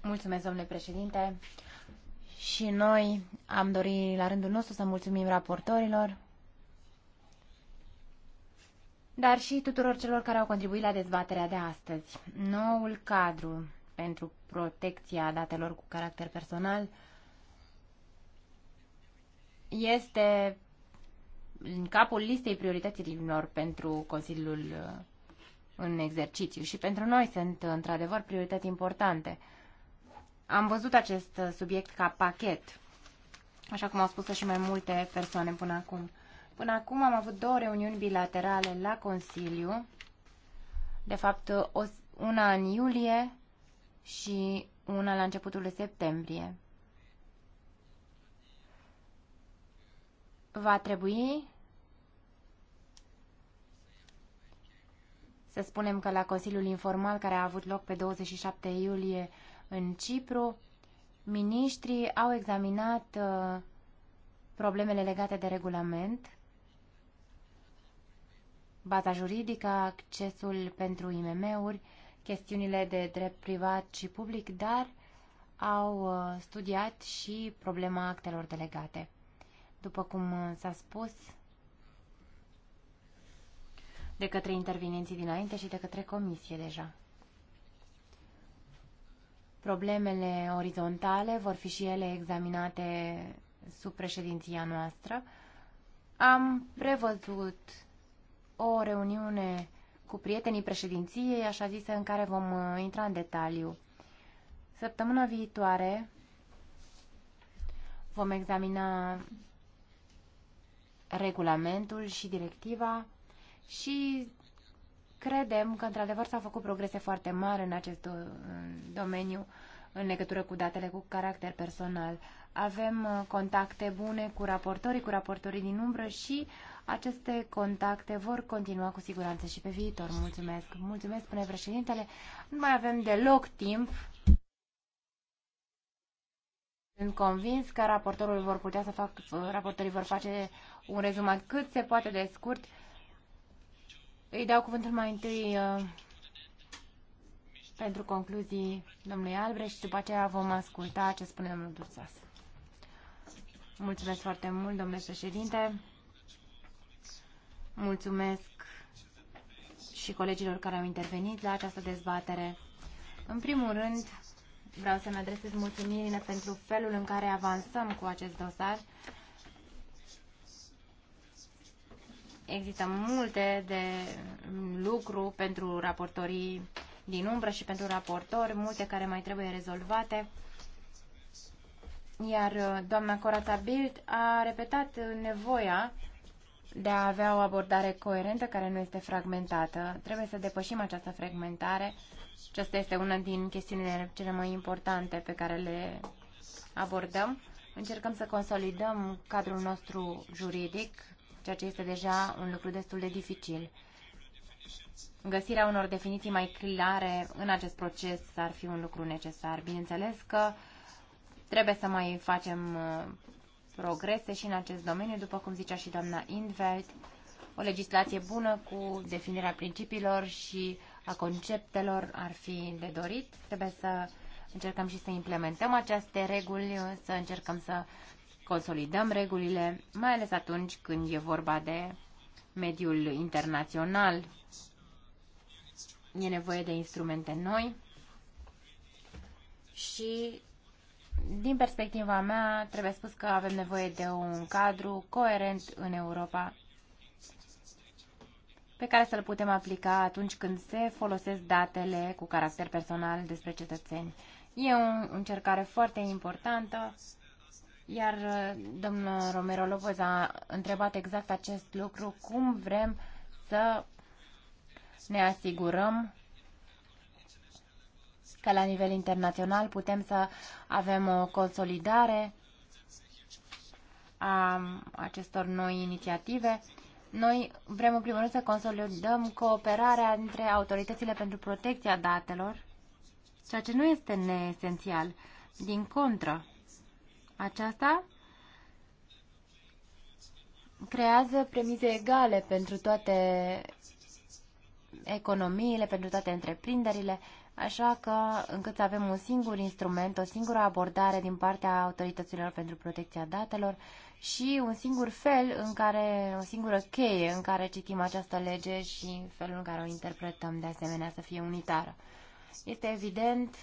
S1: Mulțumesc, domnule președinte. Și noi am dorit la rândul nostru să mulțumim raportorilor, dar și tuturor celor care au contribuit la dezbaterea de astăzi. Noul cadru pentru protecția datelor cu caracter personal este în capul listei priorităților pentru Consiliul uh, în exercițiu și pentru noi sunt uh, într-adevăr priorități importante. Am văzut acest uh, subiect ca pachet, așa cum au spus și mai multe persoane până acum. Până acum am avut două reuniuni bilaterale la Consiliu, de fapt una în iulie și una la începutul septembrie. va trebui să spunem că la Consiliul Informal care a avut loc pe 27 iulie în Cipru, miniștrii au examinat uh, problemele legate de regulament, baza juridică, accesul pentru IMM-uri, chestiunile de drept privat și public, dar au uh, studiat și problema actelor delegate. După cum uh, s-a spus de către intervenienții dinainte și de către comisie deja. Problemele orizontale vor fi și ele examinate sub președinția noastră. Am prevăzut o reuniune cu prietenii președinției, așa zisă, în care vom uh, intra în detaliu. Săptămâna viitoare vom examina regulamentul și directiva și credem că într-adevăr s-au făcut progrese foarte mari în acest domeniu în legătură cu datele cu caracter personal. Avem uh, contacte bune cu raportorii, cu raportorii din umbră și aceste contacte vor continua cu siguranță și pe viitor. Mulțumesc! Mulțumesc, spune președintele. Nu mai avem deloc timp sunt convins că raportorul vor putea să fac, raportorii vor face un rezumat cât se poate de scurt. Îi dau cuvântul mai întâi uh, pentru concluzii domnului Albrecht și după aceea vom asculta ce spune domnul Dursas. Mulțumesc foarte mult, domnule președinte. Mulțumesc și colegilor care au intervenit la această dezbatere. În primul rând, vreau să-mi adresez mulțumirile pentru felul în care avansăm cu acest dosar. Există multe de lucru pentru raportorii din umbră și pentru raportori, multe care mai trebuie rezolvate. Iar uh, doamna Corata Bild a repetat nevoia de a avea o abordare coerentă care nu este fragmentată. Trebuie să depășim această fragmentare aceasta este una din chestiunile cele mai importante pe care le abordăm. Încercăm să consolidăm cadrul nostru juridic, ceea ce este deja un lucru destul de dificil. Găsirea unor definiții mai clare în acest proces ar fi un lucru necesar. Bineînțeles că trebuie să mai facem uh, progrese și în acest domeniu, după cum zicea și doamna Invert, o legislație bună cu definirea principiilor și a conceptelor ar fi de dorit. Trebuie să încercăm și să implementăm aceste reguli, să încercăm să consolidăm regulile, mai ales atunci când e vorba de mediul internațional. E nevoie de instrumente noi și din perspectiva mea, trebuie spus că avem nevoie de un cadru coerent în Europa pe care să-l putem aplica atunci când se folosesc datele cu caracter personal despre cetățeni. E o încercare foarte importantă, iar uh, domnul Romero Lopez a întrebat exact acest lucru, cum vrem să ne asigurăm că la nivel internațional putem să avem o consolidare a acestor noi inițiative noi vrem în primul rând să consolidăm cooperarea între autoritățile pentru protecția datelor, ceea ce nu este neesențial. Din contră, aceasta creează premize egale pentru toate economiile, pentru toate întreprinderile, așa că încât să avem un singur instrument, o singură abordare din partea autorităților pentru protecția datelor, și un singur fel în care, o singură cheie în care citim această lege și felul în care o interpretăm de asemenea să fie unitară. Este evident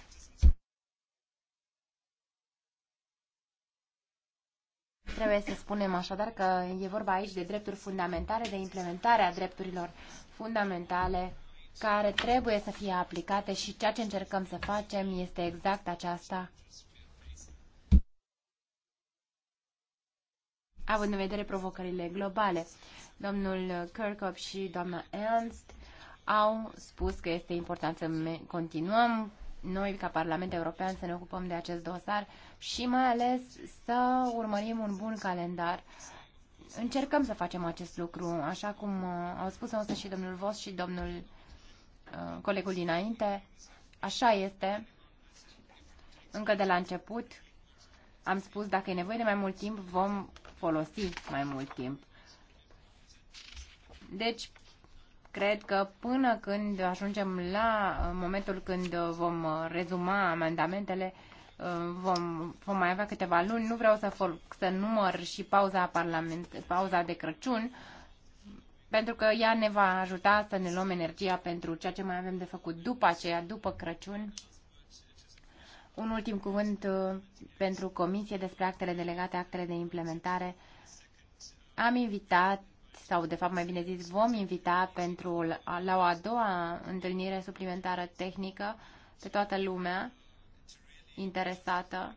S1: Trebuie să spunem așadar că e vorba aici de drepturi fundamentale, de implementarea drepturilor fundamentale care trebuie să fie aplicate și ceea ce încercăm să facem este exact aceasta având în vedere provocările globale. Domnul Kirkhope și doamna Ernst au spus că este important să continuăm noi, ca Parlament European, să ne ocupăm de acest dosar și mai ales să urmărim un bun calendar. Încercăm să facem acest lucru, așa cum uh, au spus însă și domnul Vos și domnul uh, colegul dinainte. Așa este. Încă de la început am spus, dacă e nevoie de mai mult timp, vom folosi mai mult timp. Deci, cred că până când ajungem la uh, momentul când uh, vom uh, rezuma amendamentele, vom, vom mai avea câteva luni. Nu vreau să, for, să număr și pauza, parlament, pauza de Crăciun, pentru că ea ne va ajuta să ne luăm energia pentru ceea ce mai avem de făcut după aceea, după Crăciun. Un ultim cuvânt uh, pentru comisie despre actele delegate, actele de implementare. Am invitat, sau de fapt mai bine zis, vom invita pentru la o a doua întâlnire suplimentară tehnică pe toată lumea interesată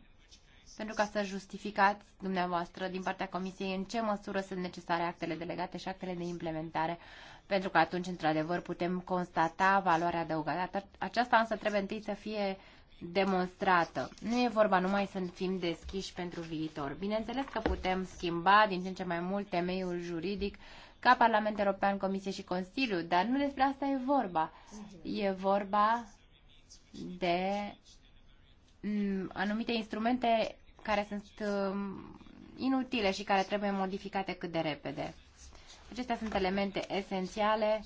S1: pentru ca să justificați dumneavoastră din partea Comisiei în ce măsură sunt necesare actele delegate și actele de implementare, pentru că atunci, într-adevăr, putem constata valoarea adăugată. Aceasta însă trebuie întâi să fie uh, demonstrată. Nu e vorba numai să fim deschiși pentru viitor. Bineînțeles că putem schimba din ce în ce mai mult temeiul juridic ca Parlament European, Comisie și Consiliu, dar nu despre asta e vorba. E vorba de mm, anumite instrumente care sunt mm, inutile și care trebuie modificate cât de repede. Acestea sunt elemente esențiale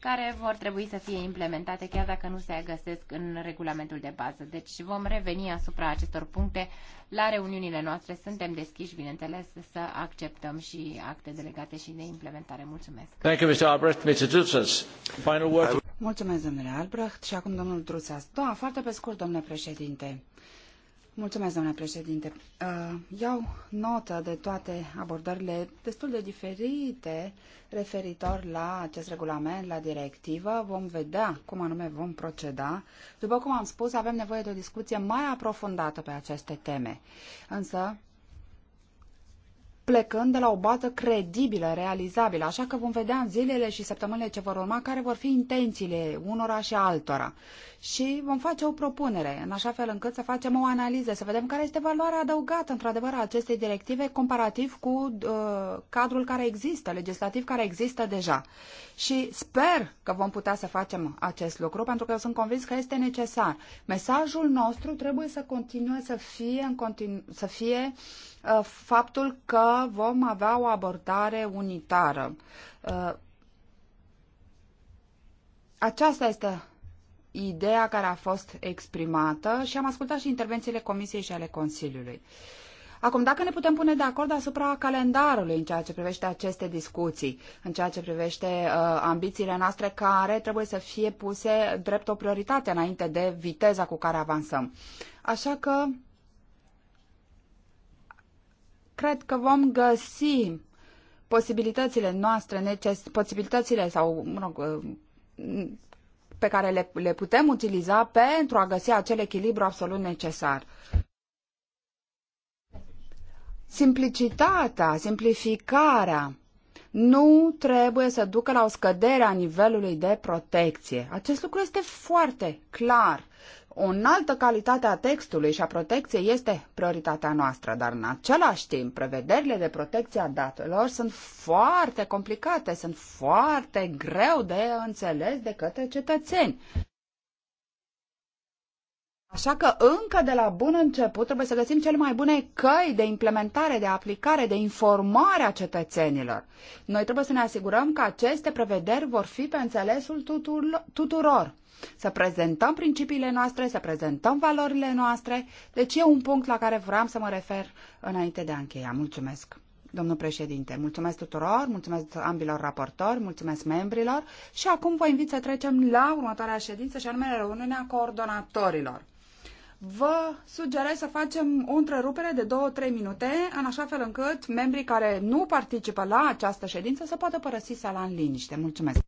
S1: care vor trebui să fie implementate chiar dacă nu se găsesc în regulamentul de bază. Deci vom reveni asupra acestor puncte la reuniunile noastre. Suntem deschiși, bineînțeles, să acceptăm și acte delegate și de implementare. Mulțumesc.
S3: Thank you, Mr. Albrecht. Mr. Dutzes, final word.
S2: Mulțumesc, domnule Albrecht. Și acum, domnul Druțas. Da, foarte pe scurt, domnule președinte. Mulțumesc, doamna președinte. Uh, iau notă de toate abordările destul de diferite referitor la acest regulament, la directivă. Vom vedea cum anume vom proceda. După cum am spus, avem nevoie de o discuție mai aprofundată pe aceste teme. Însă, plecând de la o bază credibilă, realizabilă, așa că vom vedea în zilele și săptămânile ce vor urma care vor fi intențiile unora și altora. Și vom face o propunere, în așa fel încât să facem o analiză, să vedem care este valoarea adăugată, într-adevăr, a acestei directive comparativ cu uh, cadrul care există, legislativ care există deja. Și sper că vom putea să facem acest lucru, pentru că eu sunt convins că este necesar. Mesajul nostru trebuie să continue să fie, în continu- să fie Uh, faptul că vom avea o abordare unitară. Uh, aceasta este ideea care a fost exprimată și am ascultat și intervențiile Comisiei și ale Consiliului. Acum, dacă ne putem pune de acord asupra calendarului în ceea ce privește aceste discuții, în ceea ce privește uh, ambițiile noastre care trebuie să fie puse drept o prioritate înainte de viteza cu care avansăm. Așa că cred că vom găsi posibilitățile noastre, neces- posibilitățile sau, mă rog, pe care le, le putem utiliza pentru a găsi acel echilibru absolut necesar. Simplicitatea, simplificarea nu trebuie să ducă la o scădere a nivelului de protecție. Acest lucru este foarte clar o înaltă calitate a textului și a protecției este prioritatea noastră, dar în același timp prevederile de protecție a datelor sunt foarte complicate, sunt foarte greu de înțeles de către cetățeni. Așa că încă de la bun început trebuie să găsim cele mai bune căi de implementare, de aplicare, de informare a cetățenilor. Noi trebuie să ne asigurăm că aceste prevederi vor fi pe înțelesul tuturor să prezentăm principiile noastre, să prezentăm valorile noastre. Deci e un punct la care vreau să mă refer înainte de a încheia. Mulțumesc! Domnul președinte, mulțumesc tuturor, mulțumesc ambilor raportori, mulțumesc membrilor și acum vă invit să trecem la următoarea ședință și anume reuniunea coordonatorilor. Vă sugerez să facem o întrerupere de 2-3 minute, în așa fel încât membrii care nu participă la această ședință să poată părăsi sala în liniște. Mulțumesc!